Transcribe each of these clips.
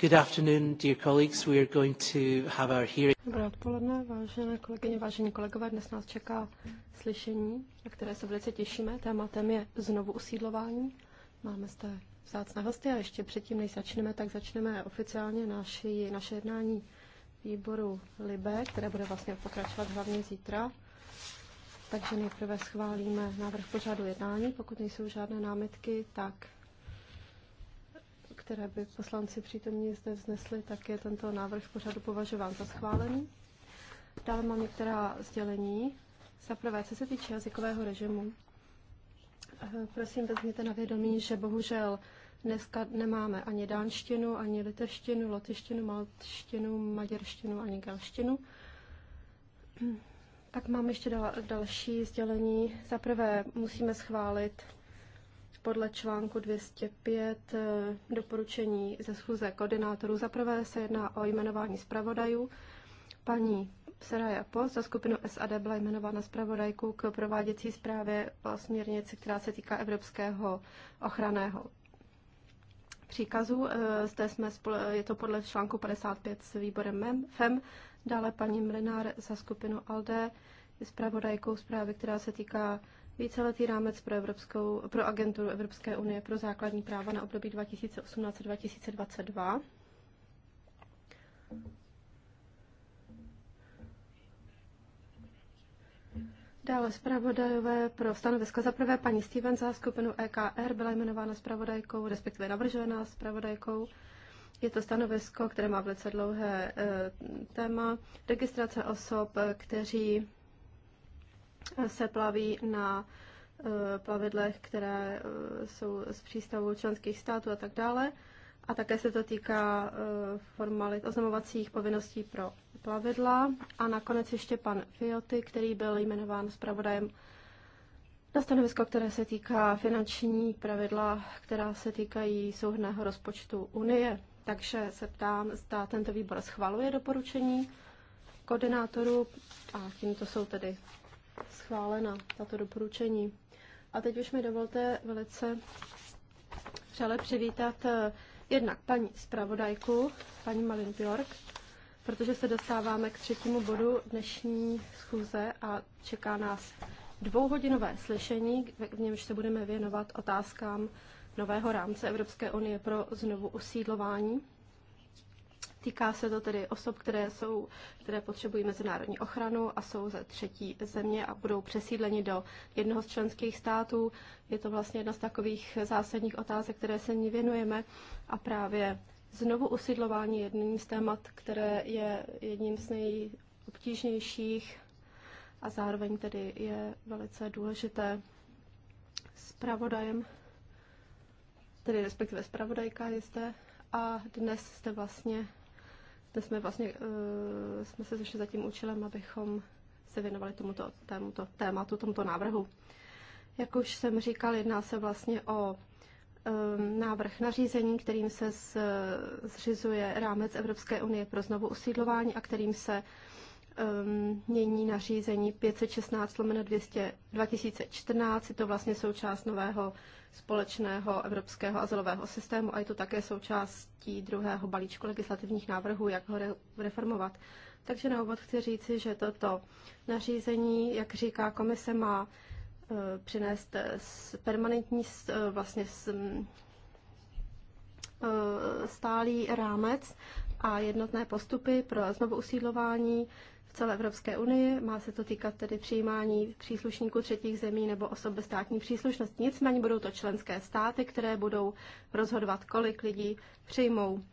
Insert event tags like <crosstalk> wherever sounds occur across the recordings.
Good afternoon, dear colleagues. We are going to have our hearing. Dobré odpoledne, vážené kolegyně, vážení kolegové. Dnes nás čeká slyšení, na které se velice těšíme. Tématem je znovu usídlování. Máme zde vzácné hosty a ještě předtím, než začneme, tak začneme oficiálně naši, naše jednání výboru LIBE, které bude vlastně pokračovat hlavně zítra. Takže nejprve schválíme návrh pořadu jednání. Pokud nejsou žádné námitky, tak které by poslanci přítomní zde vznesli, tak je tento návrh pořadu považován za schválený. Dále mám některá sdělení. Za prvé, co se týče jazykového režimu, eh, prosím, vezměte na vědomí, že bohužel dneska nemáme ani dánštinu, ani liteštinu, lotyštinu, maltštinu, maďarštinu, ani galštinu. Tak mám ještě dal, další sdělení. Za prvé musíme schválit podle článku 205 eh, doporučení ze schůze koordinátorů. Za prvé se jedná o jmenování zpravodajů. Paní Seraja Post za skupinu SAD byla jmenována zpravodajkou k prováděcí zprávě o směrnici, která se týká Evropského ochranného příkazu. Eh, zde jsme, je to podle článku 55 s výborem FEM. E Dále paní Mlinár za skupinu ALDE je zpravodajkou zprávy, která se týká víceletý rámec pro, Evropskou, pro agenturu Evropské unie pro základní práva na období 2018-2022. Dále zpravodajové pro stanovisko. Za prvé paní Steven za skupinu EKR byla jmenována zpravodajkou, respektive navržená zpravodajkou. Je to stanovisko, které má velice dlouhé e, téma. Registrace osob, eh, kteří se plaví na eh, plavidlech, které eh, jsou z přístavu členských států a tak dále. A také se to týká eh, formalit oznamovacích povinností pro plavidla. A nakonec ještě pan Fioty, který byl jmenován zpravodajem na stanovisko, které se týká finanční pravidla, která se týkají souhrného rozpočtu Unie. Takže se ptám, zda tento výbor schvaluje doporučení koordinátorů a tímto jsou tedy schválena tato doporučení. A teď už mi dovolte velice přele přivítat eh, jednak paní zpravodajku, paní Malin Bjork, protože se dostáváme k třetímu bodu dnešní schůze a čeká nás dvouhodinové slyšení, v němž se budeme věnovat otázkám nového rámce Evropské unie pro znovu usídlování Týká se to tedy osob, které, jsou, které potřebují mezinárodní ochranu a jsou ze třetí země a budou přesídleni do jednoho z členských států. Je to vlastně jedna z takových zásadních otázek, které se ní věnujeme a právě znovu usidlování je jedním z témat, které je jedním z nejobtížnějších a zároveň tedy je velice důležité zpravodajem, tedy respektive zpravodajka je zde a dnes jste vlastně to jsme vlastně, eh, jsme se zašli za tím účelem, abychom se věnovali tomuto, tomuto tématu, tomuto návrhu. Jak už jsem říkal, jedná se vlastně o eh, návrh nařízení, kterým se eh, zřizuje rámec Evropské unie pro znovu usídlování a kterým se Um, mění nařízení 516 lomeno 2014. Je to vlastně součást nového společného evropského azylového systému a je to také součástí druhého balíčku legislativních návrhů, jak ho reformovat. Takže na úvod chci říci, že toto nařízení, jak říká komise, má eh, přinést eh, permanentní eh, vlastně Eh, stálý rámec a jednotné postupy pro znovu usídlování v celé Evropské unii. Má se to týkat tedy přijímání příslušníků třetích zemí nebo osob bez státní příslušnosti. Nicméně budou to členské státy, které budou rozhodovat, kolik lidí přijmou.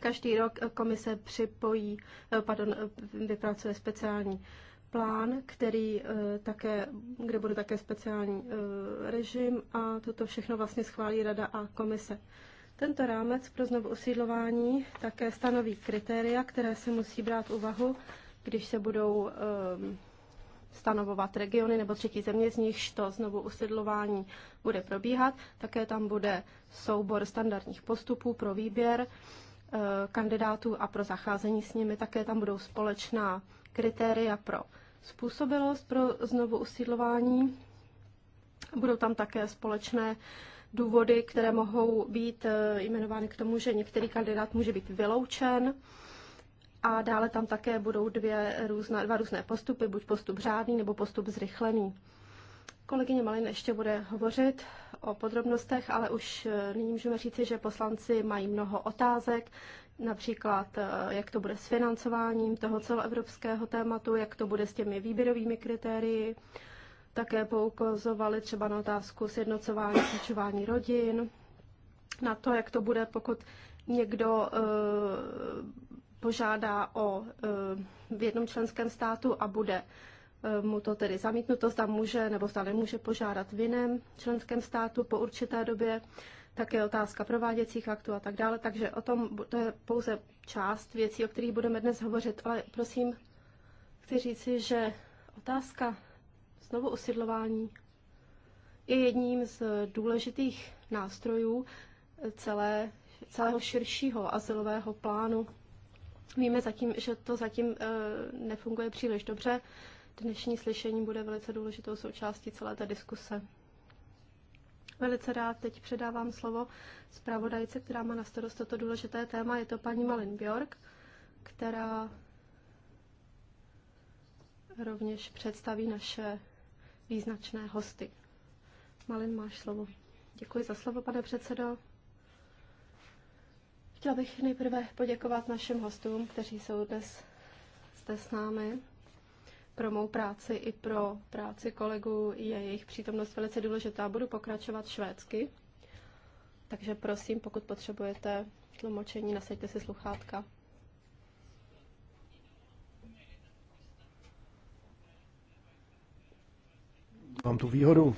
Každý rok komise připojí, eh, pardon, eh, vypracuje speciální plán, který také, kde bude také speciální režim a toto všechno vlastně schválí Rada a komise. Tento rámec pro znovu usídlování také stanoví kritéria, které se musí brát úvahu, když se budou um, stanovovat regiony nebo třetí země, z nichž to znovu usidlování bude probíhat. Také tam bude soubor standardních postupů pro výběr eh, kandidátů a pro zacházení s nimi. Také tam budou společná kritéria pro způsobilost pro znovu usídlování. Budou tam také společné důvody, které mohou být eh, jmenovány k tomu, že některý kandidát může být vyloučen. A dále tam také budou dvě různé, dva různé postupy, buď postup řádný nebo postup zrychlený. Kolegyně Malin ještě bude hovořit o podrobnostech, ale už eh, nyní můžeme říci, že poslanci mají mnoho otázek, například eh, jak to bude s financováním toho celoevropského tématu, jak to bude s těmi výběrovými kritérii, také poukazovali třeba na otázku sjednocování, slučování rodin, na to, jak to bude, pokud někdo e, požádá o e, v jednom členském státu a bude eh, mu to tedy zamítnuto, zda může nebo zda nemůže požádat v jiném členském státu po určité době, také otázka prováděcích aktů a tak dále. Takže o tom to je pouze část věcí, o kterých budeme dnes hovořit, ale prosím, chci říci, že otázka znovu osidlování je jedním z důležitých nástrojů celé, celého širšího asilového plánu. Víme zatím, že to zatím e, nefunguje příliš dobře. Dnešní slyšení bude velice důležitou součástí celé té diskuse. Velice rád teď předávám slovo zpravodajce, která má na starost toto důležité téma. Je to paní Malin Bjork, která rovněž představí naše význačné hosty. Malin, máš slovo. Děkuji za slovo, pane předsedo. Chtěla bych nejprve poděkovat našim hostům, kteří jsou dnes zde s námi. Pro mou práci i pro práci kolegů je jejich přítomnost velice důležitá. Budu pokračovat švédsky, takže prosím, pokud potřebujete tlumočení, nasaďte si sluchátka. mám tu výhodu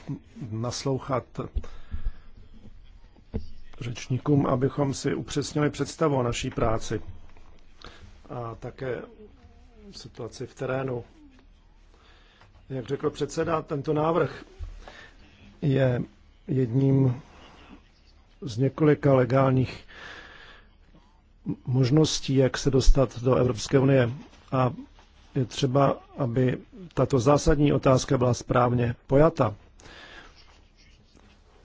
naslouchat řečníkům, abychom si upřesnili představu o naší práci a také situaci v terénu. Jak řekl předseda, tento návrh je jedním z několika legálních možností, jak se dostat do Evropské unie. A je třeba, aby tato zásadní otázka byla správně pojata.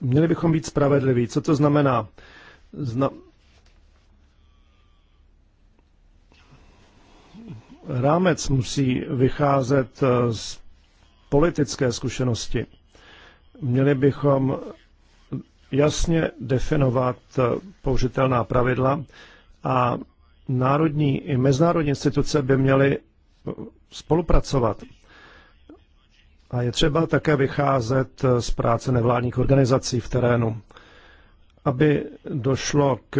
Měli bychom být spravedliví. Co to znamená? Zna... Rámec musí vycházet eh, z politické zkušenosti. Měli bychom jasně definovat eh, použitelná pravidla a národní i mezinárodní instituce by měly spolupracovat. A je třeba také vycházet z práce nevládních organizací v terénu. Aby došlo k,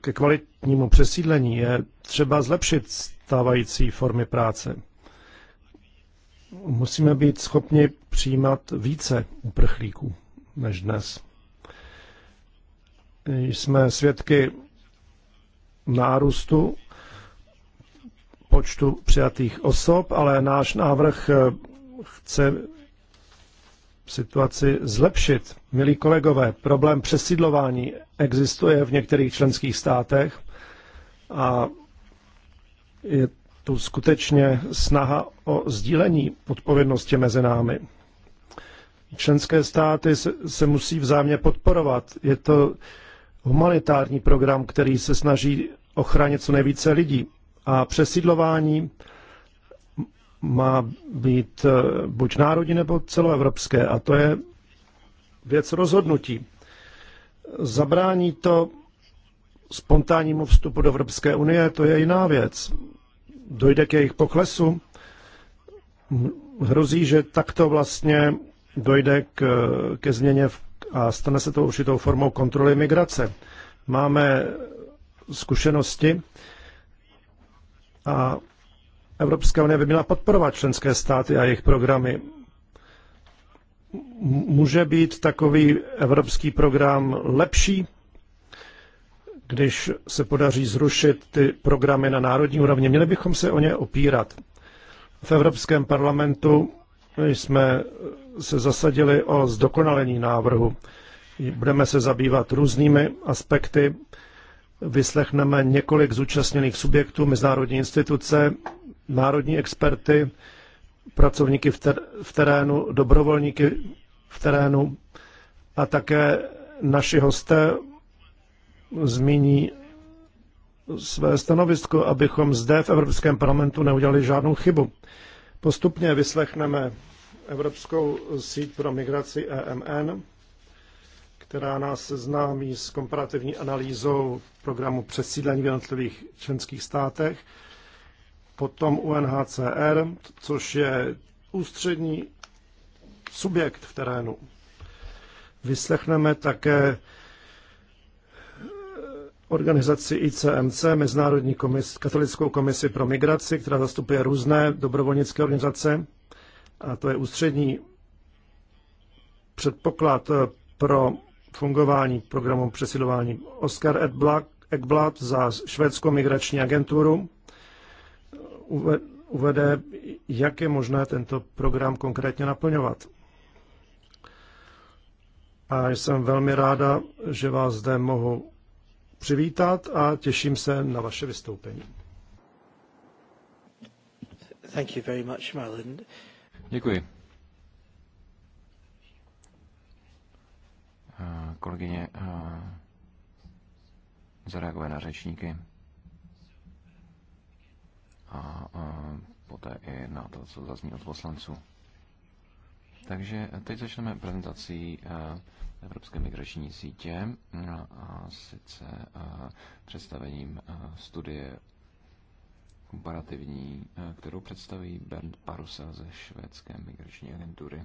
ke kvalitnímu přesídlení, je třeba zlepšit stávající formy práce. Musíme být schopni přijímat více uprchlíků než dnes. Jsme svědky nárůstu počtu přijatých osob, ale náš návrh eh, chce situaci zlepšit. Milí kolegové, problém přesídlování existuje v některých členských státech a je tu skutečně snaha o sdílení odpovědnosti mezi námi. Členské státy se, se musí vzájemně podporovat. Je to humanitární program, který se snaží ochránit co nejvíce lidí a přesídlování má být eh, buď národní nebo celoevropské. A to je věc rozhodnutí. Zabrání to spontánnímu vstupu do Evropské unie, to je jiná věc. Dojde k jejich poklesu. Hrozí, že takto vlastně dojde k, ke změně a stane se to určitou formou kontroly migrace. Máme zkušenosti, a Evropská unie by měla podporovat členské státy a jejich programy. Může být takový evropský program lepší, když se podaří zrušit ty programy na národní úrovni. Měli bychom se o ně opírat. V Evropském parlamentu jsme se zasadili o zdokonalení návrhu. Budeme se zabývat různými aspekty Vyslechneme několik zúčastněných subjektů, mezinárodní instituce, národní experty, pracovníky v terénu, dobrovolníky v terénu a také naši hosté zmíní své stanovisko, abychom zde v Evropském parlamentu neudělali žádnou chybu. Postupně vyslechneme Evropskou síť pro migraci EMN, která nás seznámí s komparativní analýzou programu přesídlení v jednotlivých členských státech, potom UNHCR, což je ústřední subjekt v terénu. Vyslechneme také organizaci ICMC, Mezinárodní komis, katolickou komisi pro migraci, která zastupuje různé dobrovolnické organizace. A to je ústřední předpoklad pro fungování programu přesilování. Oskar Ekblad za švédskou migrační agenturu uvede, jak je možné tento program konkrétně naplňovat. A jsem velmi ráda, že vás zde mohu přivítat a těším se na vaše vystoupení. Thank you very much, Marlon. Děkuji. kolegyně eh, zareaguje na řečníky a eh, poté i na to, co zazní od poslanců. Takže teď začneme prezentací eh, Evropské migrační sítě no, a sice představením studie komparativní, kterou představí Bernd Parusel ze švédské migrační agentury.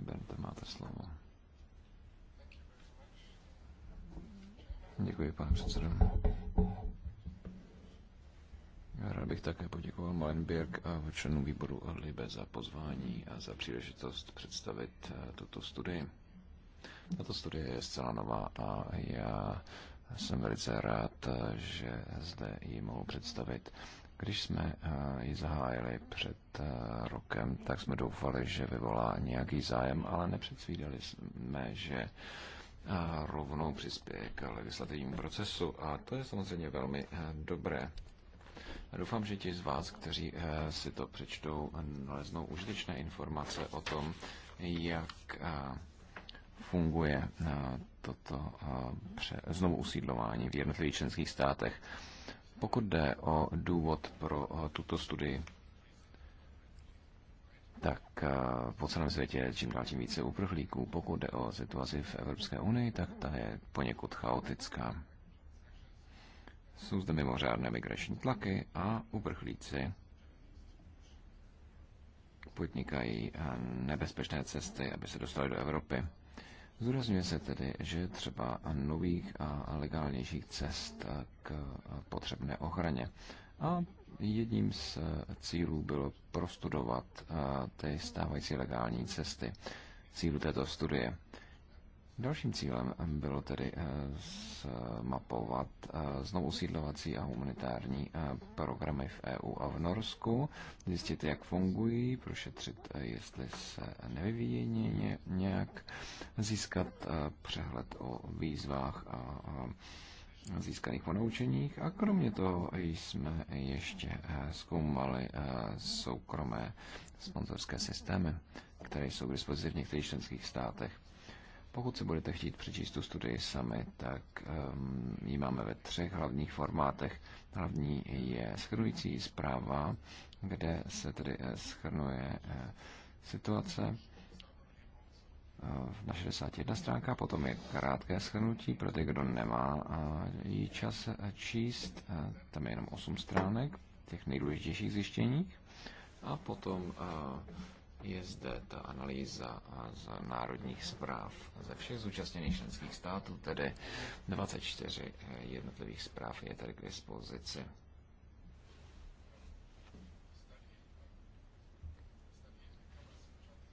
Bernte, máte slovo. Děkuji, pane předsedo. Rád bych také poděkoval Malenberg a členům výboru Libe za pozvání a za příležitost představit eh, tuto studii. Tato studie je zcela nová a já jsem velice rád, eh, že zde ji mohu představit. Když jsme eh, ji zahájili před eh, rokem, tak jsme doufali, že vyvolá nějaký zájem, ale nepředsvídali jsme, že eh, rovnou přispěje k legislativnímu procesu a to je samozřejmě velmi dobré. Doufám, že ti z vás, kteří si to přečtou, naleznou užitečné informace o tom, jak funguje toto znovu usídlování v jednotlivých členských státech. Pokud jde o důvod pro eh, tuto studii, tak eh, po celém světě je čím dál tím více uprchlíků. Pokud jde o situaci v Evropské unii, tak ta je poněkud chaotická. Jsou zde mimořádné migrační tlaky a uprchlíci podnikají eh, nebezpečné cesty, aby se dostali do Evropy. Zdůrazňuje se tedy, že je třeba nových a legálnějších cest k potřebné ochraně. A jedním z cílů bylo prostudovat eh, ty stávající legální cesty. Cíl této studie Dalším cílem bylo tedy eh, zmapovat eh, znovu sídlovací a humanitární eh, programy v EU a v Norsku, zjistit, jak fungují, prošetřit, jestli se nevyvíjí nějak, získat přehled o výzvách a získaných ponaučeních a kromě toho jsme ještě zkoumali soukromé sponzorské systémy, které jsou k dispozici v některých členských státech. Pokud si budete chtít přečíst tu studii sami, tak um, ji máme ve třech hlavních formátech. Hlavní je schrnující zpráva, kde se tedy eh, schrnuje eh, situace eh, na 61 stránka, potom je krátké shrnutí pro ty, kdo nemá jí čas číst, tam je jenom 8 stránek těch nejdůležitějších zjištěních a potom je zde ta analýza z národních zpráv ze všech zúčastněných členských států, tedy 24 jednotlivých zpráv je tady k dispozici.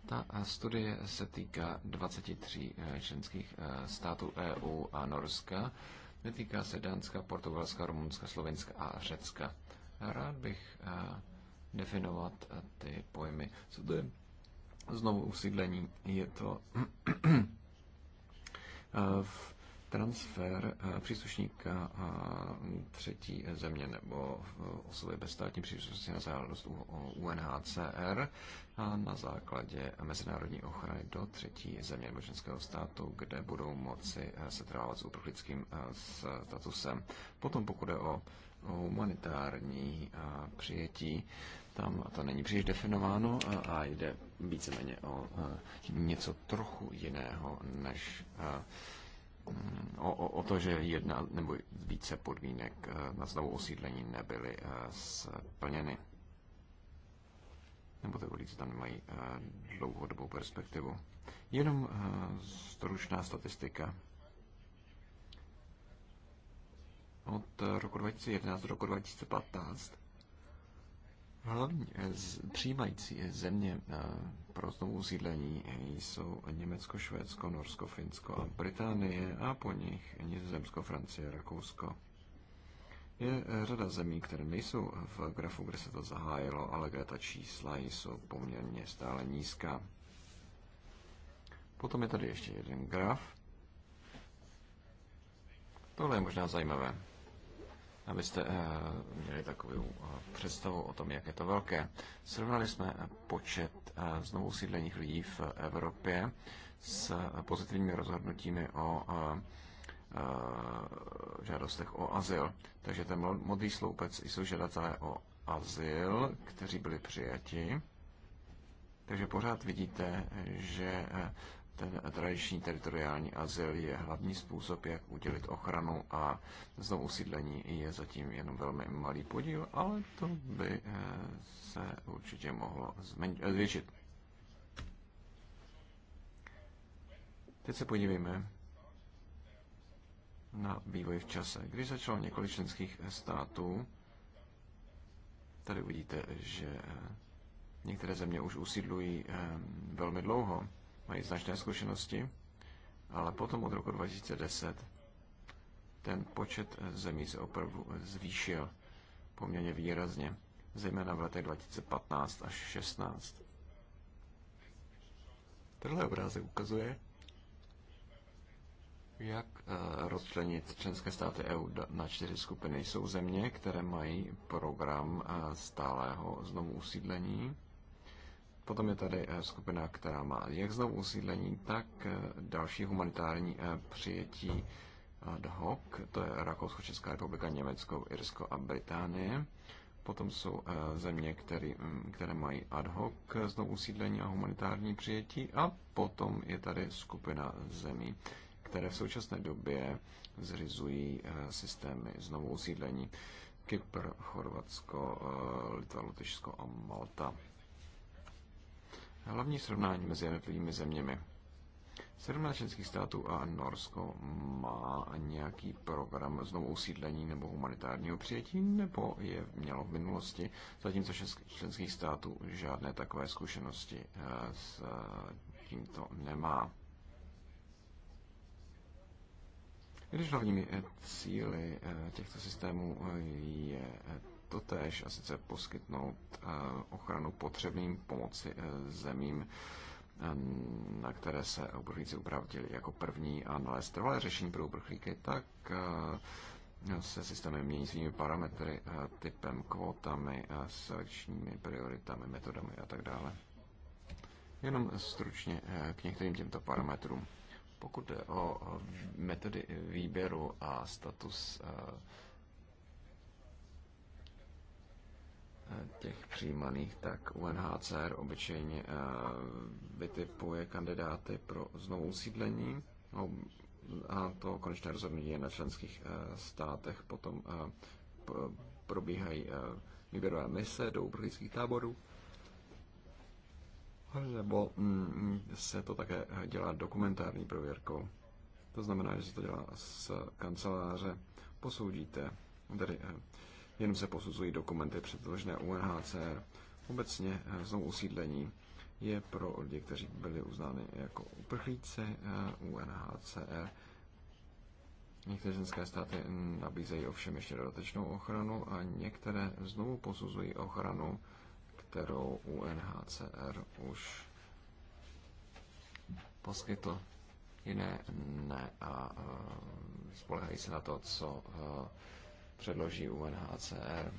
Ta studie se týká 23 eh, členských eh, států EU a Norska. Netýká se Dánska, Portugalska, Rumunska, Slovenska a Řecka. Rád bych eh, definovat eh, ty pojmy. Co to je znovu usídlení? Je to <clears throat> eh, v transfer eh, příslušníka třetí země nebo osoby bez státní příslušnosti na záležitost UNHCR a na základě mezinárodní ochrany do třetí země nebo členského státu, kde budou moci se trvávat s uprchlickým statusem. Potom pokud je o humanitární přijetí, tam to není příliš definováno a jde víceméně o něco trochu jiného než mm, o, o, o to, že jedna nebo více podmínek na znovu osídlení nebyly splněny. Nebo ty ulice tam mají dlouhodobou perspektivu. Jenom stručná statistika. Od roku 2011 do roku 2015 Hlavní eh, přijímající země eh, pro znovu usídlení eh, jsou Německo, Švédsko, Norsko, Finsko a Británie a po nich Nizozemsko, Francie, Rakousko. Je řada zemí, které nejsou v grafu, kde se to zahájilo, ale kde ta čísla jsou poměrně stále nízká. Potom je tady ještě jeden graf. Tohle je možná zajímavé abyste eh, měli takovou eh, představu o tom, jak je to velké. Srovnali jsme počet eh, znovu sídlených lidí v Evropě s pozitivními rozhodnutími o žádostech o azyl. Takže ten modrý sloupec jsou žadatelé o azyl, kteří byli přijati. Takže pořád vidíte, že ten tradiční teritoriální azyl je hlavní způsob, jak udělit ochranu a znovu usídlení je zatím jenom velmi malý podíl, ale to by eh, se určitě mohlo eh, zvětšit. Teď se podívejme na vývoj v čase. Když začalo několik členských států, tady uvidíte, že eh, některé země už usídlují velmi dlouho, mají značné zkušenosti, ale potom od roku 2010 ten počet zemí se opravdu zvýšil poměrně výrazně, zejména v letech 2015 až 16. Tenhle obrázek ukazuje, jak eh, rozčlenit členské státy EU na čtyři skupiny? Jsou země, které mají program eh, stálého znovu usídlení, Potom je tady eh, skupina, která má jak znovu usídlení, tak eh, další humanitární eh, přijetí ad hoc, to je Rakousko, Česká republika, Německo, Irsko a Británie. Potom jsou země, které, mm, které mají ad hoc znovu usídlení a humanitární přijetí. A potom je tady skupina zemí, které v současné době zřizují systémy znovu usídlení. Kypr, Chorvatsko, Litva, Lotyšsko a Malta. Hlavní srovnání mezi jednotlivými zeměmi. 17 členských států a Norsko má nějaký program znovu usídlení nebo humanitárního přijetí, nebo je mělo v minulosti, zatímco 6 členských států žádné takové zkušenosti eh, s eh, tímto nemá. Když hlavními eh, cíly těchto systémů je to tež, a sice poskytnout eh, ochranu potřebným pomoci eh, zemím, eh, na které se uprchlíci upravdili jako první a nalézt trvalé řešení pro uprchlíky, tak se systémy mění svými parametry, typem, kvótami, selekčními prioritami, metodami a tak dále. Jenom stručně k některým těmto parametrům. Pokud jde o metody výběru a status těch přijímaných, tak UNHCR obyčejně eh, vytipuje kandidáty pro znovu usídlení no, a to konečné rozhodnutí je na členských eh, státech. Potom eh, probíhají výběrové mise do uprchlických táborů nebo mm, se to také dělá dokumentární prověrkou. To znamená, že se to dělá z kanceláře. Posoudíte, tedy jenom se posuzují dokumenty předložené UNHCR. Obecně znovu eh, usídlení je pro lidi, kteří byli uznáni jako uprchlíci eh, UNHCR. Některé ženské státy nabízejí ovšem ještě dodatečnou ochranu a některé znovu posuzují ochranu, kterou UNHCR už poskytl. Jiné ne a eh, spolehají se na to, co předloží UNHCR.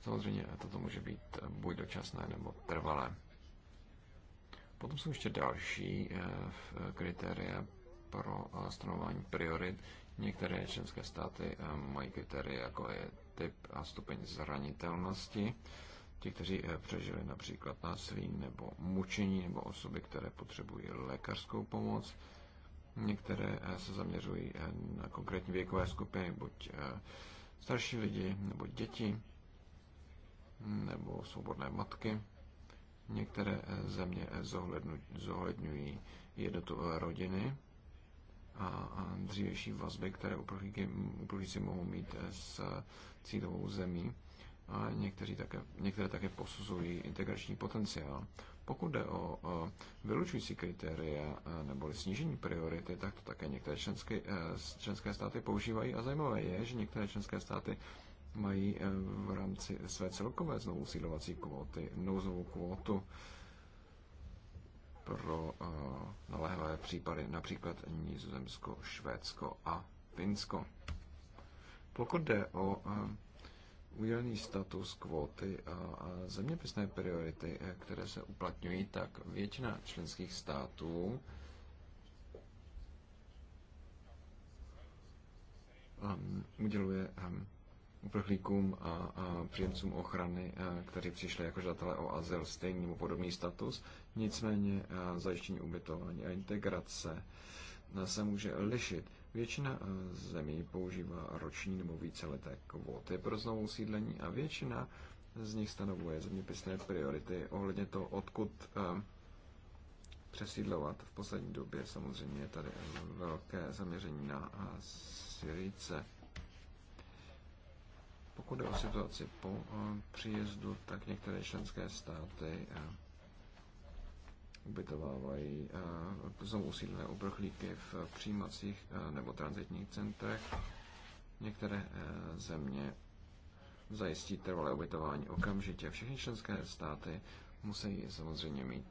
Samozřejmě toto může být buď dočasné nebo trvalé. Potom jsou ještě další eh, eh, kritéria pro eh, stanování priorit. Některé členské státy mají kritéria, jako je typ a stupeň zranitelnosti. Ti, kteří přežili například násilí nebo mučení nebo osoby, které potřebují lékařskou pomoc Některé eh, se zaměřují eh, na konkrétní věkové skupiny, buď eh, starší lidi, nebo děti, nebo svobodné matky. Některé země zohledňují jednotu rodiny a dřívější vazby, které uprchlíci mohou mít s cílovou zemí a někteří také, některé také posuzují integrační potenciál. Pokud jde o, o vylučující kritéria nebo snížení priority, tak to také některé členské, e, členské státy používají a zajímavé je, že některé členské státy mají e, v rámci své celkové znovu usídlovací kvóty nouzovou kvótu pro uh, naléhavé případy, například Nizozemsko, Švédsko a Finsko. Pokud jde o uh, udělený status, kvóty a zeměpisné priority, eh, které se uplatňují, tak většina členských států ehm, uděluje ehm, uprchlíkům a, a příjemcům ochrany, a, eh, kteří přišli jako žadatelé o azyl, stejný nebo podobný status. Nicméně a, eh, zajištění ubytování a integrace se může lišit. Většina eh, zemí používá roční nebo víceleté kvóty pro znovu sídlení a většina z nich stanovuje zeměpisné priority ohledně toho, odkud eh, přesídlovat. V poslední době samozřejmě je tady velké zaměření na eh, Syrice. Pokud je o situaci po příjezdu, tak některé členské státy ubytovávají, eh, jsou usídlené uprchlíky v přijímacích eh, nebo transitních centrech. Některé eh, země zajistí trvalé ubytování okamžitě. Všechny členské státy musí samozřejmě mít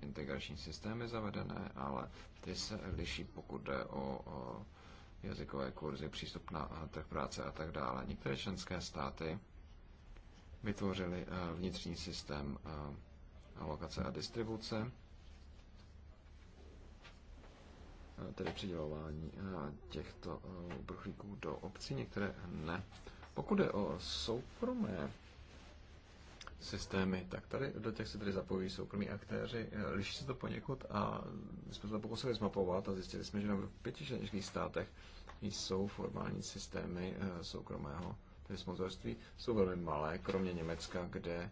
integrační systémy zavedené, ale ty se liší, pokud jde o jazykové kurzy, přístup na trh práce a tak dále. Některé členské státy vytvořily vnitřní systém alokace a distribuce tedy přidělování eh, těchto eh, uprchlíků do obcí, některé ne. Pokud je o soukromé systémy, tak tady do těch se tedy zapojí soukromí aktéři. Eh, liší se to poněkud a my jsme to pokusili zmapovat a zjistili jsme, že v pěti členských státech jsou formální systémy soukromého sponzorství. Jsou velmi malé, kromě Německa, kde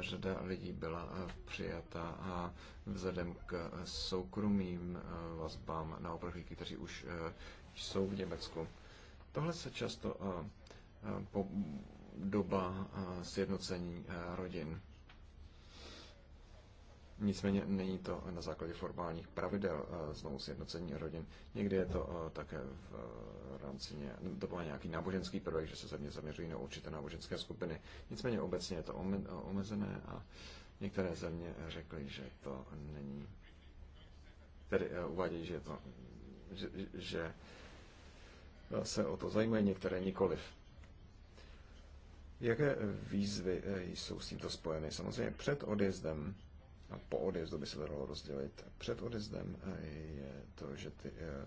řada lidí byla eh, přijata a vzhledem k soukromým eh, vazbám na oprchlíky, kteří už eh, jsou v Německu. Tohle se často po doba sjednocení rodin Nicméně není to na základě formálních pravidel eh, znovu sjednocení rodin. Někdy je to eh, také v eh, rámci ně, to byl nějaký náboženský prvek, že se země zaměřují na určité náboženské skupiny. Nicméně obecně je to omezené a některé země řekly, že to není. Tedy uvádějí, že, to, že, že se o to zajímají, některé nikoliv. Jaké výzvy jsou s tímto spojeny? Samozřejmě před odjezdem a no, po odjezdu by se to dalo rozdělit. Před odjezdem eh, je to, že ty eh,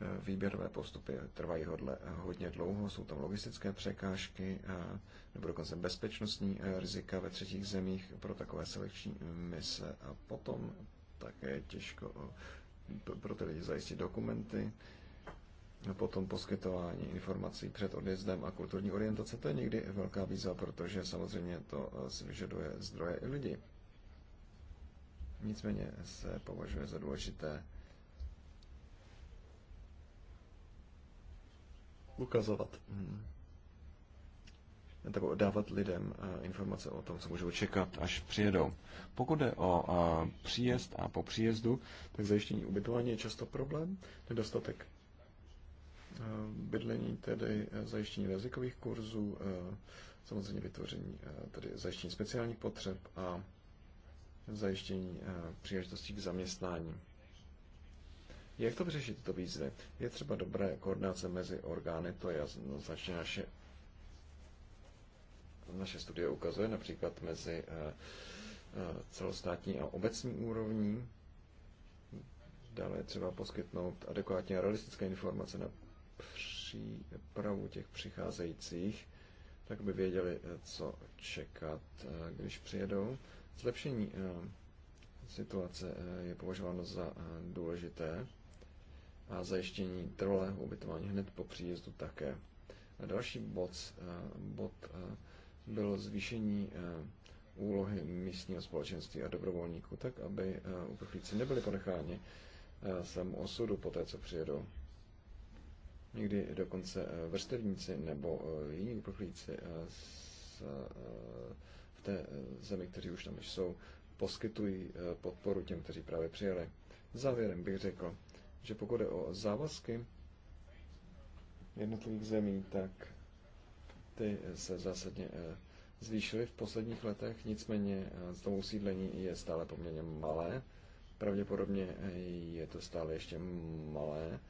eh, výběrové postupy trvají hodle, hodně dlouho, jsou tam logistické překážky a, nebo dokonce bezpečnostní rizika ve třetích zemích pro takové selekční mise a potom také je těžko pro ty lidi zajistit dokumenty, a potom poskytování informací před odjezdem a kulturní orientace, to je někdy velká výzva, protože samozřejmě to si vyžaduje zdroje i lidi. Nicméně se považuje za důležité ukazovat, Tak mm, dávat lidem eh, informace o tom, co můžou čekat, až přijedou. Pokud jde o eh, příjezd a po příjezdu, tak zajištění ubytování je často problém, nedostatek eh, bydlení, tedy zajištění jazykových kurzů, samozřejmě vytvoření, tedy zajištění speciálních potřeb a zajištění eh, příležitostí k zaměstnání. Jak to vyřešit, tyto výzvy? Je třeba dobré koordinace mezi orgány, to je značně naše, naše studie ukazuje, například mezi eh, eh, celostátní a obecní úrovní. Dále je třeba poskytnout adekvátně realistické informace na přípravu těch přicházejících, tak by věděli, co čekat, když přijedou. Zlepšení eh, situace eh, je považováno za eh, důležité a zajištění trvalého ubytování hned po příjezdu také. A další bod, bod bylo zvýšení úlohy místního společenství a dobrovolníků, tak aby uprchlíci nebyli ponecháni svému osudu po té, co přijedou. Někdy dokonce vrstevníci nebo jiní uprchlíci z té eh, zemi, kteří už tam jsou, poskytují eh, podporu těm, kteří právě přijeli. Závěrem bych řekl, že pokud je o závazky jednotlivých zemí, tak ty se zásadně eh, zvýšily v posledních letech, nicméně znovu sídlení je stále poměrně malé. Pravděpodobně je to stále ještě malé,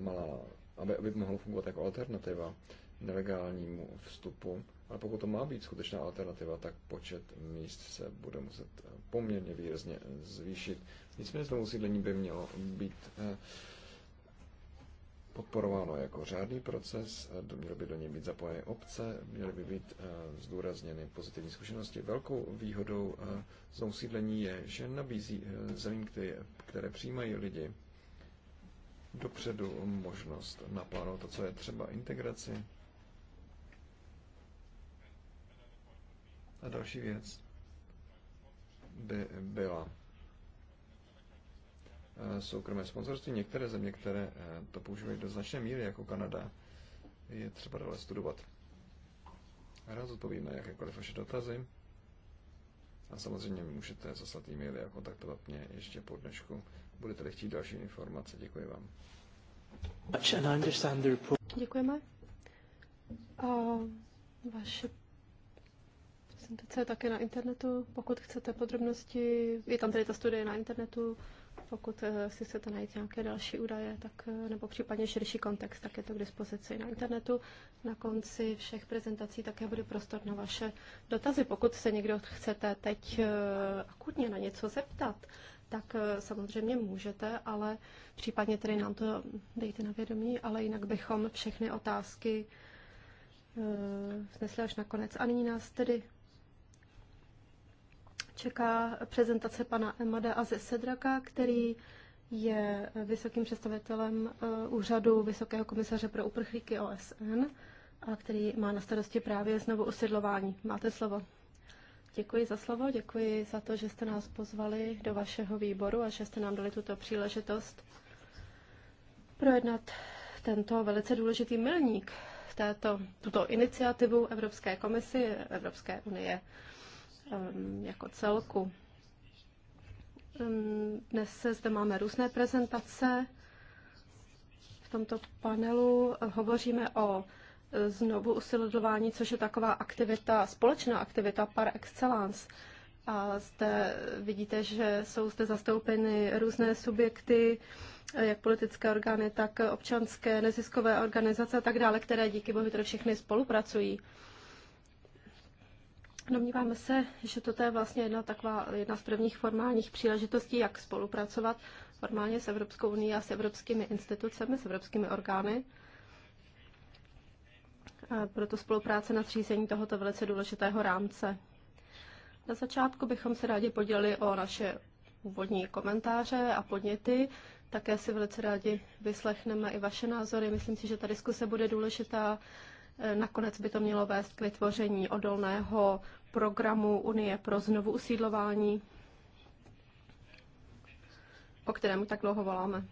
malá, aby, aby mohlo fungovat jako alternativa nelegálnímu vstupu. Ale pokud to má být skutečná alternativa, tak počet míst se bude muset eh, poměrně výrazně eh, zvýšit. Nicméně to usídlení by mělo být eh, podporováno jako řádný proces, měly by do něj být zapojeny obce, měly by být zdůrazněny pozitivní zkušenosti. Velkou výhodou znovu je, že nabízí zemím, které, které přijímají lidi, dopředu možnost naplánovat to, co je třeba integraci A další věc by byla eh, soukromé sponzorství. Některé země, které eh, to používají do značné míry, jako Kanada, je třeba dále studovat. Rád odpovíme jakékoliv vaše dotazy. A samozřejmě můžete zaslat e-maily a kontaktovat mě ještě po dnešku. Budete-li chtít další informace, děkuji vám. Děkujeme. A vaše Prezentace je také na internetu, pokud chcete podrobnosti. Je tam tady ta studie na internetu. Pokud eh, si chcete najít nějaké další údaje, tak, eh, nebo případně širší kontext, tak je to k dispozici na internetu. Na konci všech prezentací také bude prostor na vaše dotazy. Pokud se někdo chcete teď eh, akutně na něco zeptat, tak samozřejmě můžete, ale případně tedy nám to dejte na vědomí, ale jinak bychom všechny otázky vznesli až nakonec. A nyní nás tedy čeká prezentace pana Emada Aze Sedraka, který je vysokým představitelem eh, úřadu Vysokého komisaře pro uprchlíky OSN a který má na starosti právě znovu usidlování. Máte slovo. Děkuji za slovo, děkuji za to, že jste nás pozvali do vašeho výboru a že jste nám dali tuto příležitost projednat tento velice důležitý milník, této, tuto iniciativu Evropské komisi Evropské unie jako celku. Dnes se zde máme různé prezentace. V tomto panelu eh, hovoříme o eh, znovu usilování, což je taková aktivita, společná aktivita par excellence. A zde vidíte, že jsou zde zastoupeny různé subjekty, eh, jak politické orgány, tak občanské, neziskové organizace a tak dále, které díky bohu všechny spolupracují. Domníváme se, že toto je vlastně jedna, taková, jedna z prvních formálních příležitostí, jak spolupracovat formálně s Evropskou unii a s evropskými institucemi, s evropskými orgány. A proto spolupráce na řízení tohoto velice důležitého rámce. Na začátku bychom se rádi podělili o naše úvodní komentáře a podněty. Také si velice rádi vyslechneme i vaše názory. Myslím si, že ta diskuse bude důležitá. Nakonec by to mělo vést k vytvoření odolného programu Unie pro znovu usídlování, o kterém tak dlouho voláme.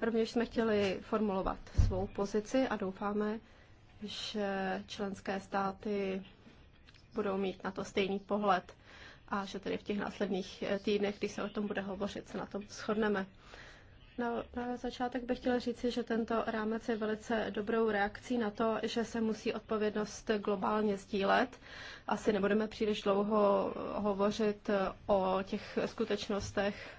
Rovněž jsme chtěli formulovat svou pozici a doufáme, že členské státy budou mít na to stejný pohled a že tedy v těch následných týdnech, kdy se o tom bude hovořit, se na tom shodneme. Na, na začátek bych chtěla říci, že tento rámec je velice dobrou reakcí na to, že se musí odpovědnost globálně sdílet. Asi nebudeme příliš dlouho hovořit o těch skutečnostech,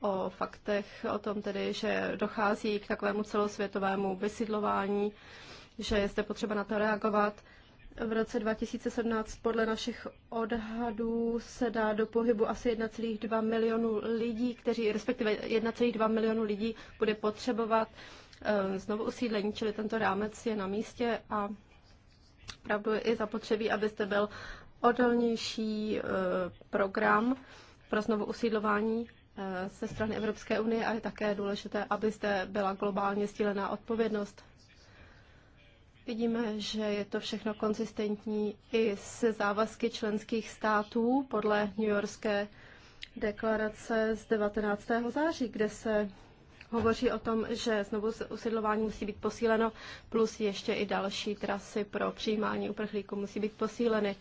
o faktech, o tom tedy, že dochází k takovému celosvětovému vysidlování, že je zde potřeba na to reagovat v roce 2017 podle našich odhadů se dá do pohybu asi 1,2 milionu lidí, kteří, respektive 1,2 milionu lidí bude potřebovat eh, znovu usídlení, čili tento rámec je na místě a pravdu je i zapotřebí, abyste byl odolnější eh, program pro znovu usídlování eh, ze strany Evropské unie a je také důležité, aby byla globálně stílená odpovědnost Vidíme, že je to všechno konzistentní i se závazky členských států podle New Yorkské deklarace z 19. září, kde se hovoří o tom, že znovu usidlování musí být posíleno, plus ještě i další trasy pro přijímání uprchlíků musí být posíleny.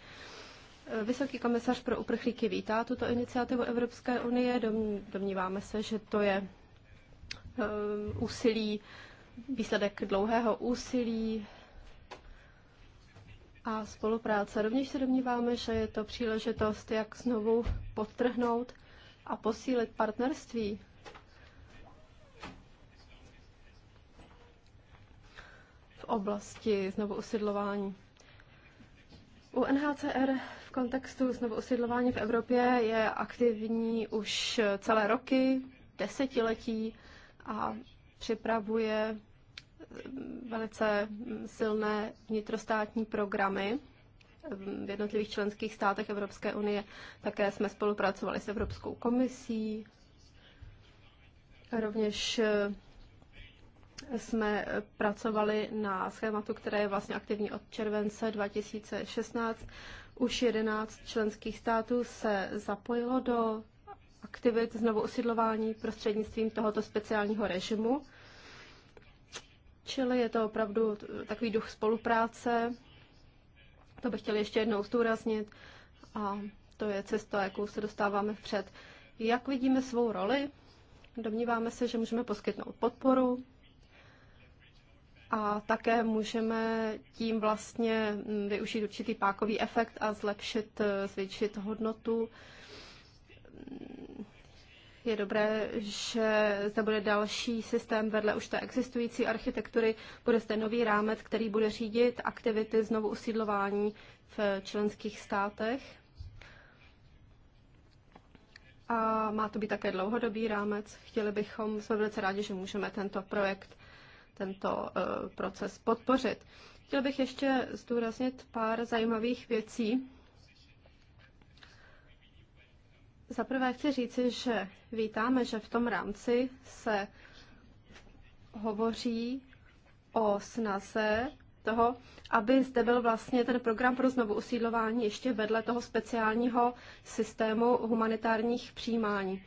Vysoký komisař pro uprchlíky vítá tuto iniciativu Evropské unie. Domníváme se, že to je eh, úsilí, výsledek dlouhého úsilí a spolupráce. Rovněž se domníváme, že je to příležitost, jak znovu podtrhnout a posílit partnerství. v oblasti znovu usidlování. U NHCR v kontextu znovu usidlování v Evropě je aktivní už celé roky, desetiletí a připravuje velice silné vnitrostátní programy v jednotlivých členských státech Evropské unie. Také jsme spolupracovali s Evropskou komisí. Rovněž eh, jsme pracovali na schématu, které je vlastně aktivní od července 2016. Už 11 členských států se zapojilo do aktivit znovu usidlování prostřednictvím tohoto speciálního režimu. Čili je to opravdu takový duch spolupráce. To bych chtěl ještě jednou zdůraznit a to je cesta, jakou se dostáváme vpřed. Jak vidíme svou roli? Domníváme se, že můžeme poskytnout podporu a také můžeme tím vlastně mm, využít určitý pákový efekt a zlepšit, eh, zvětšit hodnotu je dobré, že zde bude další systém vedle už té existující architektury. Bude zde nový rámec, který bude řídit aktivity znovu usídlování v členských státech. A má to být také dlouhodobý rámec. Chtěli bychom, jsme velice rádi, že můžeme tento projekt, tento eh, proces podpořit. Chtěl bych ještě zdůraznit pár zajímavých věcí, Za prvé chci říci, že vítáme, že v tom rámci se hovoří o snaze toho, aby zde byl vlastně ten program pro znovu usídlování ještě vedle toho speciálního systému humanitárních přijímání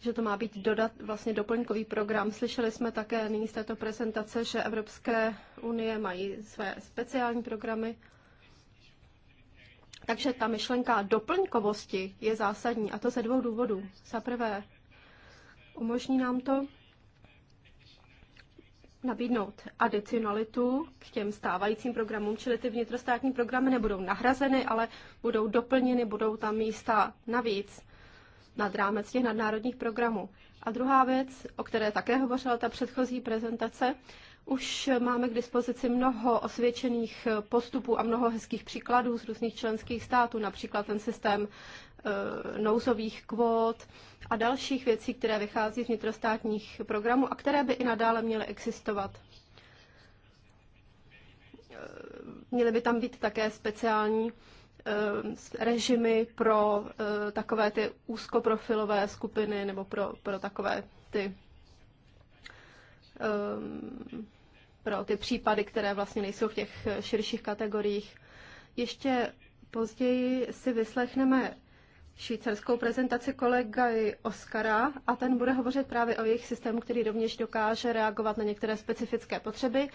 že to má být dodat vlastně doplňkový program. Slyšeli jsme také nyní z této prezentace, že Evropské unie mají své speciální programy takže ta myšlenka doplňkovosti je zásadní a to ze dvou důvodů. Za prvé, umožní nám to nabídnout adicionalitu k těm stávajícím programům, čili ty vnitrostátní programy nebudou nahrazeny, ale budou doplněny, budou tam místa navíc nad rámec těch nadnárodních programů. A druhá věc, o které také hovořila ta předchozí prezentace, už máme k dispozici mnoho osvědčených postupů a mnoho hezkých příkladů z různých členských států, například ten systém eh, nouzových kvót a dalších věcí, které vychází z vnitrostátních programů a které by i nadále měly existovat. Eh, měly by tam být také speciální eh, režimy pro takové ty úzkoprofilové skupiny nebo pro, pro takové ty Ehm, pro ty případy, které vlastně nejsou v těch širších kategoriích. Ještě později si vyslechneme švýcarskou prezentaci kolega Oskara a ten bude hovořit právě o jejich systému, který rovněž dokáže reagovat na některé specifické potřeby.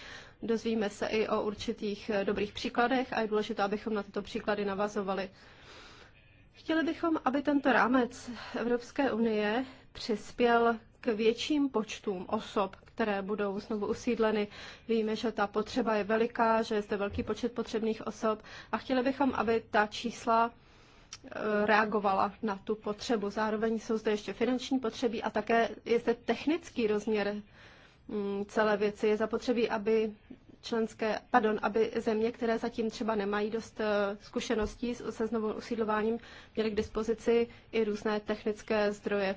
Dozvíme se i o určitých eh, dobrých příkladech a je důležité, abychom na tyto příklady navazovali. Chtěli bychom, aby tento rámec Evropské unie přispěl k větším počtům osob, které budou znovu usídleny. Víme, že ta potřeba je veliká, že je zde velký počet potřebných osob a chtěli bychom, aby ta čísla e, reagovala na tu potřebu. Zároveň jsou zde ještě finanční potřeby a také je zde technický rozměr mm, celé věci. Je zapotřebí, aby členské, pardon, aby země, které zatím třeba nemají dost e, zkušeností se znovu usídlováním, měly k dispozici i různé technické zdroje.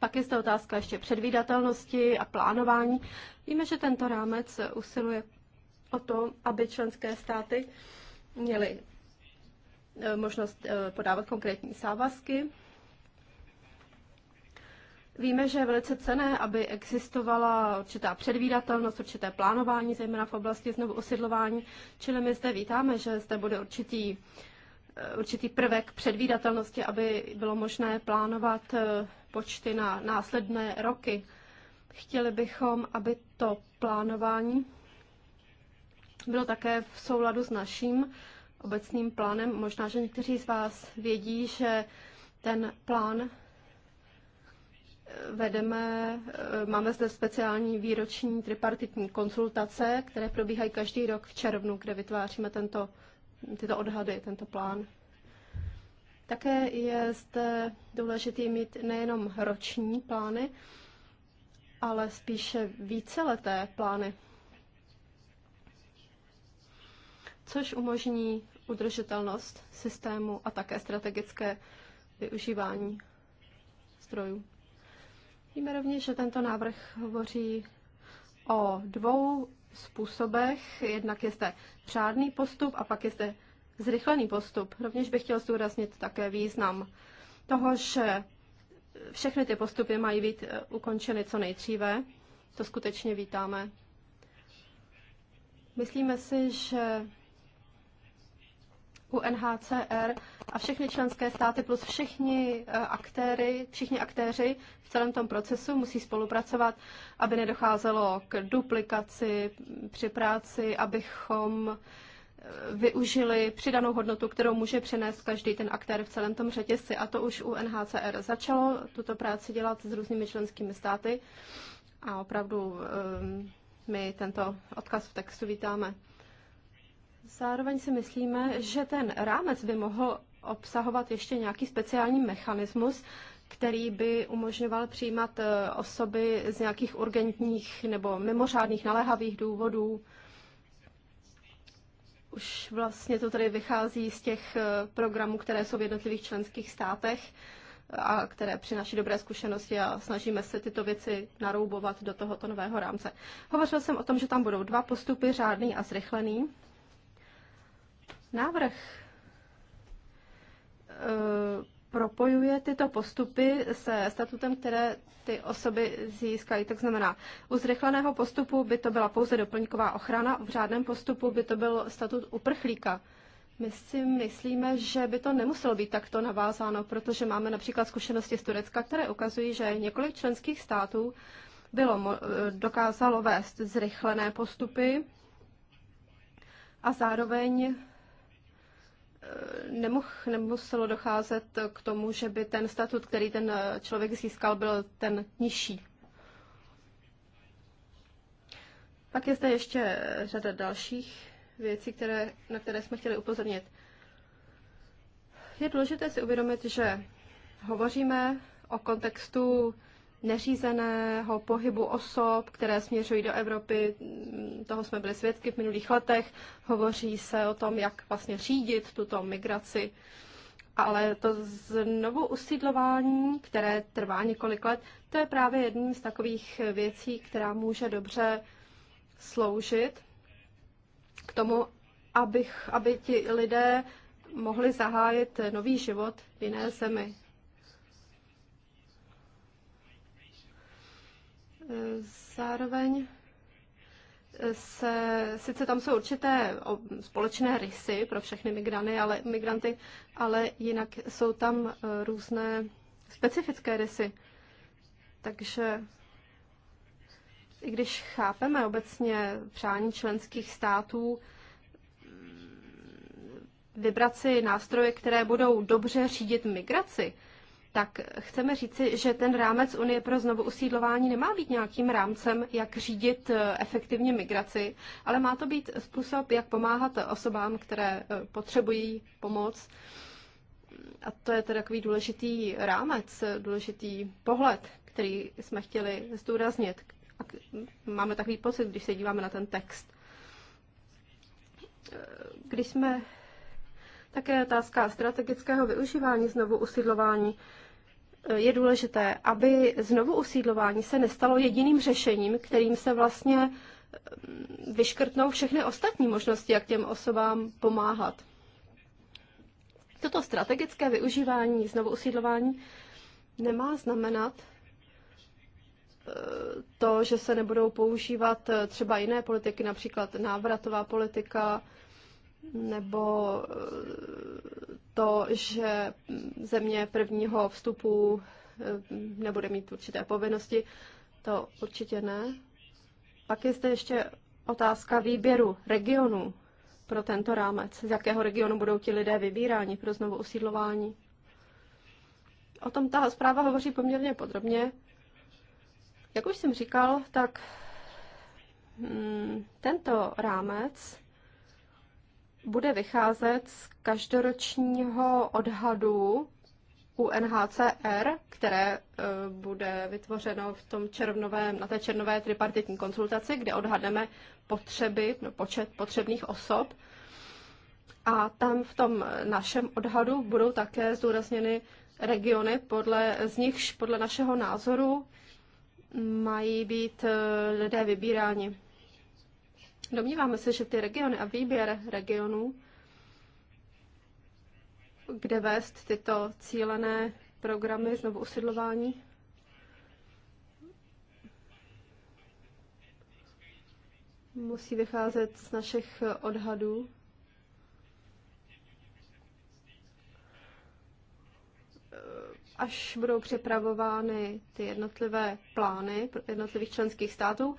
Pak je zde otázka ještě předvídatelnosti a plánování. Víme, že tento rámec usiluje o to, aby členské státy měly e, možnost e, podávat konkrétní závazky. Víme, že je velice cené, aby existovala určitá předvídatelnost, určité plánování, zejména v oblasti znovu osidlování, čili my zde vítáme, že zde bude určitý, e, určitý prvek předvídatelnosti, aby bylo možné plánovat počty na následné roky. Chtěli bychom, aby to plánování bylo také v souladu s naším obecným plánem. Možná, že někteří z vás vědí, že ten plán eh, vedeme, eh, máme zde speciální výroční tripartitní konzultace, které probíhají každý rok v červnu, kde vytváříme tento, tyto odhady, tento plán. Také je zde důležité mít nejenom roční plány, ale spíše víceleté plány, což umožní udržitelnost systému a také strategické využívání strojů. Víme rovněž, že tento návrh hovoří o dvou způsobech. Jednak je zde řádný postup a pak je zde zrychlený postup. Rovněž bych chtěl zdůraznit také význam toho, že všechny ty postupy mají být eh, ukončeny co nejdříve. To skutečně vítáme. Myslíme si, že UNHCR a všechny členské státy plus všichni eh, aktéry, všichni aktéři v celém tom procesu musí spolupracovat, aby nedocházelo k duplikaci při práci, abychom využili přidanou hodnotu, kterou může přenést každý ten aktér v celém tom řetězci. A to už u NHCR začalo tuto práci dělat s různými členskými státy. A opravdu ehm, my tento odkaz v textu vítáme. Zároveň si myslíme, že ten rámec by mohl obsahovat ještě nějaký speciální mechanismus, který by umožňoval přijímat eh, osoby z nějakých urgentních nebo mimořádných naléhavých důvodů, už vlastně to tady vychází z těch eh, programů, které jsou v jednotlivých členských státech eh, a které přináší dobré zkušenosti a snažíme se tyto věci naroubovat do tohoto nového rámce. Hovořil jsem o tom, že tam budou dva postupy, řádný a zrychlený. Návrh eh, propojuje tyto postupy se statutem, které ty osoby získají. Tak znamená, u zrychleného postupu by to byla pouze doplňková ochrana, v řádném postupu by to byl statut uprchlíka. My si myslíme, že by to nemuselo být takto navázáno, protože máme například zkušenosti z Turecka, které ukazují, že několik členských států bylo, dokázalo vést zrychlené postupy a zároveň nemoh, nemuselo docházet k tomu, že by ten statut, který ten člověk získal, byl ten nižší. Pak je zde ještě řada dalších věcí, které, na které jsme chtěli upozornit. Je důležité si uvědomit, že hovoříme o kontextu neřízeného pohybu osob, které směřují do Evropy. Toho jsme byli svědky v minulých letech. Hovoří se o tom, jak vlastně řídit tuto migraci. Ale to znovu usídlování, které trvá několik let, to je právě jedním z takových věcí, která může dobře sloužit k tomu, abych, aby ti lidé mohli zahájit nový život v jiné zemi. Zároveň se, sice tam jsou určité společné rysy pro všechny migrany, ale, migranty, ale jinak jsou tam e, různé specifické rysy. Takže i když chápeme obecně přání členských států mm, vybrat si nástroje, které budou dobře řídit migraci, tak chceme říci, že ten rámec Unie pro znovu usídlování nemá být nějakým rámcem, jak řídit eh, efektivně migraci, ale má to být způsob, jak pomáhat osobám, které eh, potřebují pomoc. A to je tedy takový důležitý rámec, eh, důležitý pohled, který jsme chtěli zdůraznit. Máme takový pocit, když se díváme na ten text. Když jsme také otázka strategického využívání znovu usídlování. E, je důležité, aby znovu usídlování se nestalo jediným řešením, kterým se vlastně e, vyškrtnou všechny ostatní možnosti, jak těm osobám pomáhat. Toto strategické využívání znovu usídlování nemá znamenat e, to, že se nebudou používat třeba jiné politiky, například návratová politika nebo eh, to, že země prvního vstupu eh, nebude mít určité povinnosti, to určitě ne. Pak je zde ještě otázka výběru regionu pro tento rámec. Z jakého regionu budou ti lidé vybíráni pro znovu usídlování? O tom ta zpráva hovoří poměrně podrobně. Jak už jsem říkal, tak hm, tento rámec bude vycházet z každoročního odhadu UNHCR, které e, bude vytvořeno v tom červnovém, na té červnové tripartitní konzultaci, kde odhadneme potřeby, no, počet potřebných osob. A tam v tom našem odhadu budou také zdůrazněny regiony, podle, z nichž podle našeho názoru mají být e, lidé vybíráni. Domníváme se, že ty regiony a výběr regionů, kde vést tyto cílené programy znovu usidlování, musí vycházet z našich odhadů. Až budou připravovány ty jednotlivé plány jednotlivých členských států,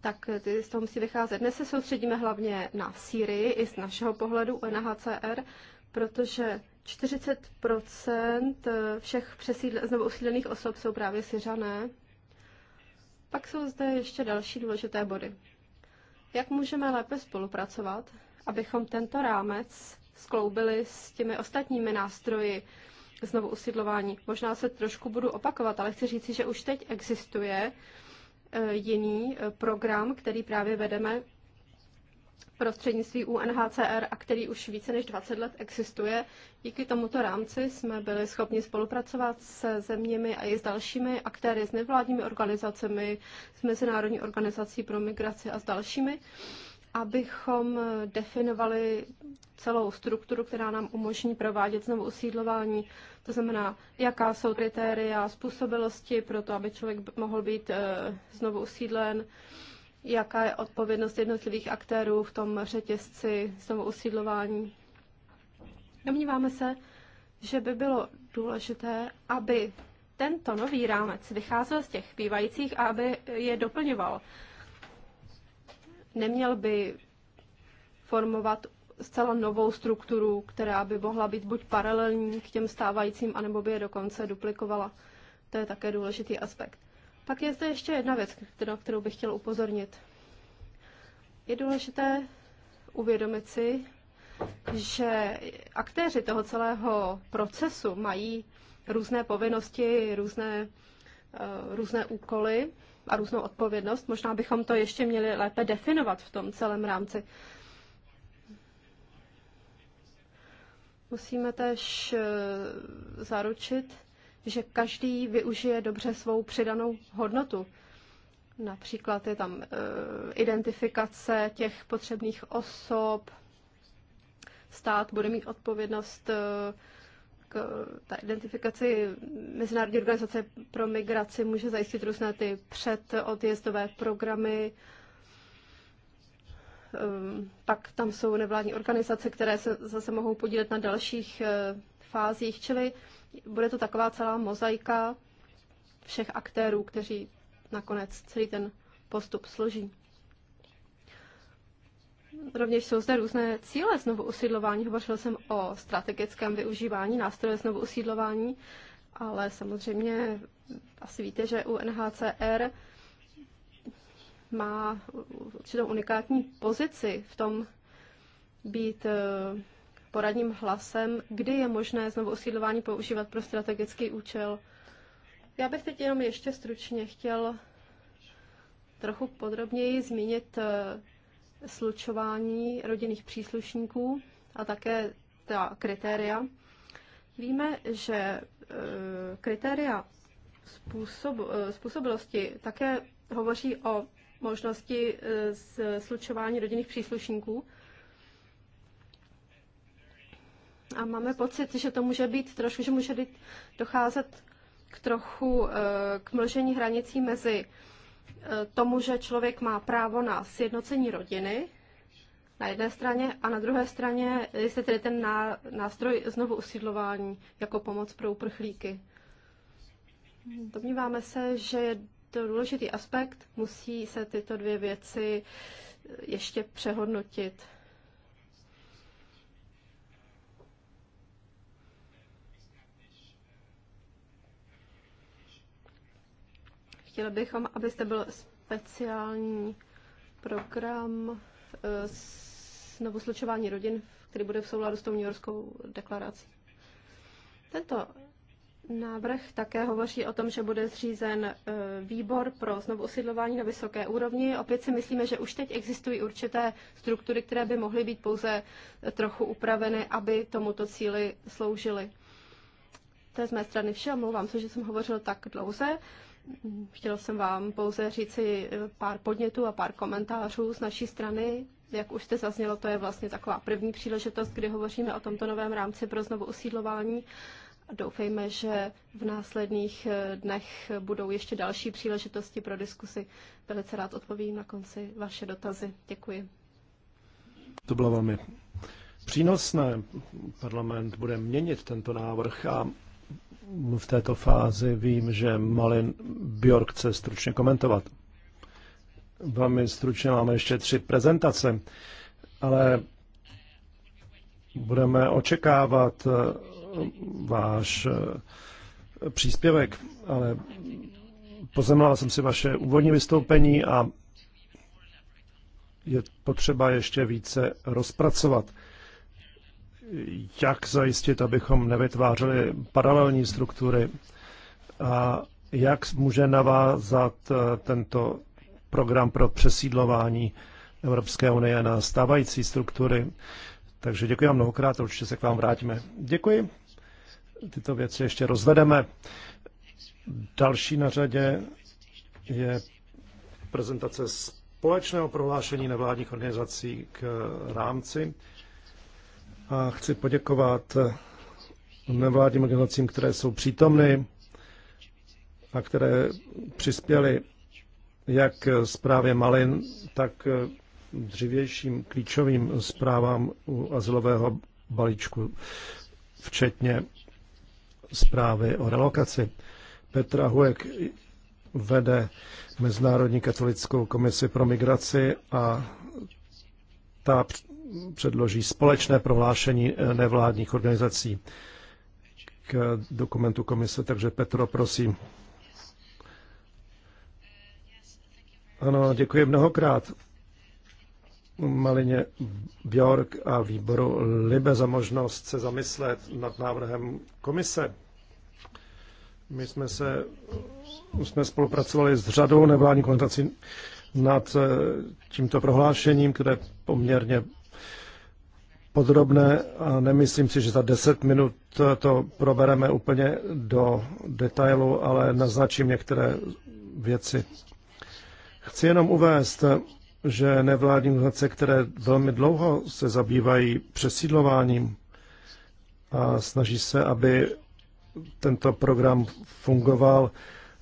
tak eh, z toho musí vycházet. Dnes se soustředíme hlavně na Sýrii i z našeho pohledu NHCR, protože 40 eh, všech usídlených osob jsou právě Syřané. Pak jsou zde ještě další důležité body. Jak můžeme lépe spolupracovat, abychom tento rámec skloubili s těmi ostatními nástroji znovu usídlování? Možná se trošku budu opakovat, ale chci říci, že už teď existuje uh, Eh, jiný eh, program, který právě vedeme prostřednictví UNHCR a který už více než 20 let existuje. Díky tomuto rámci jsme byli schopni spolupracovat se zeměmi a i s dalšími aktéry, s nevládními organizacemi, s Mezinárodní organizací pro migraci a s dalšími. Uh, abychom definovali celou strukturu, která nám umožní provádět znovu usídlování. To znamená, jaká jsou kritéria způsobilosti pro to, aby člověk mohl být eh, znovu usídlen, jaká je odpovědnost jednotlivých aktérů v tom řetězci znovu usídlování. Domníváme se, že by bylo důležité, aby tento nový rámec vycházel z těch bývajících a aby je doplňoval neměl by formovat zcela novou strukturu, která by mohla být buď paralelní k těm stávajícím, anebo by je dokonce duplikovala. To je také důležitý aspekt. Pak je zde ještě jedna věc, na kterou bych chtěl upozornit. Je důležité uvědomit si, že aktéři toho celého procesu mají různé povinnosti, různé, eh, různé úkoly a různou odpovědnost. Možná bychom to ještě měli lépe definovat v tom celém rámci. Musíme tež eh, zaručit, že každý využije dobře svou přidanou hodnotu. Například je tam eh, identifikace těch potřebných osob, stát bude mít odpovědnost eh, tak ta identifikaci Mezinárodní organizace pro migraci může zajistit různé ty předodjezdové programy. Ehm, pak tam jsou nevládní organizace, které se zase mohou podílet na dalších eh, fázích, čili bude to taková celá mozaika všech aktérů, kteří nakonec celý ten postup složí. Rovněž jsou zde různé cíle znovu usídlování. Hovořil jsem o strategickém využívání nástroje znovu usídlování, ale samozřejmě asi víte, že UNHCR má určitou unikátní pozici v tom být eh, poradním hlasem, kdy je možné znovu usídlování používat pro strategický účel. Já bych teď jenom ještě stručně chtěl trochu podrobněji zmínit eh, slučování rodinných příslušníků a také ta kritéria. Víme, že e, kritéria způsob, e, způsobilosti také hovoří o možnosti e, slučování rodinných příslušníků. A máme pocit, že to může být trošku, že může docházet k trochu k mlžení hranicí mezi tomu, že člověk má právo na sjednocení rodiny na jedné straně a na druhé straně je tedy ten nástroj znovu usídlování jako pomoc pro uprchlíky. Domníváme se, že je to důležitý aspekt, musí se tyto dvě věci ještě přehodnotit. Chtěli bychom, abyste byl speciální program eh, novou slučování rodin, který bude v souladu s tou New Yorkskou deklarací. Tento návrh také hovoří o tom, že bude zřízen eh, výbor pro znovu osidlování na vysoké úrovni. Opět si myslíme, že už teď existují určité struktury, které by mohly být pouze eh, trochu upraveny, aby tomuto cíli sloužily. To je z mé strany vše, omlouvám se, že jsem hovořil tak dlouze. Chtěla jsem vám pouze říci pár podnětů a pár komentářů z naší strany. Jak už jste zaznělo, to je vlastně taková první příležitost, kdy hovoříme o tomto novém rámci pro znovu usídlování. Doufejme, že v následných eh, dnech budou ještě další příležitosti pro diskusy. Velice rád odpovím na konci vaše dotazy. Děkuji. To bylo velmi přínosné. Parlament bude měnit tento návrh a v této fázi vím, že Malin Bjork chce stručně komentovat. Velmi stručně máme ještě tři prezentace, ale budeme očekávat eh, váš eh, příspěvek, ale poznamenal jsem si vaše úvodní vystoupení a je potřeba ještě více rozpracovat jak zajistit, abychom nevytvářeli paralelní struktury a jak může navázat eh, tento program pro přesídlování Evropské unie na stávající struktury. Takže děkuji vám mnohokrát určitě se k vám vrátíme. Děkuji. Tyto věci ještě rozvedeme. Další na řadě je prezentace společného prohlášení nevládních organizací k rámci a chci poděkovat nevládním organizacím, které jsou přítomny a které přispěly jak zprávě Malin, tak dřívějším klíčovým zprávám u azylového balíčku, včetně zprávy o relokaci. Petra Huek vede Mezinárodní katolickou komisi pro migraci a ta předloží společné prohlášení eh, nevládních organizací k dokumentu komise. Takže Petro, prosím. Ano, děkuji mnohokrát. Malině Bjork a výboru Libe za možnost se zamyslet nad návrhem komise. My jsme se jsme spolupracovali s řadou nevládních organizací nad eh, tímto prohlášením, které poměrně podrobné a nemyslím si, že za 10 minut to probereme úplně do detailu, ale naznačím některé věci. Chci jenom uvést, že nevládní organizace, které velmi dlouho se zabývají přesídlováním a snaží se, aby tento program fungoval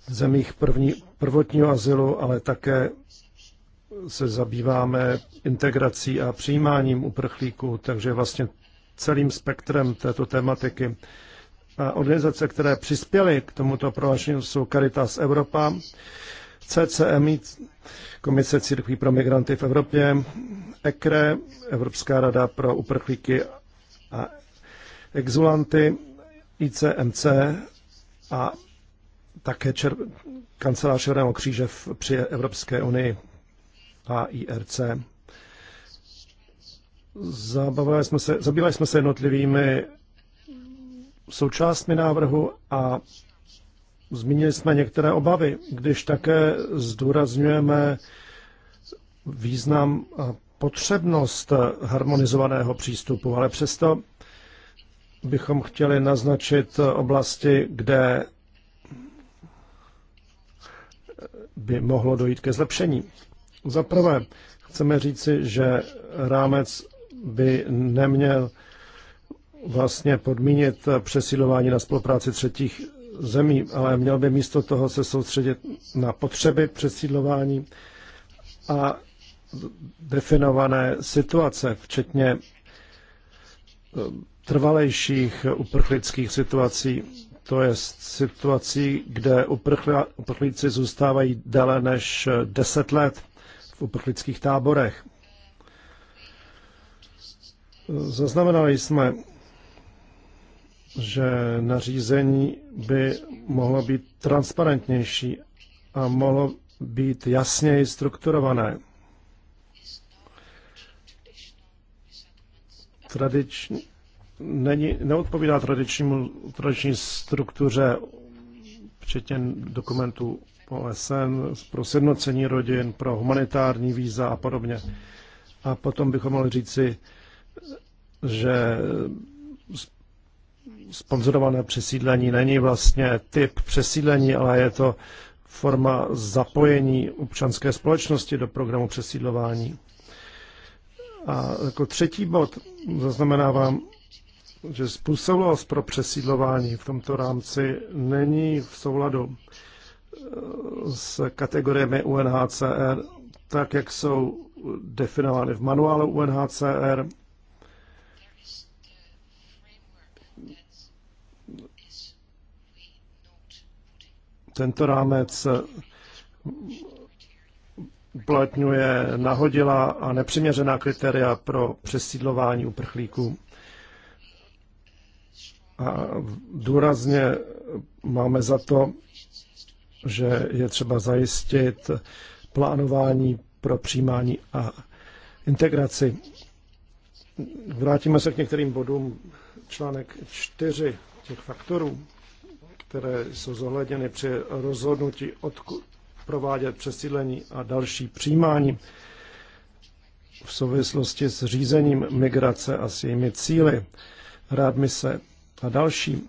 v zemích první, prvotního azylu, ale také se zabýváme integrací a přijímáním uprchlíků, takže vlastně celým spektrem této tematiky. A organizace, které přispěly k tomuto prohlášení, jsou Caritas Evropa, CCMI, Komise církví pro migranty v Evropě, ECRE, Evropská rada pro uprchlíky a exulanty, ICMC a také čer- kancelář Černého kříže v, při Evropské unii a Zabavili jsme se, zabývali jsme se jednotlivými součástmi návrhu a zmínili jsme některé obavy, když také zdůrazňujeme význam a potřebnost harmonizovaného přístupu, ale přesto bychom chtěli naznačit oblasti, kde by mohlo dojít ke zlepšení. Za prvé, chceme říci, že rámec by neměl vlastně podmínit přesilování na spolupráci třetích zemí, ale měl by místo toho se soustředit na potřeby přesídlování a definované situace, včetně eh, trvalejších uprchlických situací, to je situací, kde uprchlíci zůstávají déle než 10 let uprchlických táborech. Zaznamenali jsme, že nařízení by mohlo být transparentnější a mohlo být jasněji strukturované. Tradič, není, neodpovídá tradičnímu, tradiční struktuře, včetně dokumentů OSN pro sjednocení rodin, pro humanitární víza a podobně. A potom bychom mohli říci, že sponzorované přesídlení není vlastně typ přesídlení, ale je to forma zapojení občanské společnosti do programu přesídlování. A jako třetí bod zaznamenávám, že způsobilost pro přesídlování v tomto rámci není v souladu s kategoriemi UNHCR, tak jak jsou definovány v manuálu UNHCR. Tento rámec uplatňuje nahodila a nepřiměřená kritéria pro přesídlování uprchlíků. A důrazně máme za to, že je třeba zajistit plánování pro přijímání a integraci. Vrátíme se k některým bodům. Článek 4 těch faktorů, které jsou zohledněny při rozhodnutí odkud provádět přesídlení a další přijímání v souvislosti s řízením migrace a s jejími cíly, rádmi se a další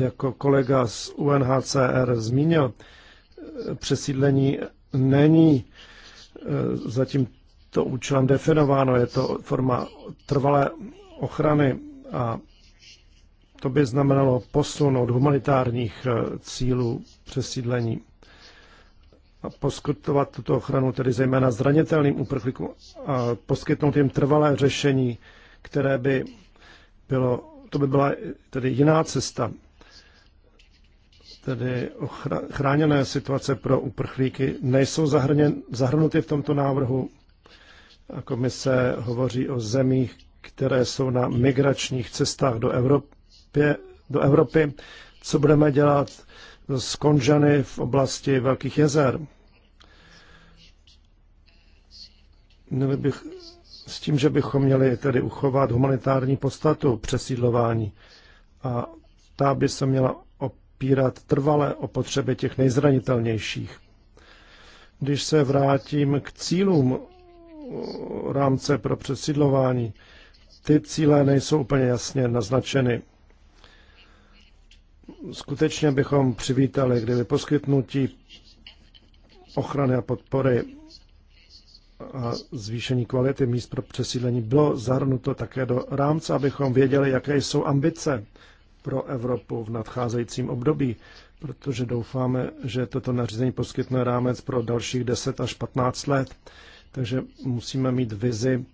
jako kolega z UNHCR zmínil, eh, přesídlení není eh, zatím to účelem definováno, je to forma trvalé ochrany a to by znamenalo posun od humanitárních eh, cílů přesídlení a poskytovat tuto ochranu tedy zejména zranitelným uprchlíkům a poskytnout jim trvalé řešení, které by bylo, to by byla tedy jiná cesta tedy chráněné situace pro uprchlíky, nejsou zahrněn, zahrnuty v tomto návrhu. A komise hovoří o zemích, které jsou na migračních cestách do Evropy, do Evropy. co budeme dělat s konžany v oblasti Velkých jezer. Měli bych, s tím, že bychom měli tedy uchovat humanitární podstatu přesídlování a ta by se měla opírat trvale o potřeby těch nejzranitelnějších. Když se vrátím k cílům uh, rámce pro přesídlování, ty cíle nejsou úplně jasně naznačeny. Skutečně bychom přivítali, kdyby poskytnutí ochrany a podpory a zvýšení kvality míst pro přesídlení bylo zahrnuto také do rámce, abychom věděli, jaké jsou ambice pro Evropu v nadcházejícím období, protože doufáme, že toto nařízení poskytne rámec pro dalších 10 až 15 let. Takže musíme mít vizi,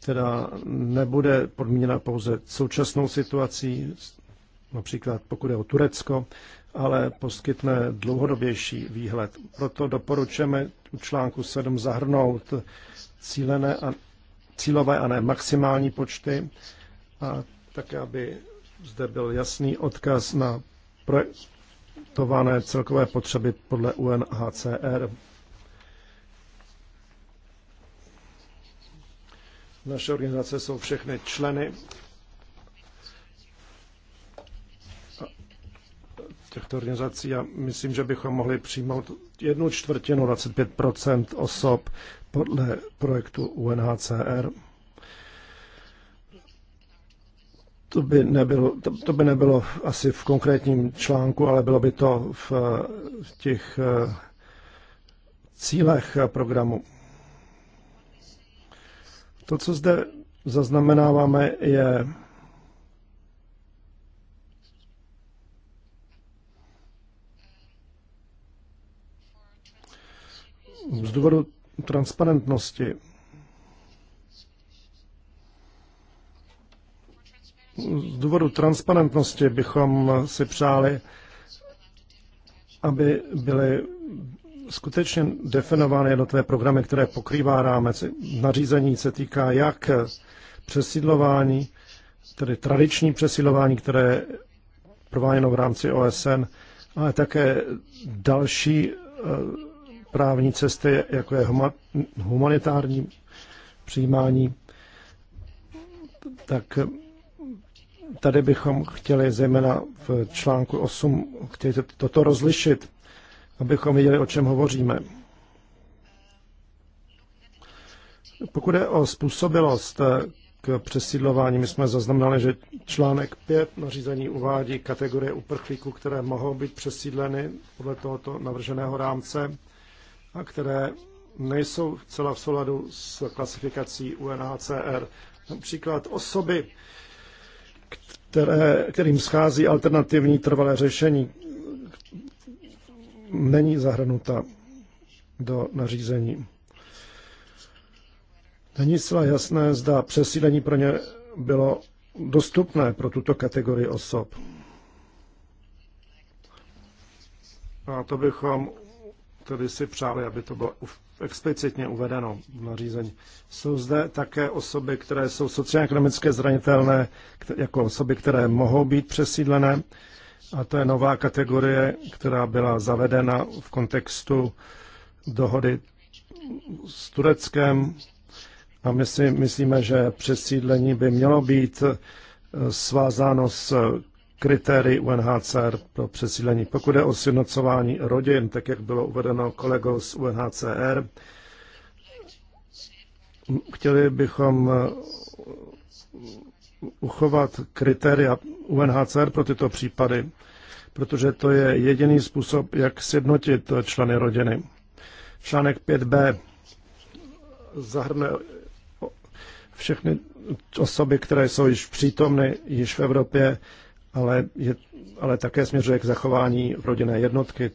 která nebude podmíněna pouze současnou situací, například pokud je o Turecko, ale poskytne dlouhodobější výhled. Proto doporučujeme u článku 7 zahrnout cílené a, cílové a ne maximální počty a také, aby zde byl jasný odkaz na projektované celkové potřeby podle UNHCR. Naše organizace jsou všechny členy těchto organizací a myslím, že bychom mohli přijmout jednu čtvrtinu, 25 osob podle projektu UNHCR. To by, nebylo, to, to by nebylo asi v konkrétním článku, ale bylo by to v, eh, v těch eh, cílech eh, programu. To, co zde zaznamenáváme, je z důvodu transparentnosti z důvodu transparentnosti bychom si přáli, aby byly skutečně definovány jednotlivé programy, které pokrývá rámec. Nařízení se týká jak přesídlování, tedy tradiční přesídlování, které je prováděno v rámci OSN, ale také další eh, právní cesty, jako je humanitární přijímání, tak tady bychom chtěli zejména v článku 8 chtěli toto rozlišit, abychom věděli, o čem hovoříme. Pokud je o způsobilost k přesídlování, my jsme zaznamenali, že článek 5 nařízení uvádí kategorie uprchlíků, které mohou být přesídleny podle tohoto navrženého rámce a které nejsou celá v souladu s klasifikací UNHCR. Například osoby, které, kterým schází alternativní trvalé řešení, není zahrnuta do nařízení. Není zcela jasné, zda přesídlení pro ně bylo dostupné pro tuto kategorii osob. A to bychom tedy si přáli, aby to bylo explicitně uvedeno v nařízení. Jsou zde také osoby, které jsou sociálně ekonomické zranitelné, jako osoby, které mohou být přesídlené. A to je nová kategorie, která byla zavedena v kontextu dohody s Tureckem. A my si myslíme, že přesídlení by mělo být svázáno s kritérii UNHCR pro přesídlení. Pokud je o sjednocování rodin, tak jak bylo uvedeno kolegou z UNHCR, chtěli bychom uh, uchovat kritéria UNHCR pro tyto případy, protože to je jediný způsob, jak sjednotit členy rodiny. Článek 5b zahrne všechny osoby, které jsou již přítomny již v Evropě ale, je, ale také směřuje k zachování rodinné jednotky.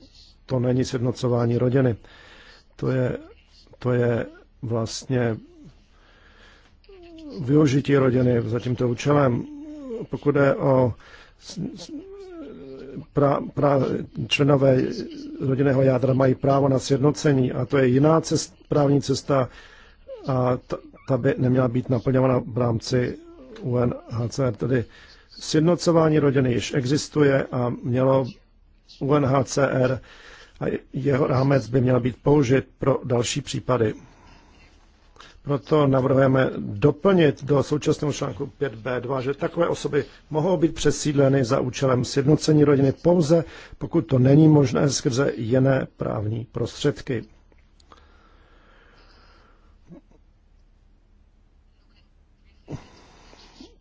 To není sjednocování rodiny. To je, to je vlastně využití rodiny za tímto účelem. Pokud je o pra, pra, členové rodinného jádra mají právo na sjednocení a to je jiná cest, právní cesta a ta, ta by neměla být naplňována v rámci UNHCR, tedy Sjednocování rodiny již existuje a mělo UNHCR a jeho rámec by měl být použit pro další případy. Proto navrhujeme doplnit do současného článku 5b2, že takové osoby mohou být přesídleny za účelem sjednocení rodiny pouze, pokud to není možné skrze jiné právní prostředky.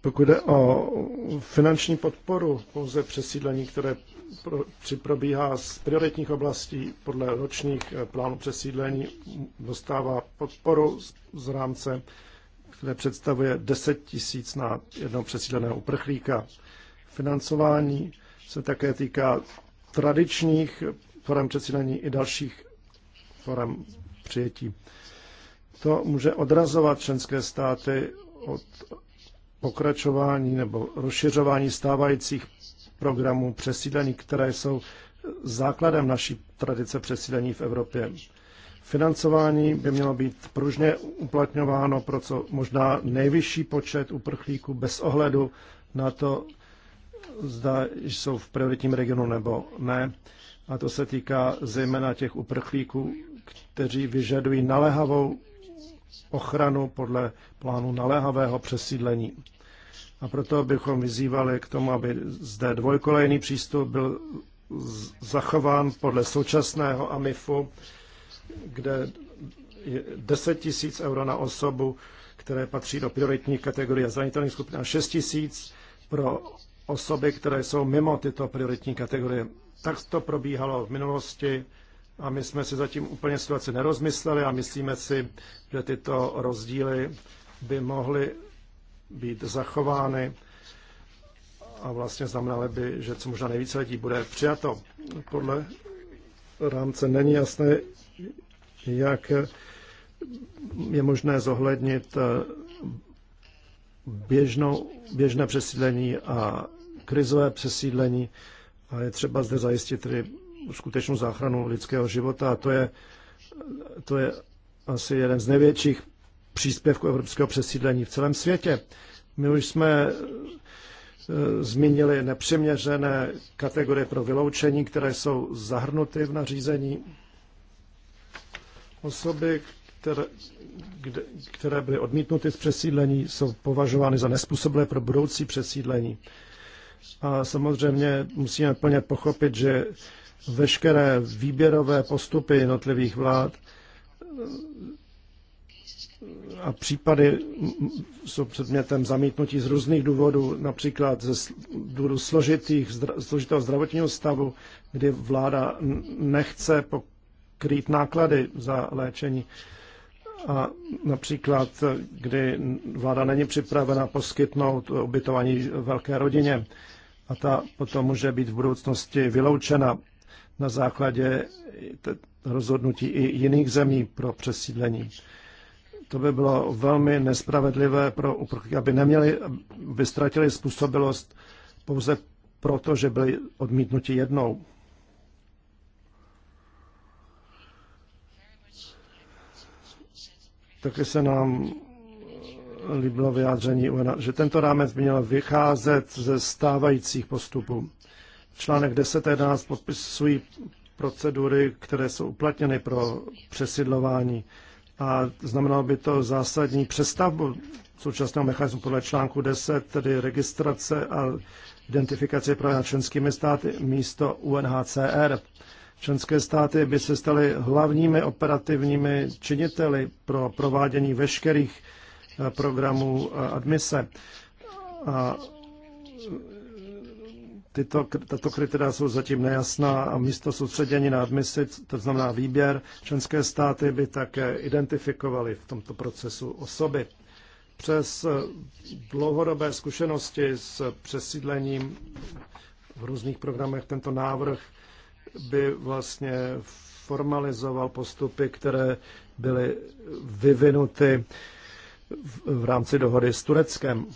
Pokud jde o finanční podporu pouze přesídlení, které pro, při probíhá z prioritních oblastí podle ročních eh, plánů přesídlení, dostává podporu z, z rámce, které představuje 10 tisíc na jednoho přesídleného uprchlíka. Financování se také týká tradičních forem přesídlení i dalších forem přijetí. To může odrazovat členské státy od pokračování nebo rozšiřování stávajících programů přesídlení, které jsou základem naší tradice přesídlení v Evropě. Financování by mělo být pružně uplatňováno pro co možná nejvyšší počet uprchlíků bez ohledu na to, zda jsou v prioritním regionu nebo ne. A to se týká zejména těch uprchlíků, kteří vyžadují naléhavou ochranu podle plánu naléhavého přesídlení. A proto bychom vyzývali k tomu, aby zde dvojkolejný přístup byl zachován podle současného AMIFu, kde je 10 tisíc euro na osobu, které patří do prioritní kategorie, zranitelných skupin a 6 tisíc pro osoby, které jsou mimo tyto prioritní kategorie. Tak to probíhalo v minulosti a my jsme si zatím úplně situaci nerozmysleli a myslíme si, že tyto rozdíly by mohly být zachovány a vlastně znamenalo by, že co možná nejvíce lidí bude přijato. Podle rámce není jasné, jak je možné zohlednit eh, běžnou, běžné přesídlení a krizové přesídlení a je třeba zde zajistit tedy skutečnou záchranu lidského života a to je, to je asi jeden z největších příspěvku evropského přesídlení v celém světě. My už jsme e, zmínili nepřiměřené kategorie pro vyloučení, které jsou zahrnuty v nařízení. Osoby, které, kde, které byly odmítnuty z přesídlení, jsou považovány za nespůsobilé pro budoucí přesídlení. A samozřejmě musíme plně pochopit, že veškeré výběrové postupy jednotlivých vlád a případy jsou předmětem zamítnutí z různých důvodů, například ze důvodu složitých, složitého zdravotního stavu, kdy vláda nechce pokrýt náklady za léčení a například, kdy vláda není připravena poskytnout ubytování velké rodině a ta potom může být v budoucnosti vyloučena na základě rozhodnutí i jiných zemí pro přesídlení. To by bylo velmi nespravedlivé pro uprchlíky, aby neměli, aby ztratili způsobilost pouze proto, že byli odmítnuti jednou. Taky se nám líbilo vyjádření že tento rámec by měl vycházet ze stávajících postupů. Článek 10 a 11 podpisují procedury, které jsou uplatněny pro přesidlování a znamenalo by to zásadní přestavbu současného mechanismu podle článku 10, tedy registrace a identifikace právě členskými státy místo UNHCR. Členské státy by se staly hlavními operativními činiteli pro provádění veškerých eh, programů eh, admise. A Tyto, tato kritéria jsou zatím nejasná a místo soustředění na admisi, to znamená výběr, členské státy by také identifikovaly v tomto procesu osoby. Přes eh, dlouhodobé zkušenosti s přesídlením v různých programech tento návrh by vlastně formalizoval postupy, které byly vyvinuty v rámci dohody s Tureckem.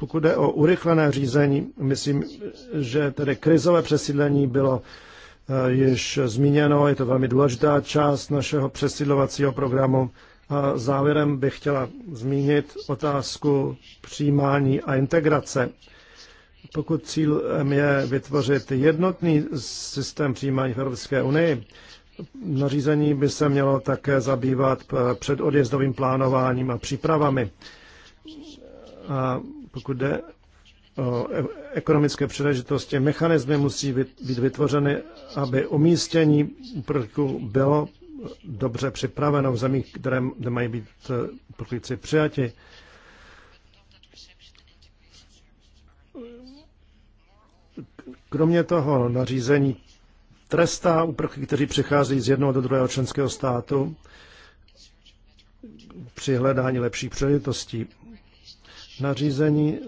Pokud jde o urychlené řízení, myslím, že tedy krizové přesídlení bylo eh, již zmíněno, je to velmi důležitá část našeho přesídlovacího programu. A závěrem bych chtěla zmínit otázku přijímání a integrace. Pokud cílem je vytvořit jednotný systém přijímání v Evropské unii, nařízení by se mělo také zabývat eh, odjezdovým plánováním a přípravami. A pokud jde o e- ekonomické příležitosti, mechanismy musí být vytvořeny, aby umístění uprchlíků bylo dobře připraveno v zemích, které, kde mají být e, uprchlíci přijati. Kromě toho nařízení trestá uprchlíky, kteří přichází z jednoho do druhého členského státu při hledání lepších příležitostí nařízení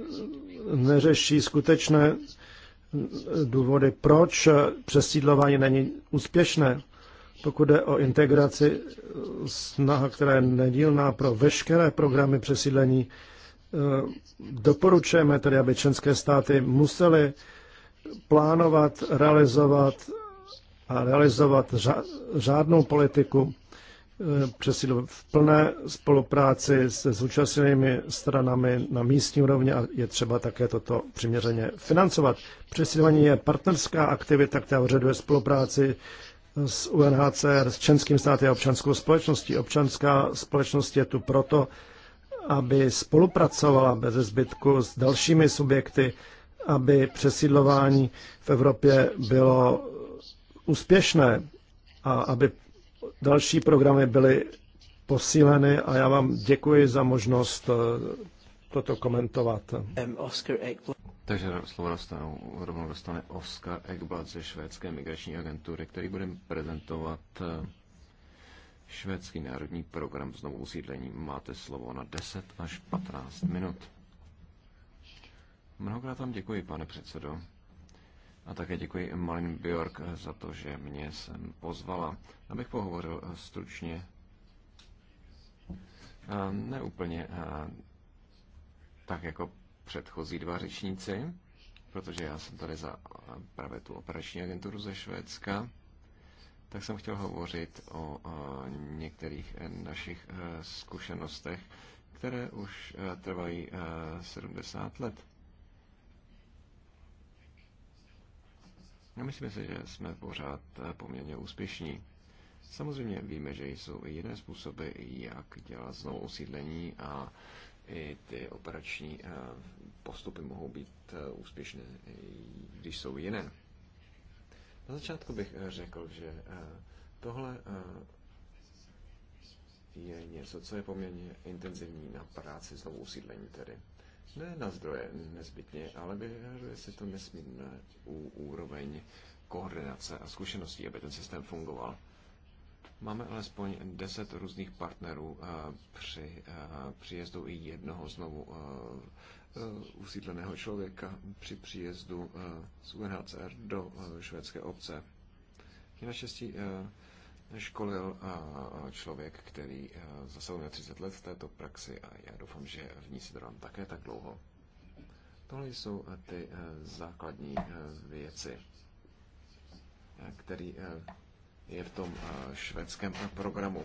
neřeší skutečné důvody, proč přesídlování není úspěšné. Pokud jde o integraci, snaha, která je nedílná pro veškeré programy přesídlení, eh, doporučujeme tedy, aby členské státy musely plánovat, realizovat a realizovat řádnou politiku Eh, přesídl v plné spolupráci se zúčastněnými stranami na místní úrovni a je třeba také toto přiměřeně financovat. Přesídlení je partnerská aktivita, která vředuje spolupráci s UNHCR, s členským státem a občanskou společností. Občanská společnost je tu proto, aby spolupracovala bez zbytku s dalšími subjekty, aby přesídlování v Evropě bylo úspěšné a aby Další programy byly posíleny a já vám děkuji za možnost eh, toto komentovat. Um, Takže slovo dostanou, rovnou dostane Oskar Ekblad ze švédské migrační agentury, který bude prezentovat eh, švédský národní program znovu usídlení. Máte slovo na 10 až 15 minut. Mnohokrát vám děkuji, pane předsedo. A také děkuji Malin Bjork za to, že mě sem pozvala. Abych pohovořil eh, stručně. Eh, ne úplně eh, tak jako předchozí dva řečníci, protože já jsem tady za právě tu operační agenturu ze Švédska, tak jsem chtěl hovořit o některých našich zkušenostech, které už trvají 70 let. A myslím si, že jsme pořád poměrně úspěšní. Samozřejmě víme, že jsou i jiné způsoby, jak dělat znovu usídlení a i ty operační eh, postupy mohou být eh, úspěšné, když jsou jiné. Na začátku bych eh, řekl, že tohle je něco, co je poměrně intenzivní na práci znovu usídlení tedy ne na zdroje nezbytně, ale vyžaduje si to nesmírné úroveň koordinace a zkušeností, aby ten systém fungoval. Máme alespoň 10 různých partnerů eh, při eh, příjezdu i jednoho znovu eh, usídleného člověka při příjezdu z UNHCR do švédské obce. Je naštěstí školil člověk, který zasahuje 30 let v této praxi a já doufám, že v ní se dodám také tak dlouho. Tohle jsou ty základní věci, který je v tom švédském programu.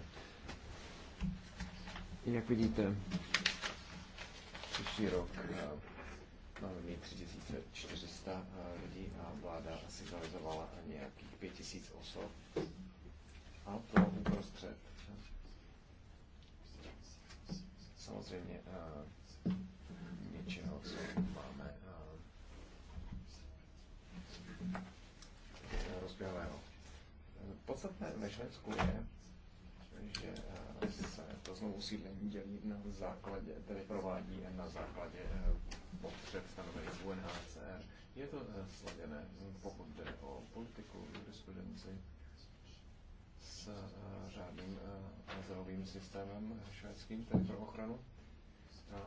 Jak vidíte, příští rok máme mít 3400 lidí a vláda signalizovala nějakých 5000 osob a to uprostřed. Samozřejmě eh, něčeho, co máme eh, rozběhlého. Podstatné ve Švédsku je, že eh, se to znovu usídlení dělí na základě, tedy provádí na základě potřeb stanovených UNHCR. Je to sladěné, pokud jde o politiku, jurisprudenci, Eh, řádným eh, azylovým systémem švédským, tedy pro ochranu. A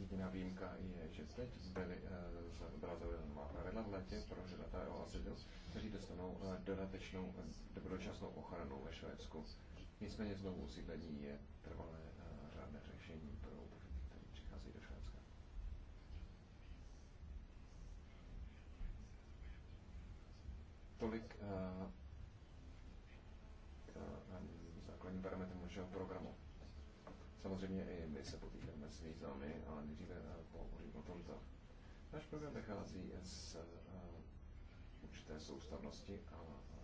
jediná výjimka je, že teď byly, eh, byla zavedena pravidla v letě pro žadatele o azyl, kteří dostanou dodatečnou dobročasnou ochranu ve Švédsku. Nicméně znovu usídlení je trvalé řádné řešení pro uprchlíky, kteří přichází do Švédska. Tolik našeho programu. Samozřejmě i my se potýkáme s výzvami, ale nejdříve eh, pohovorím o tomto. Náš program vychází z eh, určité soustavnosti a eh,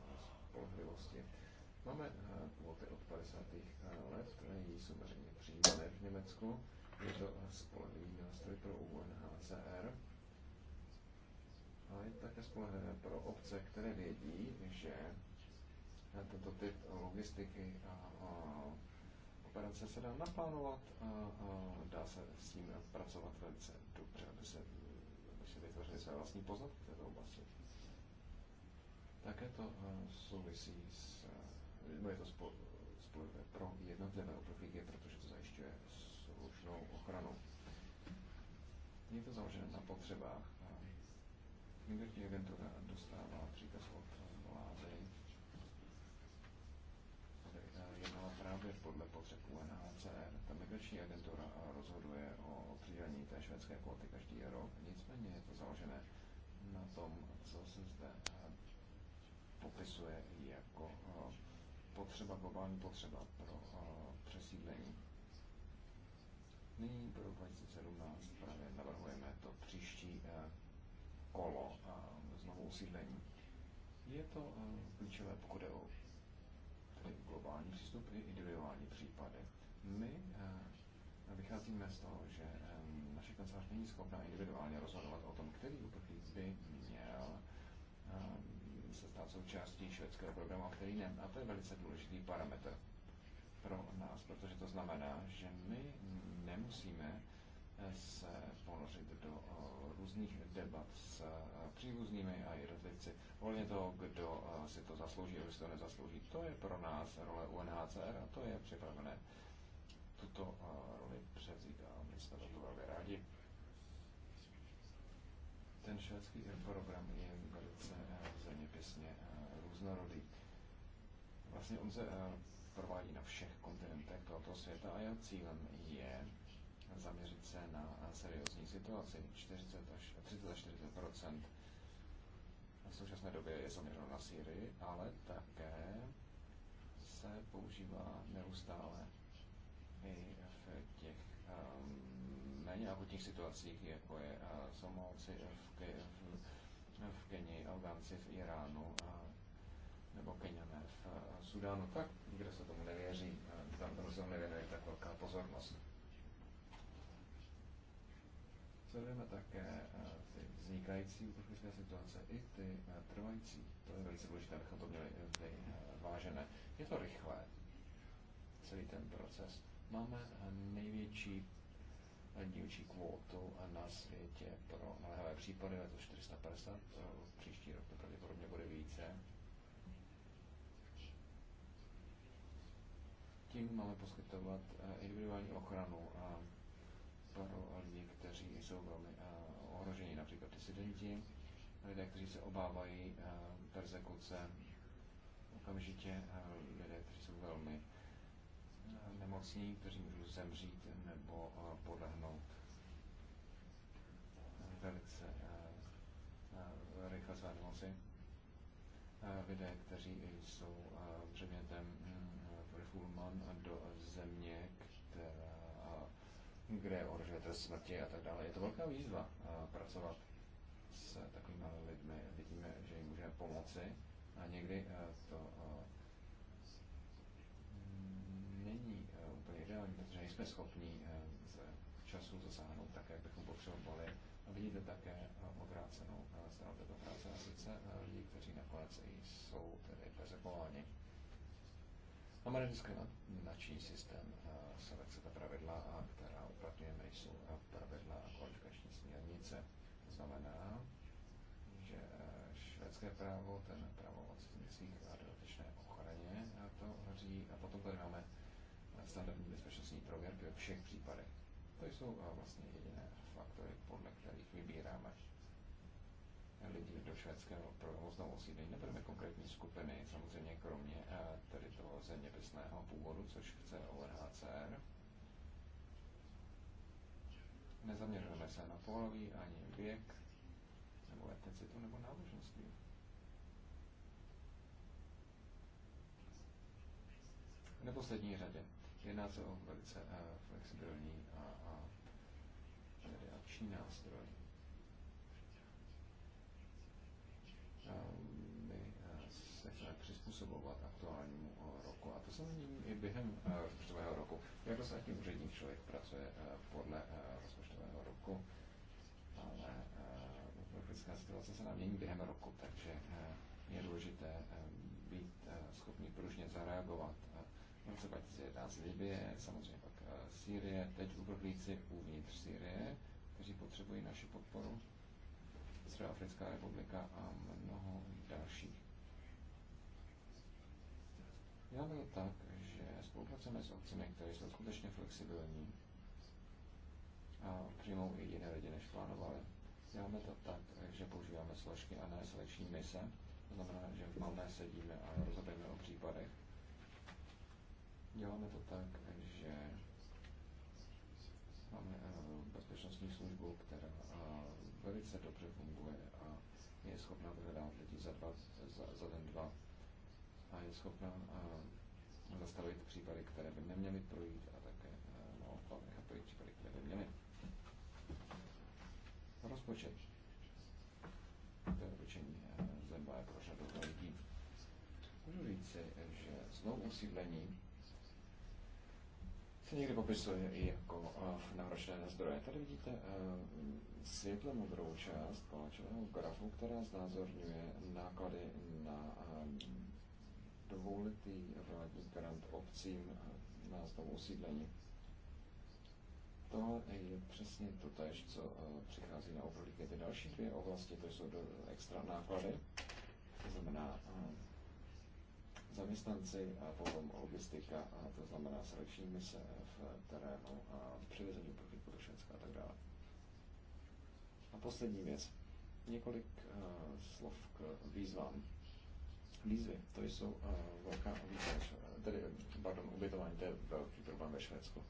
spolehlivosti. Máme kvóty od 50. let, které jsou veřejně přijímané v Německu. Je to spolehlivý nástroj pro UNHCR. A je také spolehlivé pro obce, které vědí, že tento typ logistiky a operace se dá naplánovat a, a dá se s ním pracovat velice dobře, aby se, aby se vytvořili své vlastní poznatky v této oblasti. Také to eh, souvisí s, no je to spolehlivé pro jednotlivé uprchlíky, protože to zajišťuje slušnou ochranu. Je to založené na potřebách. Migrační agentura dostává příkaz od jednala no právě podle potřeb UNHCR. Ta migrační agentura rozhoduje o přidělení té švédské kvóty každý rok, nicméně je to založené na tom, co se zde eh, popisuje jako eh, potřeba, globální potřeba pro eh, přesídlení. Nyní pro 2017 právě navrhujeme to příští kolo znovu usídlení. Je to klíčové, pokud je o přístup i individuální případy. My eh, vycházíme z toho, že eh, naše kancelář není schopná individuálně rozhodovat o tom, který uprchlík by měl eh, se stát součástí švédského programu a který ne. A to je velice důležitý parametr pro nás, protože to znamená, že my nemusíme se ponořit do eh, různých debat s eh, příbuznými a jednotlivci volně toho, kdo eh, si to zaslouží a kdo si to nezaslouží. To je pro nás role UNHCR a to je připravené tuto roli převzít a my jsme za to velmi rádi. Ten švédský program je velice zeměpisně různorodý. Vlastně on se provádí na všech kontinentech tohoto světa a jeho cílem je zaměřit se na seriózní situaci. 40 až 30 až 40 v současné době je zaměřeno na Syrii, ale také se používá neustále i v těch um, méně akutních situacích, jako je uh, Somálci v, Ke- v, v Keni, Albánci v Iránu uh, nebo Keniané v uh, eh, Sudánu, tak kde se tomu nevěří, eh, tam se prostě nevěnuje tak velká pozornost. sledujeme také eh, ty vznikající uprchlické situace i ty eh, trvající. To je velice důležité, abychom to měli eh, vážené. Je to rychlé, celý ten proces. Máme největší dílčí kvótu na světě pro naléhavé případy, je to 450, příští rok to pravděpodobně bude více. Tím máme poskytovat individuální ochranu pro lidi, jsou velmi eh, ohroženi, například disidenti, lidé, kteří se obávají eh, persekuce okamžitě, eh, lidé, kteří jsou velmi nemocní, kteří můžou zemřít nebo podlehnout velice rychle své nemoci. Lidé, kteří jsou předmětem refulman hm, do země, kde ohrožuje trest smrti a tak dále. Je to velká výzva eh, pracovat s takovými lidmi. Vidíme, že jim můžeme pomoci a někdy eh, to eh, není úplně ideální, protože nejsme schopni z času zasáhnout tak, jak bychom potřebovali. A vidíte také obrácenou stranu této práce a sice lidi, kteří nakonec jsou tedy persekuováni. Máme načí systém selekce ta pravidla a autorské právo, to je právo vlastnictví a dodatečné ochraně a to hří. A potom tady máme standardní bezpečnostní prověrky ve všech případech. To jsou vlastně jediné faktory, podle kterých vybíráme lidi do švédského programu znovu osídlení. Nebudeme konkrétní skupiny, samozřejmě kromě tedy toho zeměpisného původu, což chce ONHCR. Nezaměřujeme se na pohlaví ani věk, nebo etnicitu, nebo náboženství. neposlední řadě jedná se o velice eh, flexibilní a, a reakční nástroj. Eh, my eh, se chceme přizpůsobovat aktuálnímu roku. A to se mění i během rozpočtového roku. Jako státní úředník člověk pracuje podle rozpočtového roku, ale politická situace se nám mění během roku. roce 2011 Libie, samozřejmě pak eh, Sýrie, teď uprchlíci uvnitř Sýrie, kteří potřebují naši podporu, Středoafrická republika a mnoho dalších. Já byl tak, že spolupracujeme s obcemi, které jsou skutečně flexibilní a přijmou i jiné lidi, než plánovali. Děláme to tak, že používáme složky a ne selekční mise. To znamená, že v Malmé sedíme a rozhodujeme o případech Děláme to tak, že máme eh, bezpečnostní službu, která eh, velice dobře funguje a je schopná vyhledávat lidi za, dva, za, za den dva a je schopná eh, zastavit případy, které by neměly projít a také naopak nechat projít případy, které by měly. Rozpočet. To je ručení zemba je jako pořadu veliký. Můžu říci, že znovu se někdy popisuje i jako eh, náročné na zdroje. Tady vidíte eh, světle modrou část palačového grafu, která znázorňuje náklady na eh, dvouletý vládní grant obcím na znovu osídlení. Tohle je přesně to tež, co přichází na obrolíky. Ty další dvě oblasti, to jsou do extra náklady, to znamená zaměstnanci a potom logistika, a to znamená selekční mise v terénu a přivezení uprchlíků do Švédska a tak dále. A poslední věc. Několik uh, slov k výzvám. Výzvy, to jsou uh, velká výzva, eh, tedy, pardon, ubytování, to je velký problém ve Švédsku.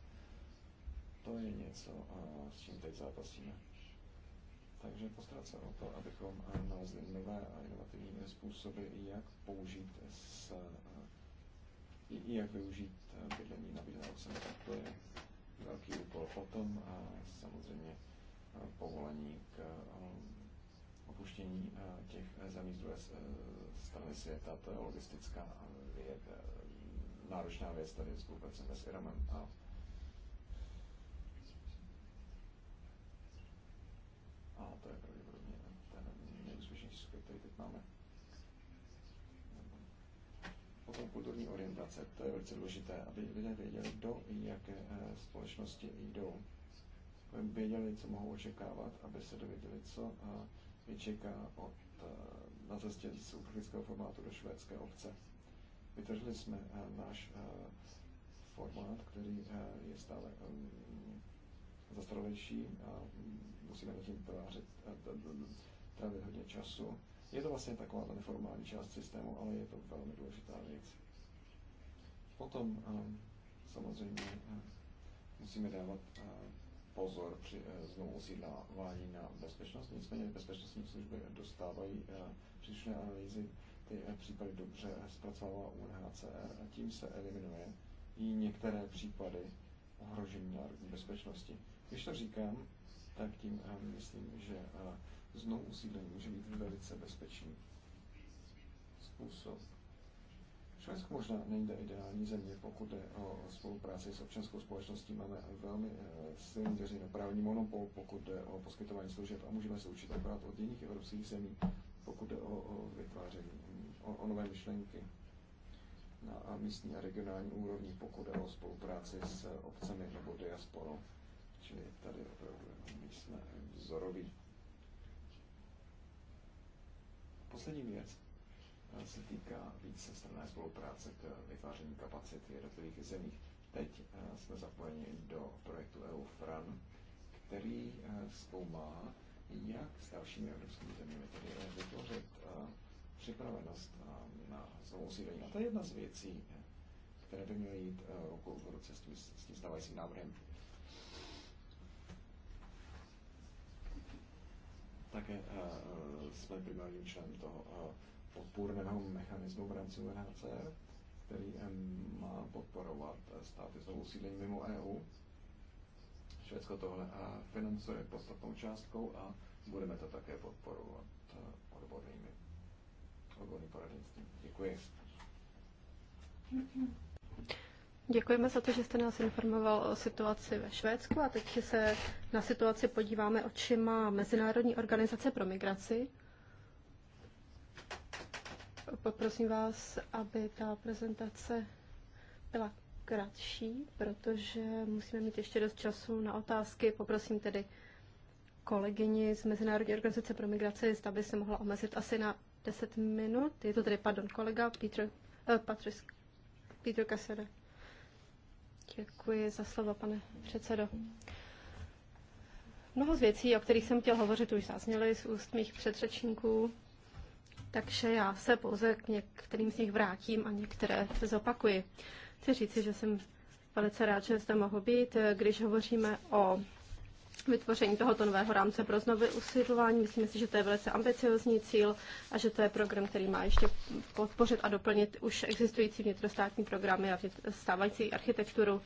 To je něco, uh, s čím teď zápasíme takže postarat se o to, abychom eh, nalezli nové a inovativní způsoby, jak použít s, eh, jak využít eh, bydlení na bydlence. To je velký úkol. o tom a samozřejmě povolení k opuštění těch zemí z druhé strany světa, to je logistická věc, náročná věc tady vůbec s Iranem a jsou kulturní orientace. To je velice důležité, aby lidé věděli, do jaké eh, společnosti jdou. Aby věděli, co mohou očekávat, aby se dověděli, co eh, je čeká od, eh, na cestě z uprchlického formátu do švédské obce. Vytvořili jsme náš formát, který je stále zastaralejší a musíme nad tím trávit hodně času je to vlastně taková ta neformální část systému, ale je to velmi důležitá věc. Potom ehm, samozřejmě eh, musíme dávat eh, pozor při eh, znovu osídlávání na bezpečnost. Nicméně bezpečnostní služby dostávají příslušné analýzy, ty případy dobře zpracovává UNHCR a tím se eliminuje i některé případy ohrožení národní bezpečnosti. Když to říkám, tak tím myslím, že znovu usídlení může být velice bezpečný způsob. Švédsko možná nejde ideální země, pokud je o spolupráci s občanskou společností. Máme velmi eh, silný veřejnoprávní monopol, pokud jde o poskytování služeb a můžeme se učit brát od jiných evropských zemí, pokud jde o, o vytváření, o, o nové myšlenky na místní a regionální úrovni, pokud jde o spolupráci s obcemi nebo diasporou. Čili tady opravdu my jsme vzoroví. Poslední věc eh, se týká více strané spolupráce k vytváření kapacit v jednotlivých zemích. Teď eh, jsme zapojeni do projektu EUFRAN, který eh, zkoumá, jak s dalšími evropskými zeměmi tedy vytvořit připravenost na znovu osídlení. A to je jedna z věcí, které by měly jít ruku v ruce s tím stávajícím návrhem. Také eh, eh, jsme primárním členem toho eh, podpůrného mechanismu v rámci UNHCR, který má podporovat státy s sídlení mimo EU. Švédsko tohle financuje podstatnou částkou a budeme to také podporovat odbornými, odborným poradenstvím. Děkuji. Děkuji. Děkujeme za to, že jste nás informoval o situaci ve Švédsku a teď se na situaci podíváme očima Mezinárodní organizace pro migraci. Poprosím vás, aby ta prezentace byla kratší, protože musíme mít ještě dost času na otázky. Poprosím tedy kolegyni z Mezinárodní organizace pro migraci, zda by se mohla omezit asi na 10 minut. Je to tedy, pardon, kolega Petr, eh, Patrice, Petr Děkuji za slovo, pane předsedo. Mnoho z věcí, o kterých jsem chtěl hovořit, už zazněly z úst mých předřečníků, takže já se pouze k některým z nich vrátím a některé zopakuji. Chci říci, že jsem velice rád, že zde mohu být. Když hovoříme o vytvoření tohoto nového rámce pro znovu usidlování. Myslím si, že to je velice ambiciozní cíl a že to je program, který má ještě podpořit a doplnit už existující vnitrostátní programy a stávající architekturu.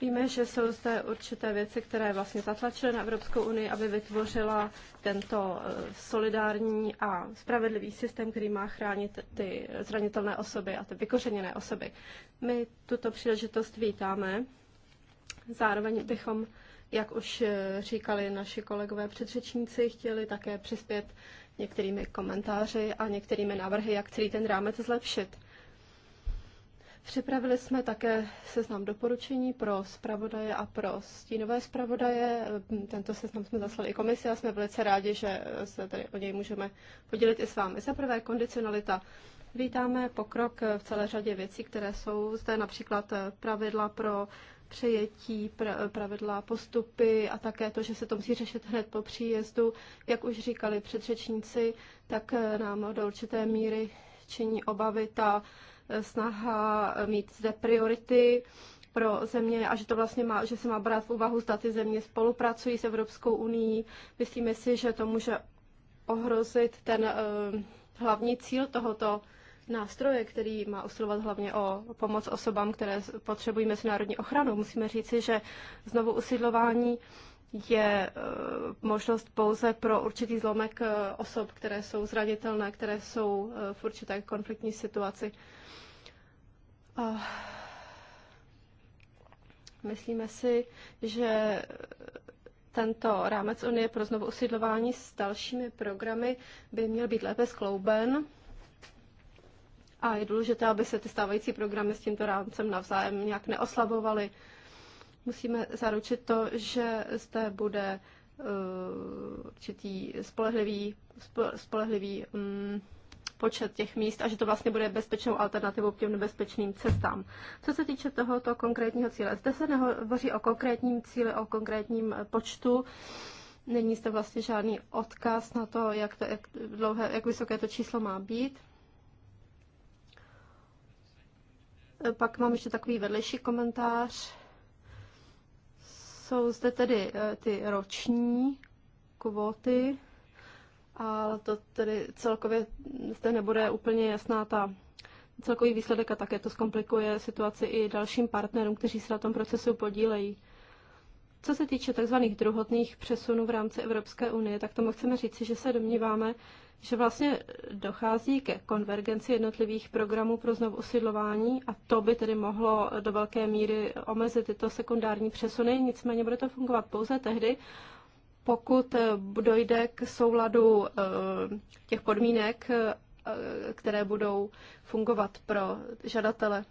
Víme, že jsou zde určité věci, které vlastně zatlačily na Evropskou unii, aby vytvořila tento eh, solidární a spravedlivý systém, který má chránit ty zranitelné osoby a ty vykořeněné osoby. My tuto příležitost vítáme. Zároveň bychom jak už eh, říkali naši kolegové předřečníci, chtěli také přispět některými komentáři a některými návrhy, jak celý ten rámec zlepšit. Připravili jsme také seznam doporučení pro zpravodaje a pro stínové zpravodaje. Eh, tento seznam jsme zaslali i komisi a jsme velice rádi, že eh, se tady o něj můžeme podělit i s vámi. Za prvé kondicionalita. Vítáme pokrok v celé řadě věcí, které jsou zde, například pravidla pro přejetí pravidla, postupy a také to, že se to musí řešit hned po příjezdu. Jak už říkali předřečníci, tak nám do určité míry činí obavy ta eh, snaha eh, mít zde priority pro země a že to vlastně má, že se má brát v úvahu, zda ty země spolupracují s Evropskou unii. Myslíme si, že to může ohrozit ten eh, hlavní cíl tohoto nástroje, který má usilovat hlavně o pomoc osobám, které potřebují mezinárodní ochranu. Musíme říci, že znovu usidlování je e, možnost pouze pro určitý zlomek e, osob, které jsou zranitelné, které jsou e, v určité konfliktní situaci. A myslíme si, že tento rámec Unie pro znovu usidlování s dalšími programy by měl být lépe sklouben a je důležité, aby se ty stávající programy s tímto rámcem navzájem nějak neoslabovaly. Musíme zaručit to, že zde bude eh, určitý spolehlivý, spolehlivý mm, počet těch míst a že to vlastně bude bezpečnou alternativou k těm nebezpečným cestám. Co se týče tohoto konkrétního cíle, zde se nehovoří o konkrétním cíli, o konkrétním počtu. Není zde vlastně žádný odkaz na to, jak, to, jak, dlouhé, jak vysoké to číslo má být. Pak mám ještě takový vedlejší komentář. Jsou zde tedy eh, ty roční kvóty, ale to tedy celkově zde nebude úplně jasná ta celkový výsledek a také to zkomplikuje situaci i dalším partnerům, kteří se na tom procesu podílejí. Co se týče tzv. druhotných přesunů v rámci Evropské unie, tak tomu chceme říci, že se domníváme, že vlastně dochází ke konvergenci jednotlivých programů pro znovu usidlování a to by tedy mohlo do velké míry omezit tyto sekundární přesuny, nicméně bude to fungovat pouze tehdy, pokud eh, dojde k souladu eh, těch podmínek, eh, které budou fungovat pro žadatele.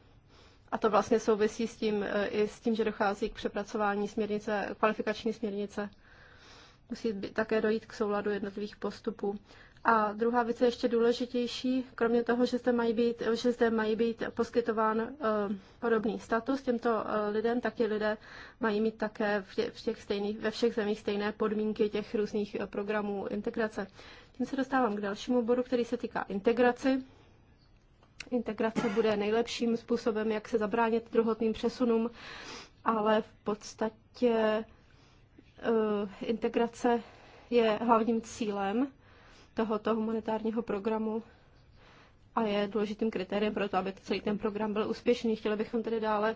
A to vlastně souvisí s tím, i s tím, že dochází k přepracování směrnice, kvalifikační směrnice. Musí být také dojít k souladu jednotlivých postupů. A druhá věc je ještě důležitější, kromě toho, že zde mají být, že zde mají být poskytován eh, podobný status těmto eh, lidem, tak ti lidé mají mít také v těch, v těch stejných, ve všech zemích stejné podmínky těch různých eh, programů integrace. Tím se dostávám k dalšímu bodu, který se týká integraci. Integrace bude nejlepším způsobem, jak se zabránit druhotným přesunům, ale v podstatě integrace je hlavním cílem tohoto humanitárního programu a je důležitým kritériem pro to, aby celý ten program byl úspěšný. Chtěli bychom tedy dále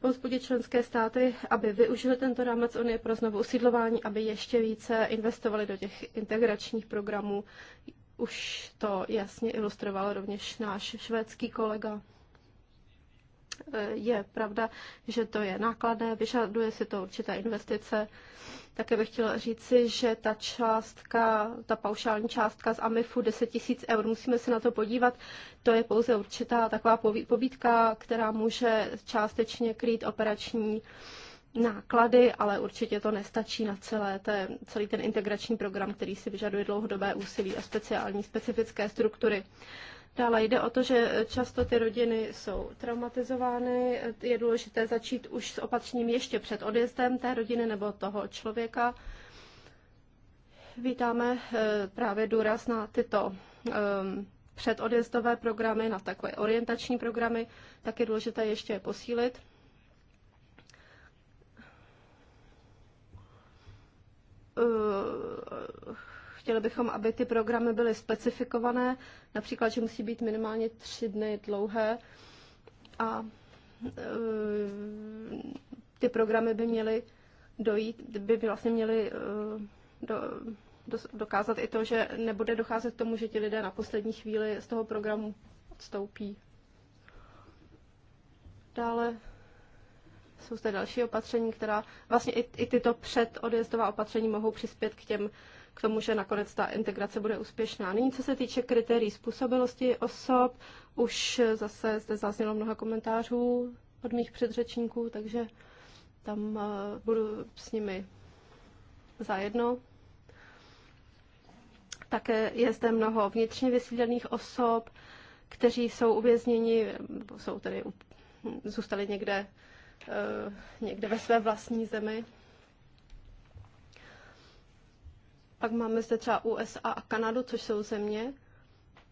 pozbudit členské státy, aby využili tento rámec Unie pro znovu usídlování, aby ještě více investovali do těch integračních programů. Už to jasně ilustroval rovněž náš švédský kolega. Je pravda, že to je nákladné, vyžaduje si to určité investice. Také bych chtěla říci, že ta částka, ta paušální částka z AMIFu 10 000 eur, musíme se na to podívat, to je pouze určitá taková pobídka, která může částečně krýt operační náklady, ale určitě to nestačí na celé té, celý ten integrační program, který si vyžaduje dlouhodobé úsilí a speciální, specifické struktury. Dále jde o to, že často ty rodiny jsou traumatizovány. Je důležité začít už s opatřením ještě před odjezdem té rodiny nebo toho člověka. Vítáme eh, právě důraz na tyto ehm, předodjezdové programy, na takové orientační programy, tak je důležité ještě je posílit. Eh, Chtěli bychom, aby ty programy byly specifikované, například, že musí být minimálně tři dny dlouhé a e, ty programy by měly dojít, by vlastně měly e, do, do, dokázat i to, že nebude docházet k tomu, že ti lidé na poslední chvíli z toho programu odstoupí. Dále jsou zde další opatření, která vlastně i, i tyto předodjezdová opatření mohou přispět k těm k tomu, že nakonec ta integrace bude úspěšná. Nyní, co se týče kritérií způsobilosti osob, už zase zde zaznělo mnoho komentářů od mých předřečníků, takže tam eh, budu s nimi zajedno. Také je zde mnoho vnitřně vysídlených osob, kteří jsou uvězněni, jsou tedy zůstali někde, eh, někde ve své vlastní zemi. Pak máme zde třeba USA a Kanadu, což jsou země,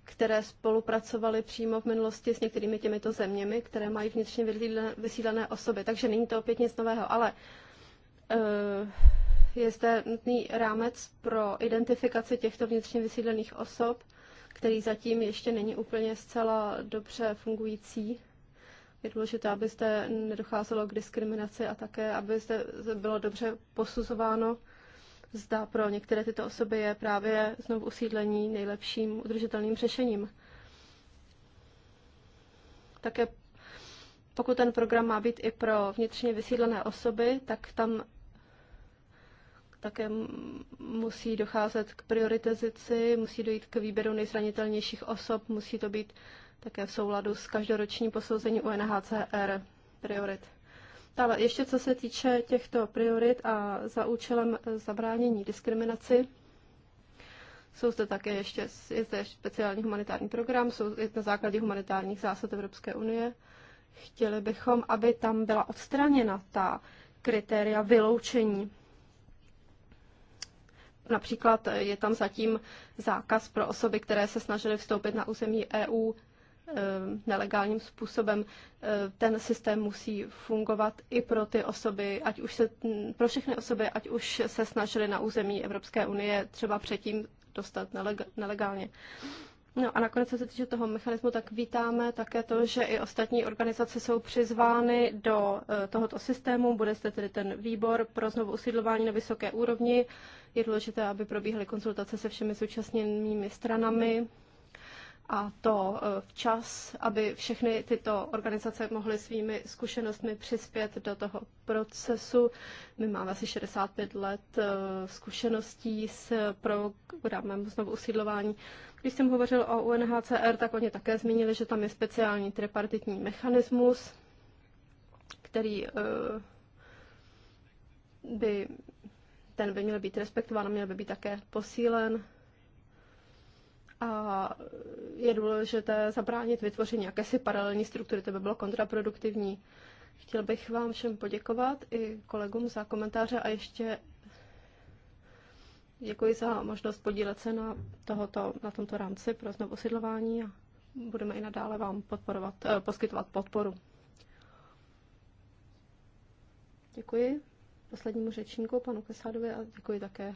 které spolupracovaly přímo v minulosti s některými těmito zeměmi, které mají vnitřně vysílené osoby. Takže není to opět nic nového, ale eh, je zde nutný rámec pro identifikaci těchto vnitřně vysídlených osob, který zatím ještě není úplně zcela dobře fungující. Je důležité, aby zde nedocházelo k diskriminaci a také, aby zde bylo dobře posuzováno, zda pro některé tyto osoby je právě znovu usídlení nejlepším udržitelným řešením. Také pokud ten program má být i pro vnitřně vysídlené osoby, tak tam také musí docházet k prioritizaci, musí dojít k výběru nejzranitelnějších osob, musí to být také v souladu s každoročním posouzením UNHCR priorit. Dále ještě co se týče těchto priorit a za účelem zabránění diskriminaci, jsou zde také ještě, je zde ještě speciální humanitární program, jsou na základě humanitárních zásad Evropské unie. Chtěli bychom, aby tam byla odstraněna ta kritéria vyloučení. Například je tam zatím zákaz pro osoby, které se snažily vstoupit na území EU Eh, nelegálním způsobem. Eh, ten systém musí fungovat i pro ty osoby, ať už se, mm, pro všechny osoby, ať už se snažili na území Evropské unie třeba předtím dostat nelegálně. No a nakonec, co se týče toho mechanismu, tak vítáme také to, že i ostatní organizace jsou přizvány do eh, tohoto systému. Bude zde tedy ten výbor pro znovu usídlování na vysoké úrovni. Je důležité, aby probíhaly konzultace se všemi zúčastněnými stranami a to eh, včas, aby všechny tyto organizace mohly svými zkušenostmi přispět do toho procesu. My máme asi 65 let eh, zkušeností s programem znovu usídlování. Když jsem hovořil o UNHCR, tak oni také zmínili, že tam je speciální tripartitní mechanismus, který eh, by ten by měl být respektován, měl by být také posílen a je důležité zabránit vytvoření jakési paralelní struktury, to by bylo kontraproduktivní. Chtěl bych vám všem poděkovat i kolegům za komentáře a ještě děkuji za možnost podílet se na, tohoto, na tomto rámci pro znovu osidlování a budeme i nadále vám podporovat, eh, poskytovat podporu. Děkuji poslednímu řečníku, panu Kesádovi, a děkuji také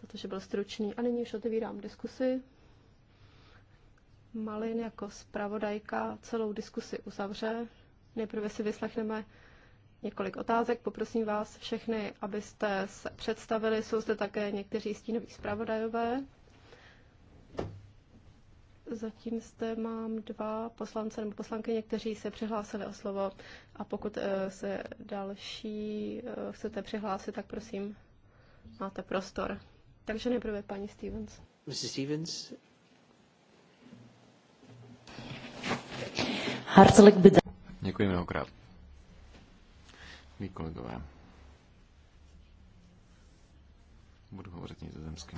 za to, že byl stručný. A nyní už otevírám diskusi. Malin jako zpravodajka celou diskusi uzavře. Nejprve si vyslechneme několik otázek. Poprosím vás všechny, abyste se představili. Jsou zde také někteří stínoví zpravodajové. Zatím zde mám dva poslance nebo poslankyně, kteří se přihlásili o slovo. A pokud eh, se další eh, chcete přihlásit, tak prosím, máte prostor. Takže nejprve paní Stevens. Mrs. Stevens. Hartelijk bedankt. Děkuji mnohokrát. Mí kolegové. Budu hovořit nizozemsky.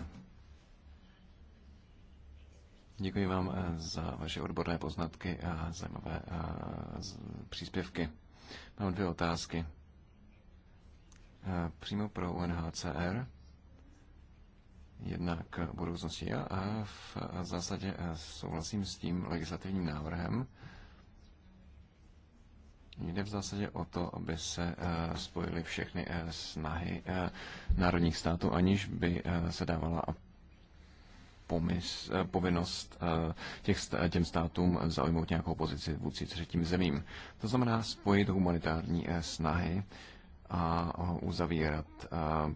Děkuji vám eh, za vaše odborné poznatky a zajímavé eh, příspěvky. Mám dvě otázky. Eh, přímo pro UNHCR jednak budoucnosti. Já a v zásadě eh, souhlasím s tím legislativním návrhem. Jde v zásadě o to, aby se eh, spojily všechny eh, snahy národních států, aniž by se dávala pomys, povinnost těch, těm státům zaujmout nějakou pozici vůči třetím zemím. To znamená spojit humanitární snahy a uzavírat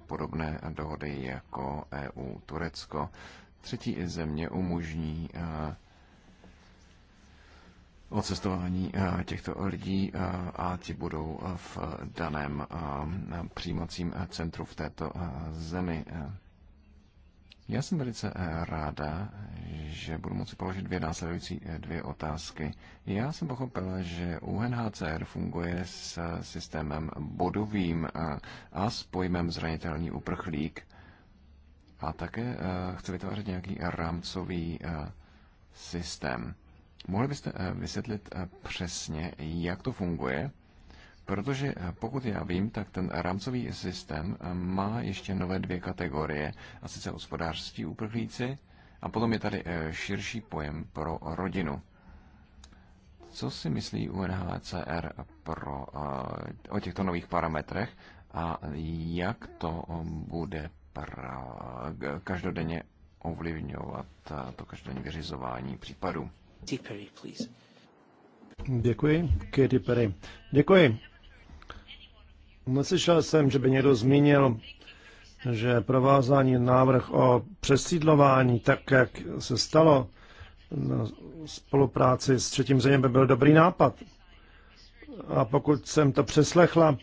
podobné dohody jako EU-Turecko. Třetí země umožní o cestování těchto lidí a ti budou v daném přijímacím centru v této zemi. Já jsem velice eh, ráda, že budu moci položit dvě následující eh, dvě otázky. Já jsem pochopila, že UNHCR funguje s eh, systémem bodovým a s pojmem zranitelný uprchlík. A také chci vytvářet nějaký rámcový systém. Mohli byste vysvětlit přesně, jak to funguje? Protože eh, pokud já vím, tak ten rámcový systém eh, má ještě nové dvě kategorie, a sice hospodářství uprchlíci a potom je tady eh, širší pojem pro rodinu. Co si myslí UNHCR pro, o těchto nových parametrech a jak to bude pra, každodenně ovlivňovat to každodenní vyřizování případů? Děkuji, Katy Perry. Děkuji. Neslyšel jsem, že by někdo zmínil, že provázání návrh o přesídlování, tak jak se stalo na spolupráci s třetím zemím, by byl dobrý nápad. A pokud jsem to přeslechla,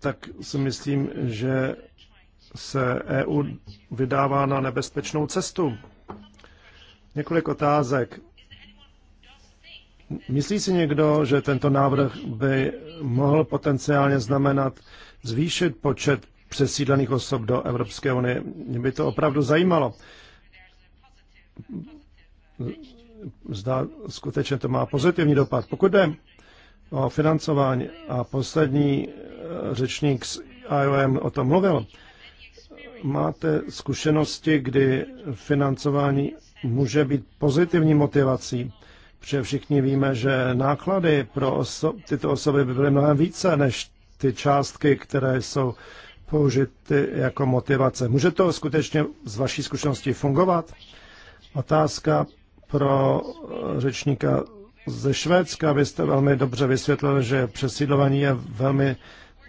tak si myslím, že se EU vydává na nebezpečnou cestu. Několik otázek Myslí si někdo, že tento návrh by mohl potenciálně znamenat zvýšit počet přesídlených osob do Evropské unie? Mě by to opravdu zajímalo. Zdá, skutečně to má pozitivní dopad. Pokud jde o financování a poslední e, řečník z IOM o tom mluvil, máte zkušenosti, kdy financování může být pozitivní motivací protože všichni víme, že náklady pro oso- tyto osoby by byly mnohem více než ty částky, které jsou použity jako motivace. Může to skutečně z vaší zkušenosti fungovat? Otázka pro eh, řečníka ze Švédska. Vy jste velmi dobře vysvětlil, že přesídlování je velmi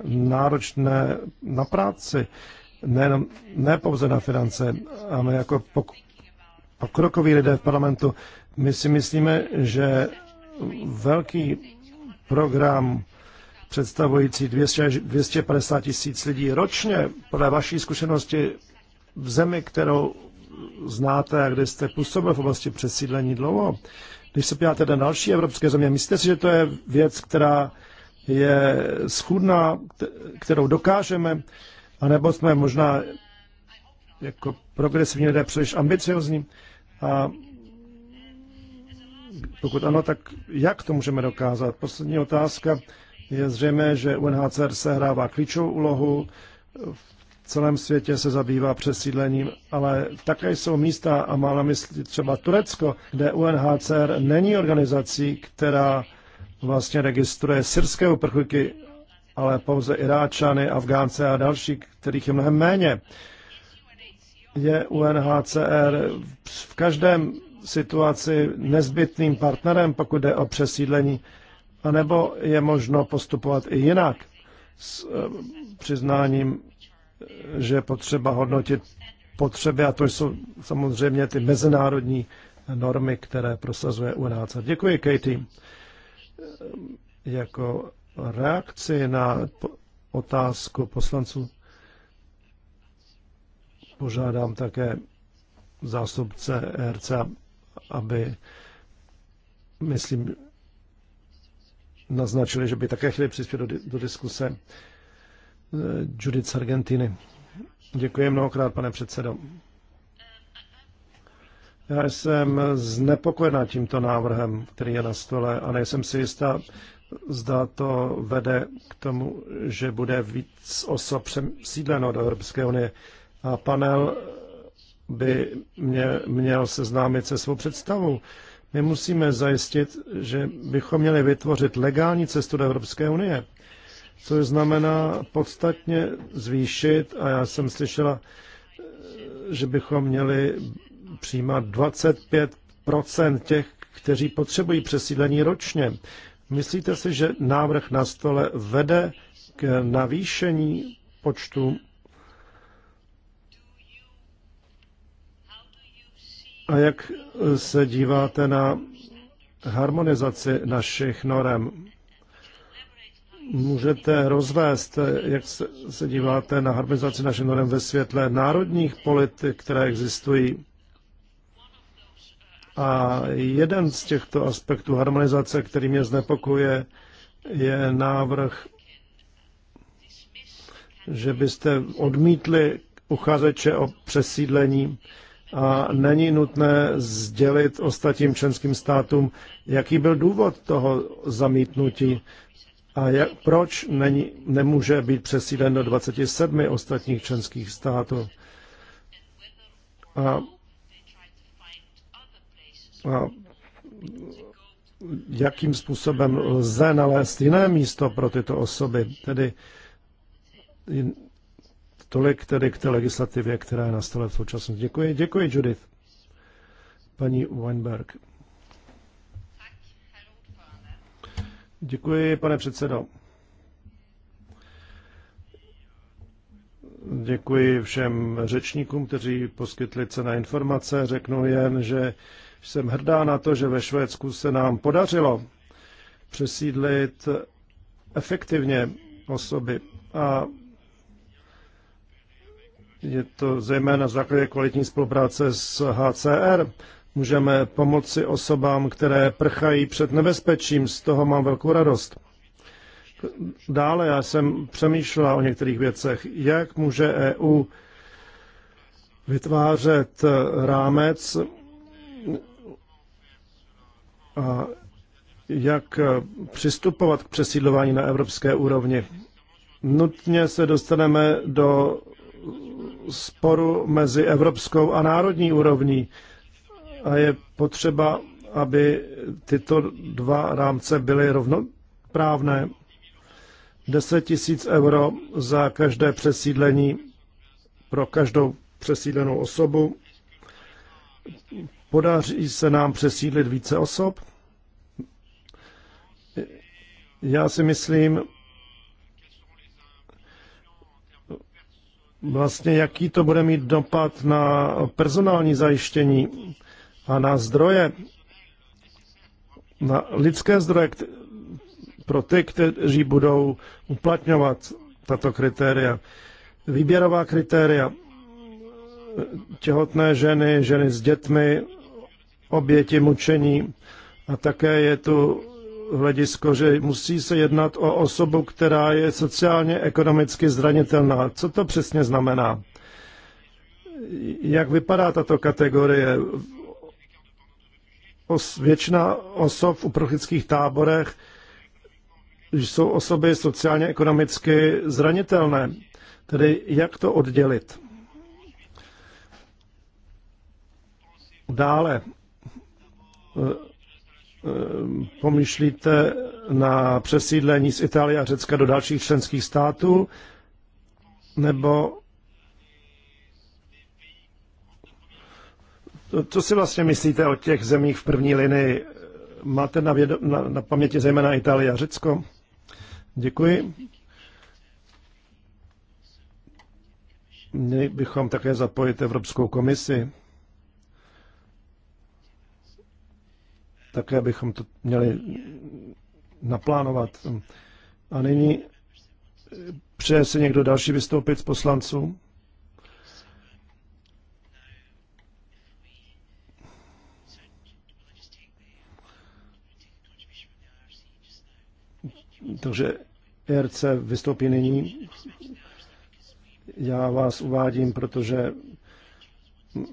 náročné na práci, ne, ne pouze na finance. ale jako pokrokoví lidé v parlamentu my si myslíme, že velký program představující 200, 250 tisíc lidí ročně, podle vaší zkušenosti v zemi, kterou znáte a kde jste působil v oblasti přesídlení dlouho, když se pěláte na další evropské země, myslíte si, že to je věc, která je schudná, kterou dokážeme, anebo jsme možná jako progresivní lidé příliš ambiciozní a pokud ano, tak jak to můžeme dokázat? Poslední otázka. Je zřejmé, že UNHCR sehrává klíčovou úlohu, v celém světě se zabývá přesídlením, ale také jsou místa, a má na mysli třeba Turecko, kde UNHCR není organizací, která vlastně registruje syrské uprchlíky, ale pouze Iráčany, Afgánce a další, kterých je mnohem méně. Je UNHCR v každém situaci nezbytným partnerem, pokud jde o přesídlení, anebo je možno postupovat i jinak s eh, přiznáním, eh, že je potřeba hodnotit potřeby, a to jsou samozřejmě ty mezinárodní normy, které prosazuje UNHCR. Děkuji, Katie. Eh, jako reakci na otázku poslanců požádám také zástupce RCA aby, myslím, naznačili, že by také chtěli přispět do, do diskuse eh, Judith z Argentiny. Děkuji mnohokrát, pane předsedo. Já jsem znepokojená tímto návrhem, který je na stole a nejsem si jistá, zda to vede k tomu, že bude víc osob přesídleno do Evropské unie. A panel by mě, měl seznámit se svou představou. My musíme zajistit, že bychom měli vytvořit legální cestu do Evropské unie, což znamená podstatně zvýšit, a já jsem slyšela, že bychom měli přijímat 25 těch, kteří potřebují přesídlení ročně. Myslíte si, že návrh na stole vede k navýšení počtu A jak se díváte na harmonizaci našich norem? Můžete rozvést, jak se díváte na harmonizaci našich norem ve světle národních politik, které existují? A jeden z těchto aspektů harmonizace, který mě znepokuje, je návrh, že byste odmítli uchazeče o přesídlení a není nutné sdělit ostatním členským státům, jaký byl důvod toho zamítnutí a jak, proč není, nemůže být přesídlen do 27 ostatních členských států. A, a jakým způsobem lze nalézt jiné místo pro tyto osoby. Tedy Tolik tedy k té legislativě, která je na stole v současnosti. Děkuji, děkuji Judith. Paní Weinberg. Děkuji, pane předsedo. Děkuji všem řečníkům, kteří poskytli cené informace. Řeknu jen, že jsem hrdá na to, že ve Švédsku se nám podařilo přesídlit efektivně osoby a je to zejména na základě kvalitní spolupráce s HCR. Můžeme pomoci osobám, které prchají před nebezpečím, z toho mám velkou radost. Dále já jsem přemýšlela o některých věcech, jak může EU vytvářet rámec a jak přistupovat k přesídlování na evropské úrovni. Nutně se dostaneme do sporu mezi evropskou a národní úrovní. A je potřeba, aby tyto dva rámce byly rovnoprávné. 10 tisíc euro za každé přesídlení pro každou přesídlenou osobu. Podaří se nám přesídlit více osob? Já si myslím, vlastně jaký to bude mít dopad na personální zajištění a na zdroje, na lidské zdroje pro ty, kteří budou uplatňovat tato kritéria. Výběrová kritéria těhotné ženy, ženy s dětmi, oběti mučení a také je tu hledisko, že musí se jednat o osobu, která je sociálně ekonomicky zranitelná. Co to přesně znamená? Jak vypadá tato kategorie? Os, většina osob v uprchlických táborech jsou osoby sociálně ekonomicky zranitelné. Tedy jak to oddělit? Dále Ehm, pomýšlíte na přesídlení z Itálie a Řecka do dalších členských států, nebo co si vlastně myslíte o těch zemích v první linii? Máte na, vědo, na, na paměti zejména Itálie a Řecko? Děkuji. Měli bychom také zapojit Evropskou komisi. Také bychom to měli naplánovat. A nyní přeje se někdo další vystoupit z poslanců? Takže ERC vystoupí nyní. Já vás uvádím, protože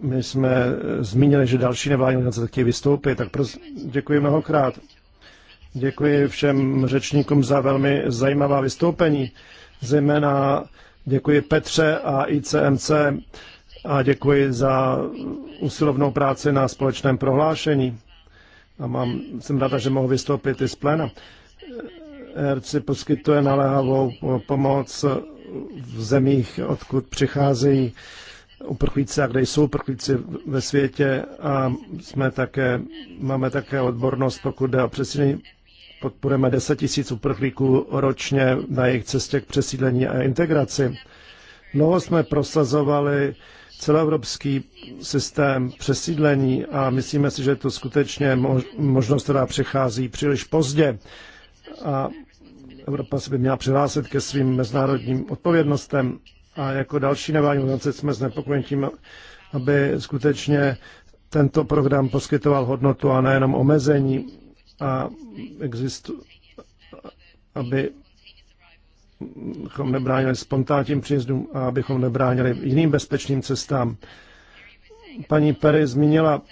my jsme zmínili, že další nevládní organizace taky vystoupí, tak pros- děkuji mnohokrát. Děkuji všem řečníkům za velmi zajímavá vystoupení, zejména děkuji Petře a ICMC a děkuji za usilovnou práci na společném prohlášení. A mám, jsem ráda, že mohu vystoupit i z pléna. RC poskytuje naléhavou pomoc v zemích, odkud přicházejí uprchlíci a kde jsou uprchlíci ve světě a jsme také, máme také odbornost, pokud jde o přesídlení. Podporujeme 10 tisíc uprchlíků ročně na jejich cestě k přesídlení a integraci. Mnoho jsme prosazovali celoevropský systém přesídlení a myslíme si, že je to skutečně možnost, která přichází příliš pozdě. A Evropa se by měla přihlásit ke svým mezinárodním odpovědnostem a jako další nevládní organizace jsme znepokojeni tím, aby skutečně tento program poskytoval hodnotu a nejenom omezení a existu, aby abychom nebránili spontánním příjezdům a abychom nebránili jiným bezpečným cestám. Paní Perry zmínila,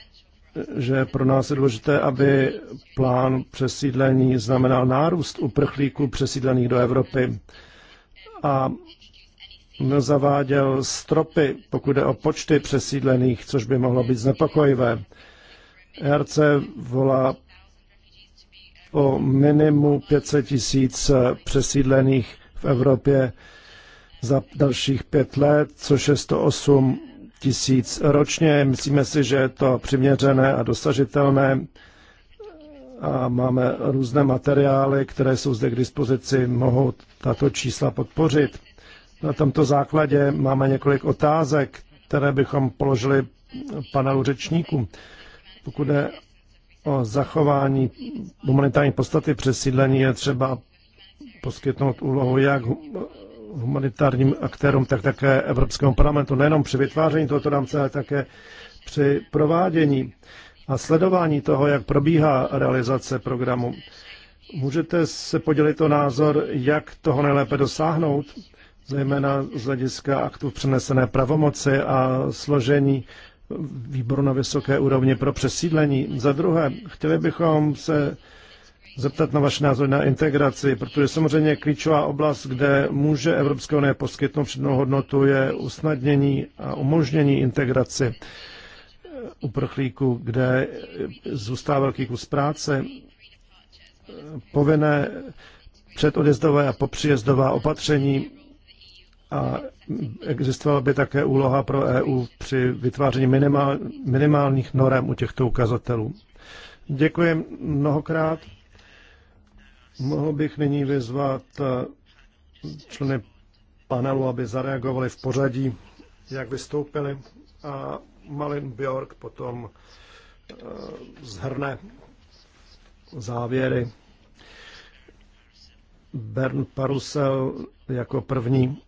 že pro nás je důležité, aby plán přesídlení znamenal nárůst uprchlíků přesídlených do Evropy. A zaváděl stropy, pokud jde o počty přesídlených, což by mohlo být znepokojivé. ERC volá o minimu 500 tisíc přesídlených v Evropě za dalších pět let, což je 108 tisíc ročně. Myslíme si, že je to přiměřené a dosažitelné. A máme různé materiály, které jsou zde k dispozici, mohou tato čísla podpořit. Na tomto základě máme několik otázek, které bychom položili panelu řečníkům. Pokud je o zachování humanitární podstaty přesídlení, je třeba poskytnout úlohu jak humanitárním aktérům, tak také Evropskému parlamentu, nejenom při vytváření tohoto rámce, ale také při provádění a sledování toho, jak probíhá realizace programu. Můžete se podělit o názor, jak toho nejlépe dosáhnout? zejména z hlediska aktu přenesené pravomoci a složení výboru na vysoké úrovni pro přesídlení. Za druhé, chtěli bychom se zeptat na vaše názor na integraci, protože samozřejmě klíčová oblast, kde může Evropská unie poskytnout přednou hodnotu, je usnadnění a umožnění integraci uprchlíků, kde zůstává velký kus práce, povinné předodjezdové a popřijezdová opatření a existovala by také úloha pro EU při vytváření minimál, minimálních norem u těchto ukazatelů. Děkuji mnohokrát. Mohl bych nyní vyzvat eh, členy panelu, aby zareagovali v pořadí, jak vystoupili a Malin Bjork potom eh, zhrne závěry. Bern Parusel jako první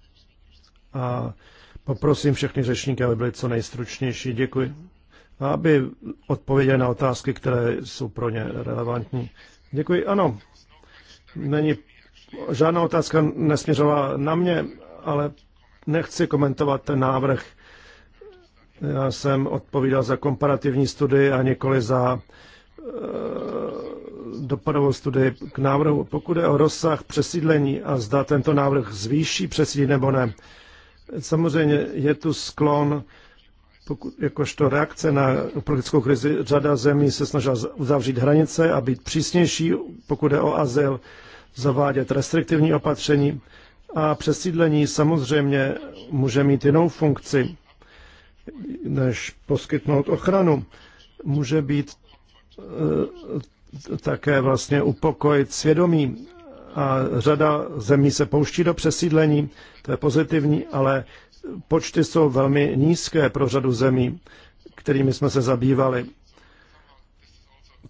a poprosím všechny řečníky, aby byli co nejstručnější. Děkuji. A aby odpověděli na otázky, které jsou pro ně relevantní. Děkuji. Ano, není žádná otázka nesměřová na mě, ale nechci komentovat ten návrh. Já jsem odpovídal za komparativní studii a nikoli za e, dopadovou studii k návrhu. Pokud je o rozsah přesídlení a zda tento návrh zvýší přesídlení nebo ne, Samozřejmě je tu sklon, pokud, jakožto reakce na politickou krizi, řada zemí se snažila uzavřít hranice a být přísnější, pokud je o azyl, zavádět restriktivní opatření. A přesídlení samozřejmě může mít jinou funkci, než poskytnout ochranu. Může být e, také vlastně upokojit svědomí a řada zemí se pouští do přesídlení, to je pozitivní, ale počty jsou velmi nízké pro řadu zemí, kterými jsme se zabývali.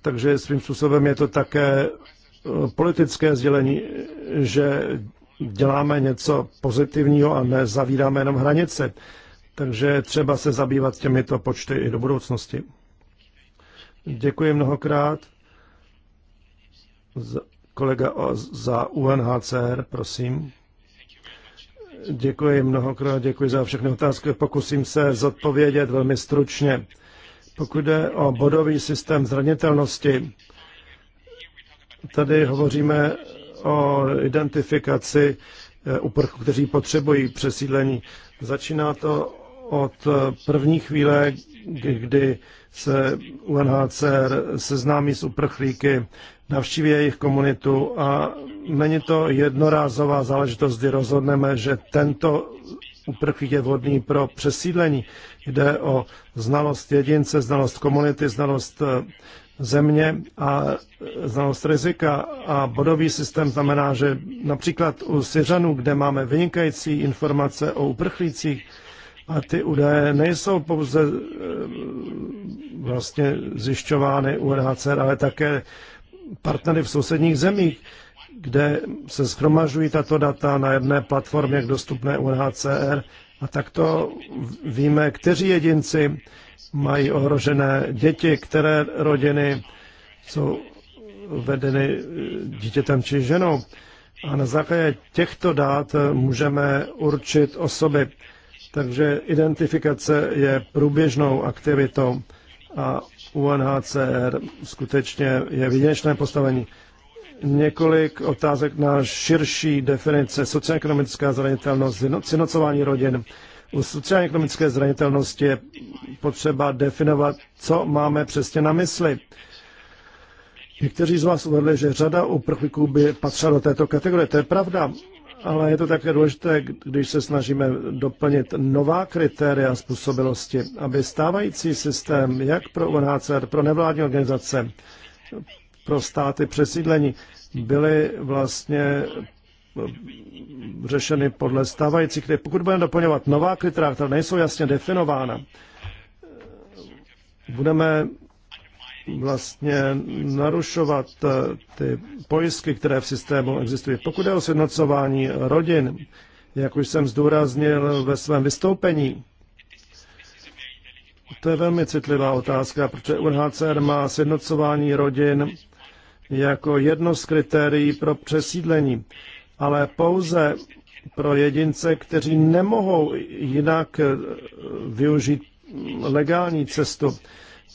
Takže svým způsobem je to také eh, politické sdělení, že děláme něco pozitivního a nezavíráme jenom hranice. Takže třeba se zabývat těmito počty i do budoucnosti. Děkuji mnohokrát Kolega o, za UNHCR, prosím. Děkuji mnohokrát, děkuji za všechny otázky. Pokusím se zodpovědět velmi stručně. Pokud jde o bodový systém zranitelnosti, tady hovoříme o identifikaci eh, uprchů, kteří potřebují přesídlení. Začíná to od první chvíle, kdy se UNHCR seznámí s uprchlíky, navštíví jejich komunitu a není to jednorázová záležitost, kdy rozhodneme, že tento uprchlík je vhodný pro přesídlení. Jde o znalost jedince, znalost komunity, znalost eh, země a eh, znalost rizika. A bodový systém znamená, že například u Syřanů, kde máme vynikající informace o uprchlících, a ty údaje nejsou pouze eh, vlastně zjišťovány UNHCR, ale také partnery v sousedních zemích, kde se schromažují tato data na jedné platformě k dostupné UNHCR. A takto víme, kteří jedinci mají ohrožené děti, které rodiny jsou vedeny eh, dítětem či ženou. A na základě těchto dát eh, můžeme určit osoby, takže identifikace je průběžnou aktivitou a UNHCR skutečně je výdělečné postavení. Několik otázek na širší definice socioekonomická zranitelnost, sinocování rodin. U sociálně-ekonomické zranitelnosti je potřeba definovat, co máme přesně na mysli. Někteří z vás uvedli, že řada uprchlíků by patřila do této kategorie. To je pravda ale je to také důležité, když se snažíme doplnit nová kritéria způsobilosti, aby stávající systém, jak pro UNHCR, pro nevládní organizace, pro státy přesídlení, byly vlastně eh, řešeny podle stávajících kritéria. Pokud budeme doplňovat nová kritéria, která nejsou jasně definována, budeme vlastně narušovat eh, ty pojistky, které v systému existují. Pokud je o sjednocování rodin, jak už jsem zdůraznil ve svém vystoupení, to je velmi citlivá otázka, protože UNHCR má sjednocování rodin jako jedno z kritérií pro přesídlení, ale pouze pro jedince, kteří nemohou jinak eh, využít legální cestu.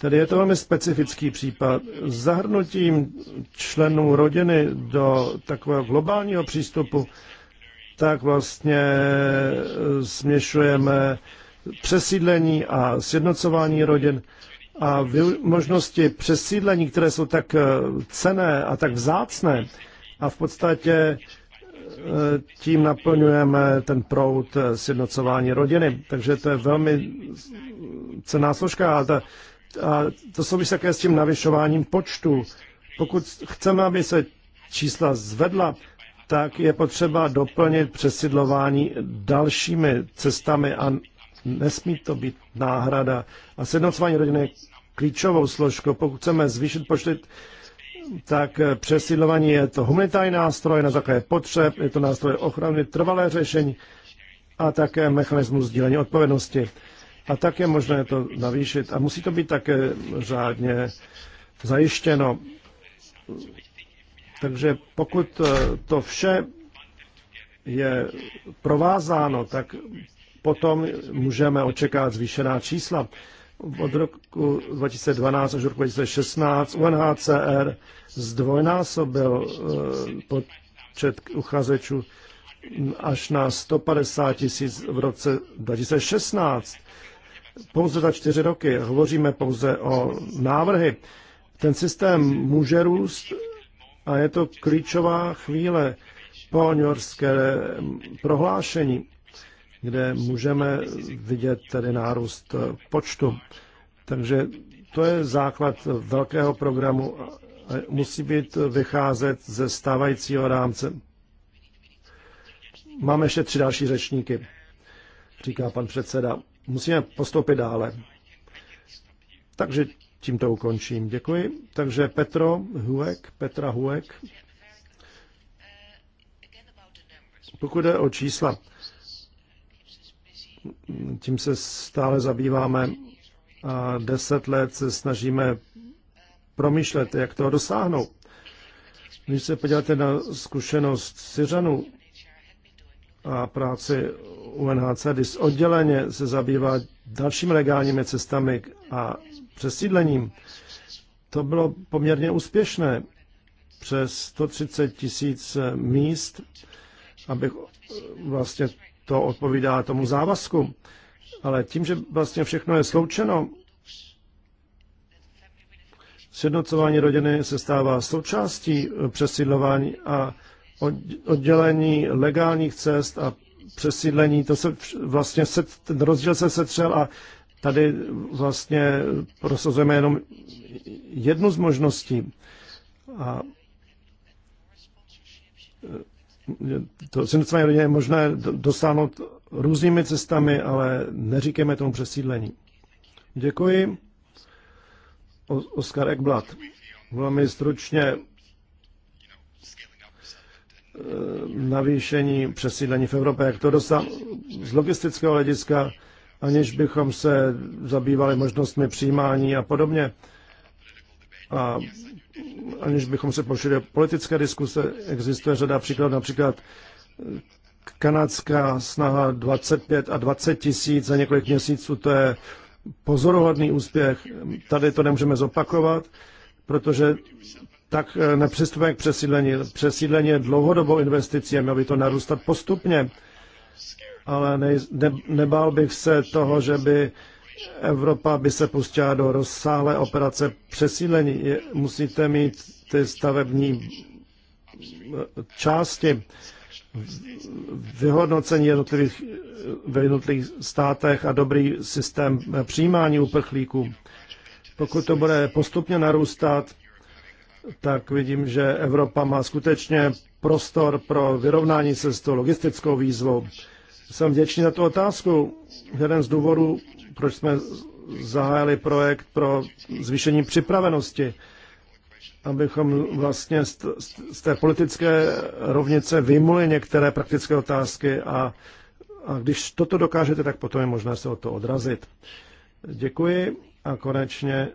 Tady je to velmi specifický případ. Zahrnutím členů rodiny do takového globálního přístupu, tak vlastně směšujeme přesídlení a sjednocování rodin a možnosti přesídlení, které jsou tak eh, cené a tak vzácné a v podstatě eh, tím naplňujeme ten proud eh, sjednocování rodiny. Takže to je velmi cená složka a ta a to souvisí také s tím navyšováním počtu. Pokud chceme, aby se čísla zvedla, tak je potřeba doplnit přesidlování dalšími cestami a nesmí to být náhrada. A sjednocování rodiny je klíčovou složkou. Pokud chceme zvýšit počty, tak přesídlování je to humanitární nástroj na základě potřeb, je to nástroj ochrany, trvalé řešení a také mechanismus sdílení odpovědnosti a tak je možné to navýšit. A musí to být také řádně zajištěno. Takže pokud eh, to vše je provázáno, tak potom můžeme očekávat zvýšená čísla. Od roku 2012 až roku 2016 UNHCR zdvojnásobil eh, počet uchazečů až na 150 tisíc v roce 2016 pouze za čtyři roky. Hovoříme pouze o návrhy. Ten systém může růst a je to klíčová chvíle po ňorské prohlášení, kde můžeme vidět tedy nárůst počtu. Takže to je základ velkého programu a musí být vycházet ze stávajícího rámce. Máme ještě tři další řečníky, říká pan předseda musíme postoupit dále. Takže tím to ukončím. Děkuji. Takže Petro Huek, Petra Huek. Pokud jde o čísla, tím se stále zabýváme a deset let se snažíme promýšlet, jak toho dosáhnout. Když se podíváte na zkušenost Syřanů, a práci UNHCR odděleně se zabývá dalšími legálními cestami a přesídlením. To bylo poměrně úspěšné. Přes 130 tisíc míst, abych vlastně to odpovídá tomu závazku. Ale tím, že vlastně všechno je sloučeno, sjednocování rodiny se stává součástí eh, přesídlování a oddělení legálních cest a přesídlení, to se vlastně se, ten rozdíl se setřel a tady vlastně prosazujeme jenom jednu z možností. A e, to si nicméně rodiny je možné dosáhnout různými cestami, ale neříkejme tomu přesídlení. Děkuji. Oskar Ekblad. Velmi stručně Eh, navýšení přesídlení v Evropě, jak to dostat z logistického hlediska, aniž bychom se zabývali možnostmi přijímání a podobně. A aniž bychom se pošli do politické diskuse, existuje řada příkladů, například eh, kanadská snaha 25 a 20 tisíc za několik měsíců, to je pozoruhodný úspěch. Tady to nemůžeme zopakovat, protože tak eh, nepřistupujeme k přesídlení. Přesídlení je dlouhodobou investicí a mělo by to narůstat postupně. Ale ne, ne, nebál bych se toho, že by Evropa by se pustila do rozsáhlé operace přesídlení. Je, musíte mít ty stavební eh, části vyhodnocení jednotlivých, eh, v jednotlivých státech a dobrý systém přijímání uprchlíků. Pokud to bude postupně narůstat, tak vidím, že Evropa má skutečně prostor pro vyrovnání se s tou logistickou výzvou. Jsem vděčný za tu otázku. Jeden z důvodů, proč jsme zahájili projekt pro zvýšení připravenosti, abychom vlastně z té politické rovnice vymuli některé praktické otázky a, a když toto dokážete, tak potom je možné se o to odrazit. Děkuji a konečně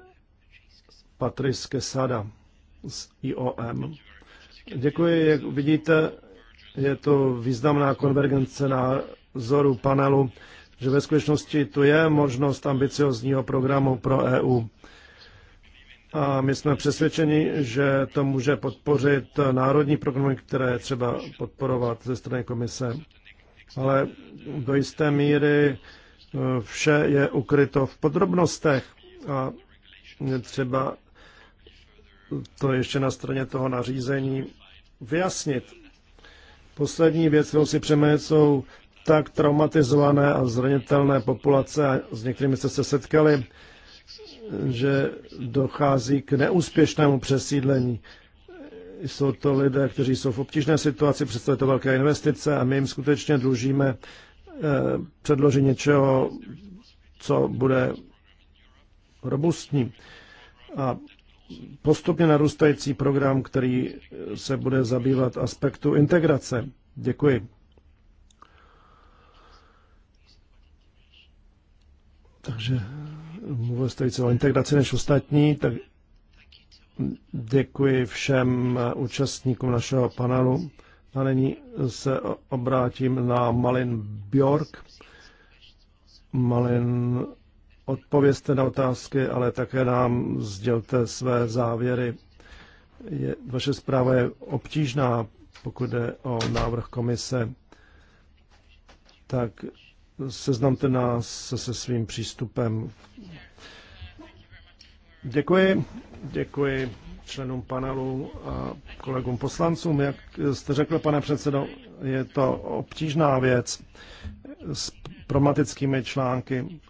Patrice Sada z IOM. Děkuji, jak vidíte, je to významná konvergence na vzoru panelu, že ve skutečnosti tu je možnost ambiciozního programu pro EU. A my jsme přesvědčeni, že to může podpořit národní programy, které je třeba podporovat ze strany komise. Ale do jisté míry eh, vše je ukryto v podrobnostech a třeba to ještě na straně toho nařízení vyjasnit. Poslední věc, kterou si přejeme, jsou tak traumatizované a zranitelné populace, a s některými jste se setkali, že dochází k neúspěšnému přesídlení. Jsou to lidé, kteří jsou v obtížné situaci, představuje to velké investice a my jim skutečně dlužíme eh, předložit něčeho, co bude robustní. A postupně narůstající program, který se bude zabývat aspektu integrace. Děkuji. Takže mluvil jste více o integraci než ostatní, tak děkuji všem účastníkům našeho panelu. A nyní se obrátím na Malin Bjork. Malin odpovězte na otázky, ale také nám sdělte své závěry. Je, vaše zpráva je obtížná, pokud jde o návrh komise, tak seznamte nás se, se svým přístupem. Děkuji, děkuji členům panelu a kolegům poslancům. Jak jste řekl, pane předsedo, je to obtížná věc s problematickými články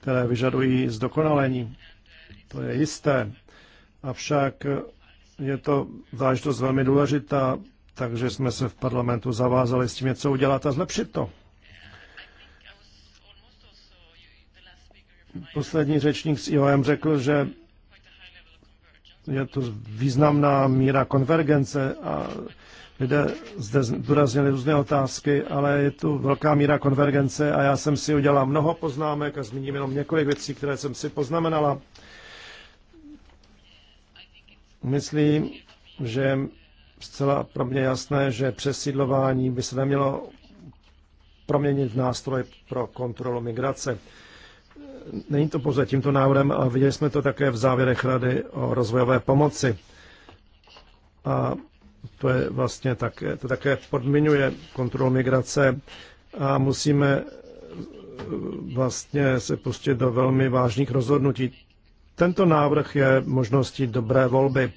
které vyžadují zdokonalení. To je jisté. Avšak je to záležitost velmi důležitá, takže jsme se v parlamentu zavázali s tím něco udělat a zlepšit to. Poslední řečník s IOM řekl, že je to významná míra konvergence a Lidé zde zdůraznili různé otázky, ale je tu velká míra konvergence a já jsem si udělala mnoho poznámek a zmíním jenom několik věcí, které jsem si poznamenala. Myslím, že je zcela pro mě jasné, že přesídlování by se nemělo proměnit v nástroj pro kontrolu migrace. Není to pouze tímto návrhem, ale viděli jsme to také v závěrech Rady o rozvojové pomoci. A to je vlastně také, to také podmiňuje kontrolu migrace a musíme e, vlastně se pustit do velmi vážných rozhodnutí. Tento návrh je možností dobré volby.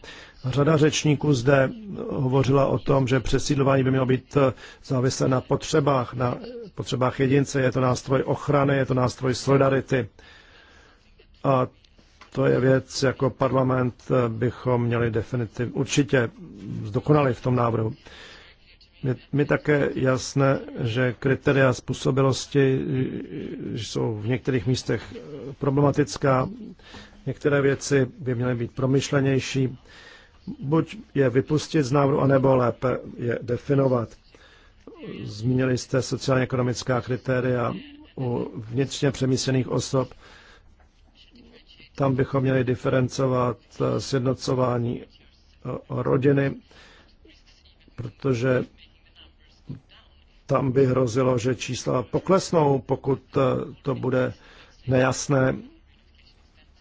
Řada řečníků zde hovořila o tom, že přesídlování by mělo být e, závislé na potřebách, na potřebách jedince. Je to nástroj ochrany, je to nástroj solidarity. A to je věc, jako parlament bychom měli definitivně určitě zdokonali v tom návrhu. Je mi také jasné, že kritéria způsobilosti jsou v některých místech problematická. Některé věci by měly být promyšlenější. Buď je vypustit z návrhu, anebo lépe je definovat. Zmínili jste sociálně-ekonomická kritéria u vnitřně přemístěných osob. Tam bychom měli diferencovat eh, sjednocování eh, rodiny, protože tam by hrozilo, že čísla poklesnou, pokud eh, to bude nejasné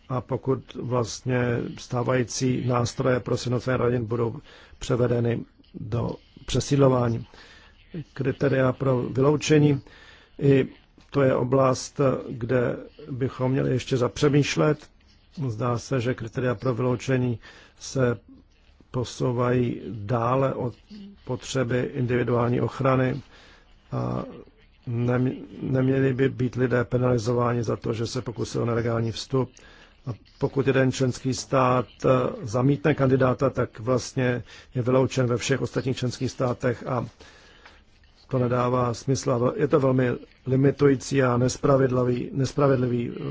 a pokud vlastně stávající nástroje pro sjednocení rodin budou převedeny do přesídlování. Kritéria pro vyloučení, i to je oblast, kde bychom měli ještě zapřemýšlet. Zdá se, že kritéria pro vyloučení se posouvají dále od potřeby individuální ochrany a neměli by být lidé penalizováni za to, že se pokusil nelegální vstup. A pokud jeden členský stát eh, zamítne kandidáta, tak vlastně je vyloučen ve všech ostatních členských státech a to nedává smysl. Je to velmi limitující a nespravedlivý, nespravedlivý eh,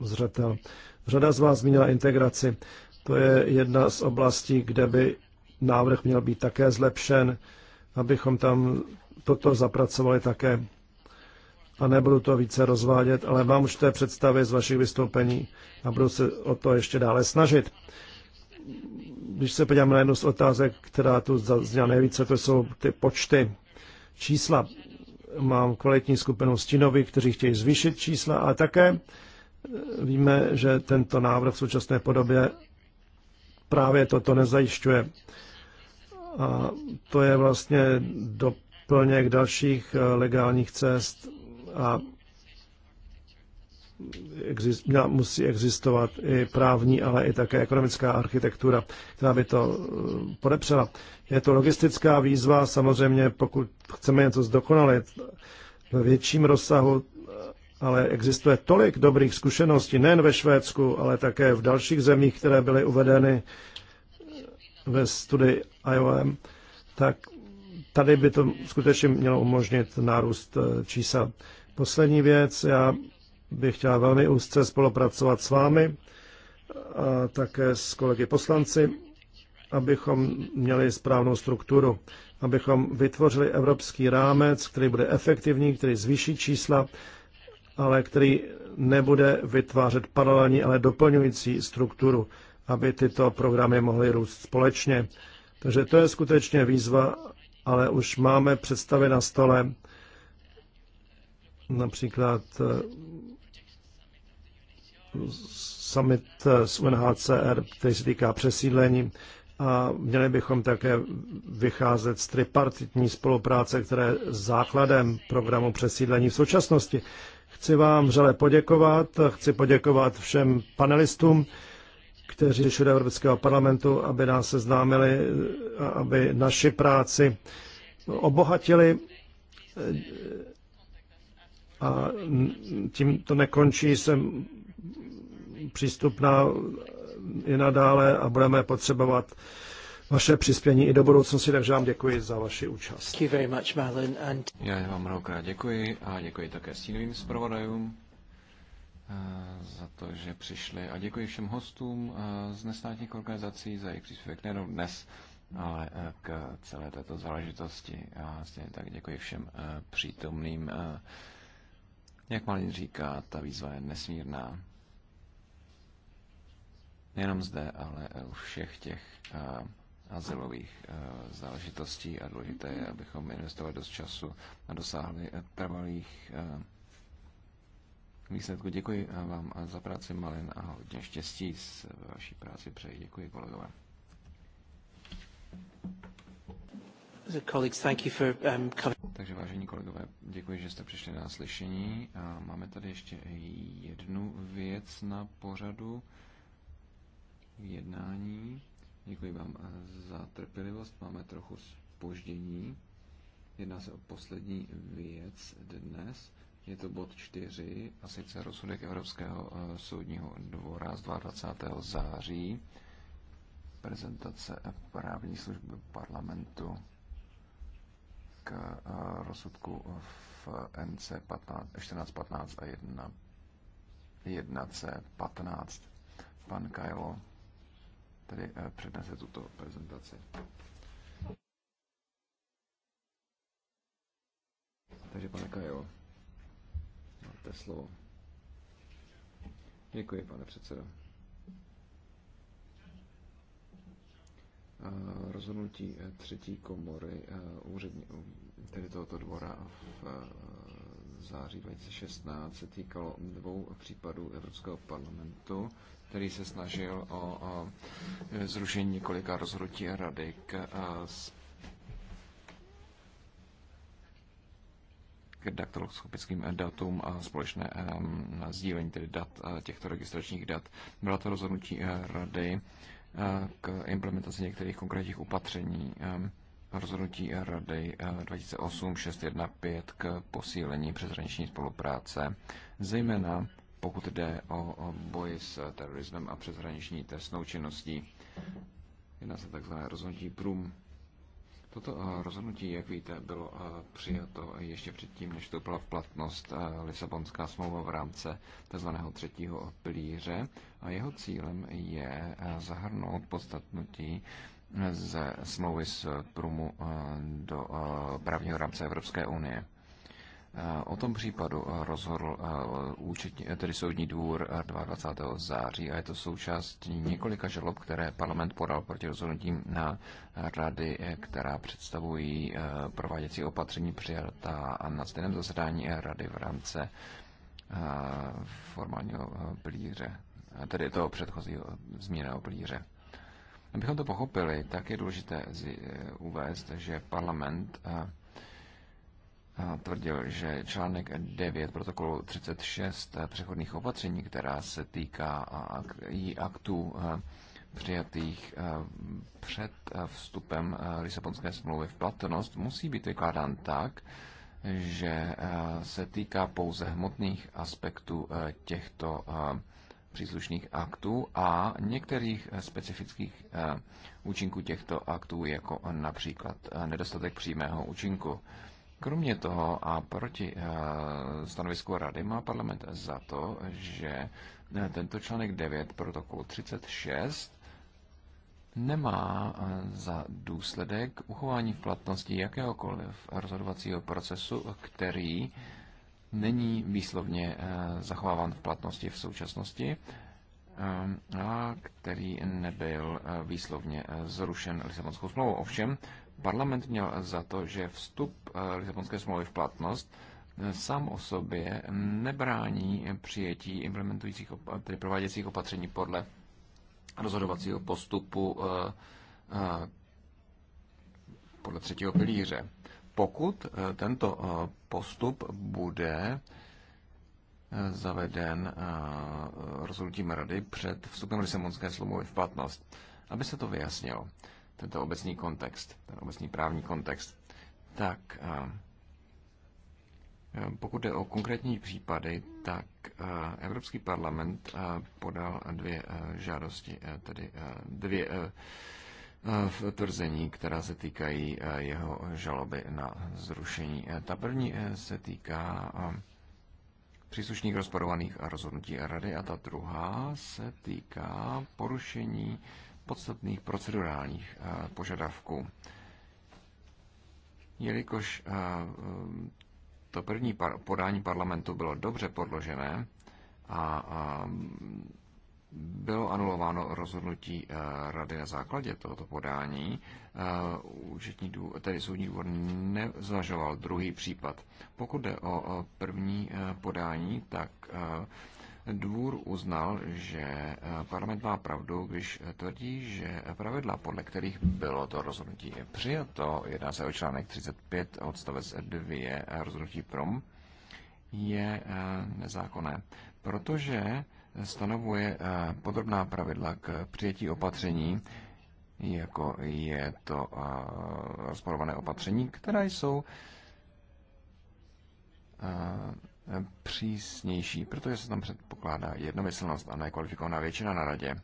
zřetel. Řada z vás zmínila integraci. To je jedna z oblastí, kde by návrh měl být také zlepšen, abychom tam toto zapracovali také. A nebudu to více rozvádět, ale mám už té představy z vašich vystoupení a budu se o to ještě dále snažit. Když se podíváme na jednu z otázek, která tu zazněla nejvíce, to jsou ty počty, čísla. Mám kvalitní skupinu stínových, kteří chtějí zvýšit čísla a také Víme, že tento návrh v současné podobě právě toto nezajišťuje. A to je vlastně doplněk dalších eh, legálních cest a exist, musí existovat i právní, ale i také ekonomická architektura, která by to eh, podepřela. Je to logistická výzva, samozřejmě pokud chceme něco zdokonalit ve větším rozsahu, ale existuje tolik dobrých zkušeností nejen ve Švédsku, ale také v dalších zemích, které byly uvedeny ve studii IOM, tak tady by to skutečně mělo umožnit nárůst eh, čísel. Poslední věc, já bych chtěla velmi úzce spolupracovat s vámi a také s kolegy poslanci, abychom měli správnou strukturu, abychom vytvořili evropský rámec, který bude efektivní, který zvýší čísla, ale který nebude vytvářet paralelní, ale doplňující strukturu, aby tyto programy mohly růst společně. Takže to je skutečně výzva, ale už máme představy na stole, například eh, summit eh, s UNHCR, který se týká přesídlení, a měli bychom také vycházet z tripartitní spolupráce, které je základem programu přesídlení v současnosti. Chci vám vřele poděkovat, chci poděkovat všem panelistům, kteří přišli do Evropského parlamentu, aby nás seznámili, aby naši práci obohatili. A tím to nekončí, jsem přístupná i nadále a budeme potřebovat vaše přispění i do budoucnosti, takže vám děkuji za vaši účast. Já vám mnohokrát děkuji a děkuji také stínovým zpravodajům eh, za to, že přišli a děkuji všem hostům eh, z nestátních organizací za jejich příspěvek nejenom dnes, ale eh, k celé této záležitosti. A stejně tak děkuji všem přítomným. Jak Malin říká, ta výzva je nesmírná. Nejenom zde, ale u všech těch azylových eh, záležitostí a důležité je, abychom investovali dost času a dosáhli eh, trvalých eh, výsledků. Děkuji vám za práci, Malin, a hodně štěstí s vaší práci přeji. Děkuji, kolegové. Um, Takže vážení kolegové, děkuji, že jste přišli na slyšení. A máme tady ještě jednu věc na pořadu jednání. Děkuji vám eh, za trpělivost. Máme trochu spoždění. Jedná se o poslední věc dnes. Je to bod 4, a sice rozsudek Evropského eh, soudního dvora z 22. září. Prezentace právní služby parlamentu k eh, rozsudku v NC 1415 a 1, 1C15. Pan Kajlo tady eh, přednese tuto prezentaci. Takže pane Kajo, máte slovo. Děkuji, pane předsedo. Eh, rozhodnutí eh, třetí komory úřední, tedy tohoto dvora v září 2016 se týkalo dvou případů Evropského parlamentu, který se snažil o, o zrušení několika rozhodnutí rady k, k datům a společné sdílení tedy dat, těchto registračních dat. Byla to rozhodnutí rady k implementaci některých konkrétních opatření rozhodnutí Rady 2008-615 eh, k posílení přeshraniční spolupráce, zejména pokud jde o boji s eh, terorismem a přeshraniční trestnou činností. Jedná se takzvané rozhodnutí PRUM. Toto eh, rozhodnutí, jak víte, bylo přijato ještě předtím, než vstoupila v platnost Lisabonská smlouva v rámci tzv. třetího pilíře a jeho cílem je zahrnout podstatnutí ze smlouvy z Prumu eh, do eh, právního rámce Evropské unie. Eh, o tom případu rozhodl účetní, tedy soudní dvůr 22. září a je to součást několika žalob, které parlament podal proti rozhodnutím na rady, která představují prováděcí opatření přijatá na stejném zasedání rady v rámci formálního plíře, tedy toho předchozího zmíněného plíře. Abychom to pochopili, tak je důležité eh, uvést, že parlament eh, eh, tvrdil, že článek 9 protokolu 36 přechodných opatření, která se týká jí aktů přijatých před vstupem Lisabonské smlouvy v platnost, musí být vykládán tak, že se týká pouze hmotných aspektů těchto příslušných aktů a některých eh, specifických eh, účinků těchto aktů, jako například eh, nedostatek přímého účinku. Kromě toho a proti stanovisku Rady má parlament za to, že tento článek 9 protokolu 36 nemá za důsledek uchování v platnosti jakéhokoliv rozhodovacího procesu, který není výslovně eh, zachováván v platnosti v současnosti eh, a který nebyl eh, výslovně zrušen Lisabonskou smlouvou. Ovšem, parlament měl za to, že vstup Lisabonské smlouvy v platnost sám o sobě nebrání přijetí implementujících, tedy prováděcích opatření podle rozhodovacího postupu podle třetího pilíře pokud eh, tento eh, postup bude eh, zaveden rozhodnutím rady před vstupem Lisabonské smlouvy v platnost, aby se to vyjasnilo, tento obecný kontext, ten obecný právní kontext, tak pokud jde o konkrétní případy, tak Evropský parlament podal dvě žádosti, tedy dvě v tvrzení, která se týkají e, jeho žaloby na zrušení. E, ta první e, se týká příslušných rozporovaných a rozhodnutí rady a ta druhá se týká porušení podstatných procedurálních požadavků. Jelikož to první podání parlamentu bylo dobře podložené a bylo anulováno rozhodnutí eh, rady na základě tohoto podání. Eh, účetní důvod, tedy soudní dvůr nezvažoval druhý případ. Pokud jde o eh, první podání, tak Dvůr uznal, že parlament má pravdu, když tvrdí, že pravidla, podle kterých bylo to rozhodnutí přijato, jedná se o článek 35 odstavec 2 rozhodnutí PROM, je nezákonné, protože stanovuje eh, podrobná pravidla k přijetí opatření, jako je to eh, rozporované opatření, která jsou eh, přísnější, protože se tam předpokládá jednomyslnost a nekvalifikovaná většina na radě.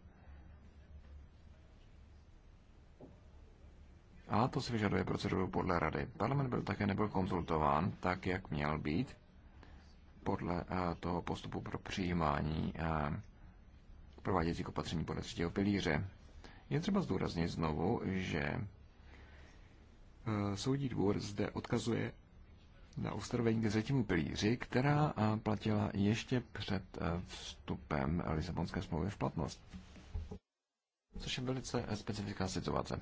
A to si vyžaduje proceduru podle rady. Parlament byl také nebyl konzultován tak, jak měl být podle eh, toho postupu pro přijímání eh, prováděcích opatření podle třetího pilíře. Je třeba zdůraznit znovu, že eh, soudní dvůr zde odkazuje na ustanovení k třetímu pilíři, která platila ještě před vstupem Lisabonské smlouvy v platnost. Což je velice specifická situace.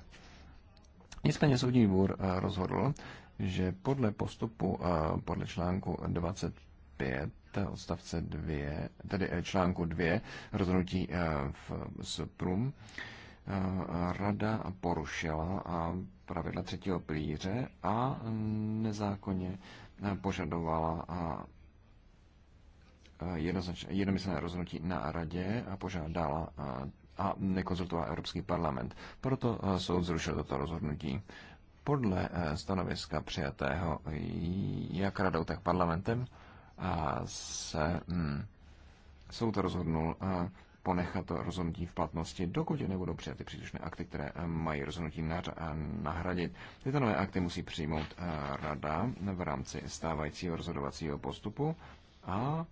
Nicméně soudní dvůr rozhodl, že podle postupu podle článku 25 5 odstavce 2, tedy eh, článku 2 rozhodnutí eh, v SPRUM, eh, rada porušila a pravidla třetího pilíře a nezákonně požadovala a jednomyslné rozhodnutí na radě a požádala a nekonzultovala Evropský parlament. Proto soud zrušil toto rozhodnutí. Podle stanoviska přijatého jak radou, tak parlamentem se hm, soud rozhodnul eh, ponechat to rozhodnutí v platnosti, dokud nebudou přijaty příslušné akty, které eh, mají rozhodnutí eh, nahradit. Tyto nové akty musí přijmout rada v rámci stávajícího rozhodovacího postupu a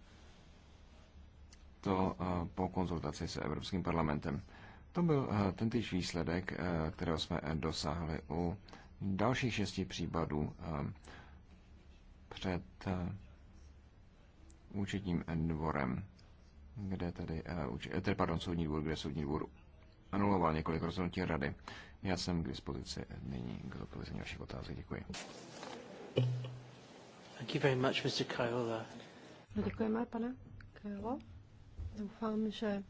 to po konzultaci s Evropským parlamentem. To byl tentýž výsledek, kterého jsme dosáhli u dalších šesti případů před účetním dvorem, kde tedy, eh, eh, tedy pardon, soudní dvůr, kde soudní dvůr anuloval několik rozhodnutí rady. Já jsem k dispozici nyní k odpovězení vašich otázek. Děkuji. Thank you very much, Mr. Kajola. No, děkujeme, pane Kajolo. Doufám, že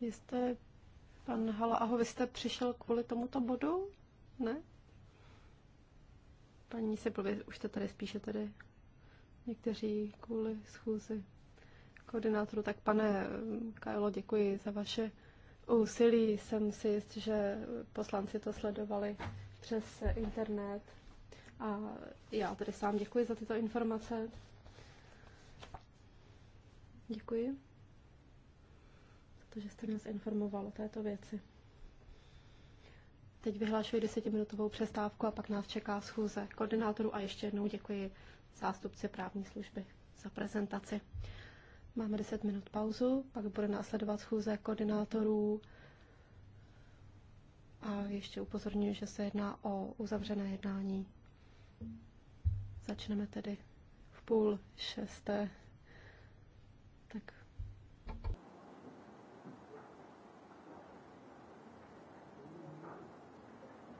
jste, pan Hala, aho, vy jste přišel kvůli tomuto bodu? Ne? Paní se už to tady spíše tady někteří kvůli schůzi koordinátoru. Tak pane Kajlo, děkuji za vaše úsilí. Jsem si jist, že poslanci to sledovali přes internet. A já tedy sám děkuji za tyto informace. Děkuji za to, že jste nás informoval o této věci. Teď vyhlašuji desetiminutovou přestávku a pak nás čeká schůze koordinátorů a ještě jednou děkuji zástupci právní služby za prezentaci. Máme 10 minut pauzu, pak bude následovat schůze koordinátorů a ještě upozorňuji, že se jedná o uzavřené jednání. Začneme tedy v půl šesté.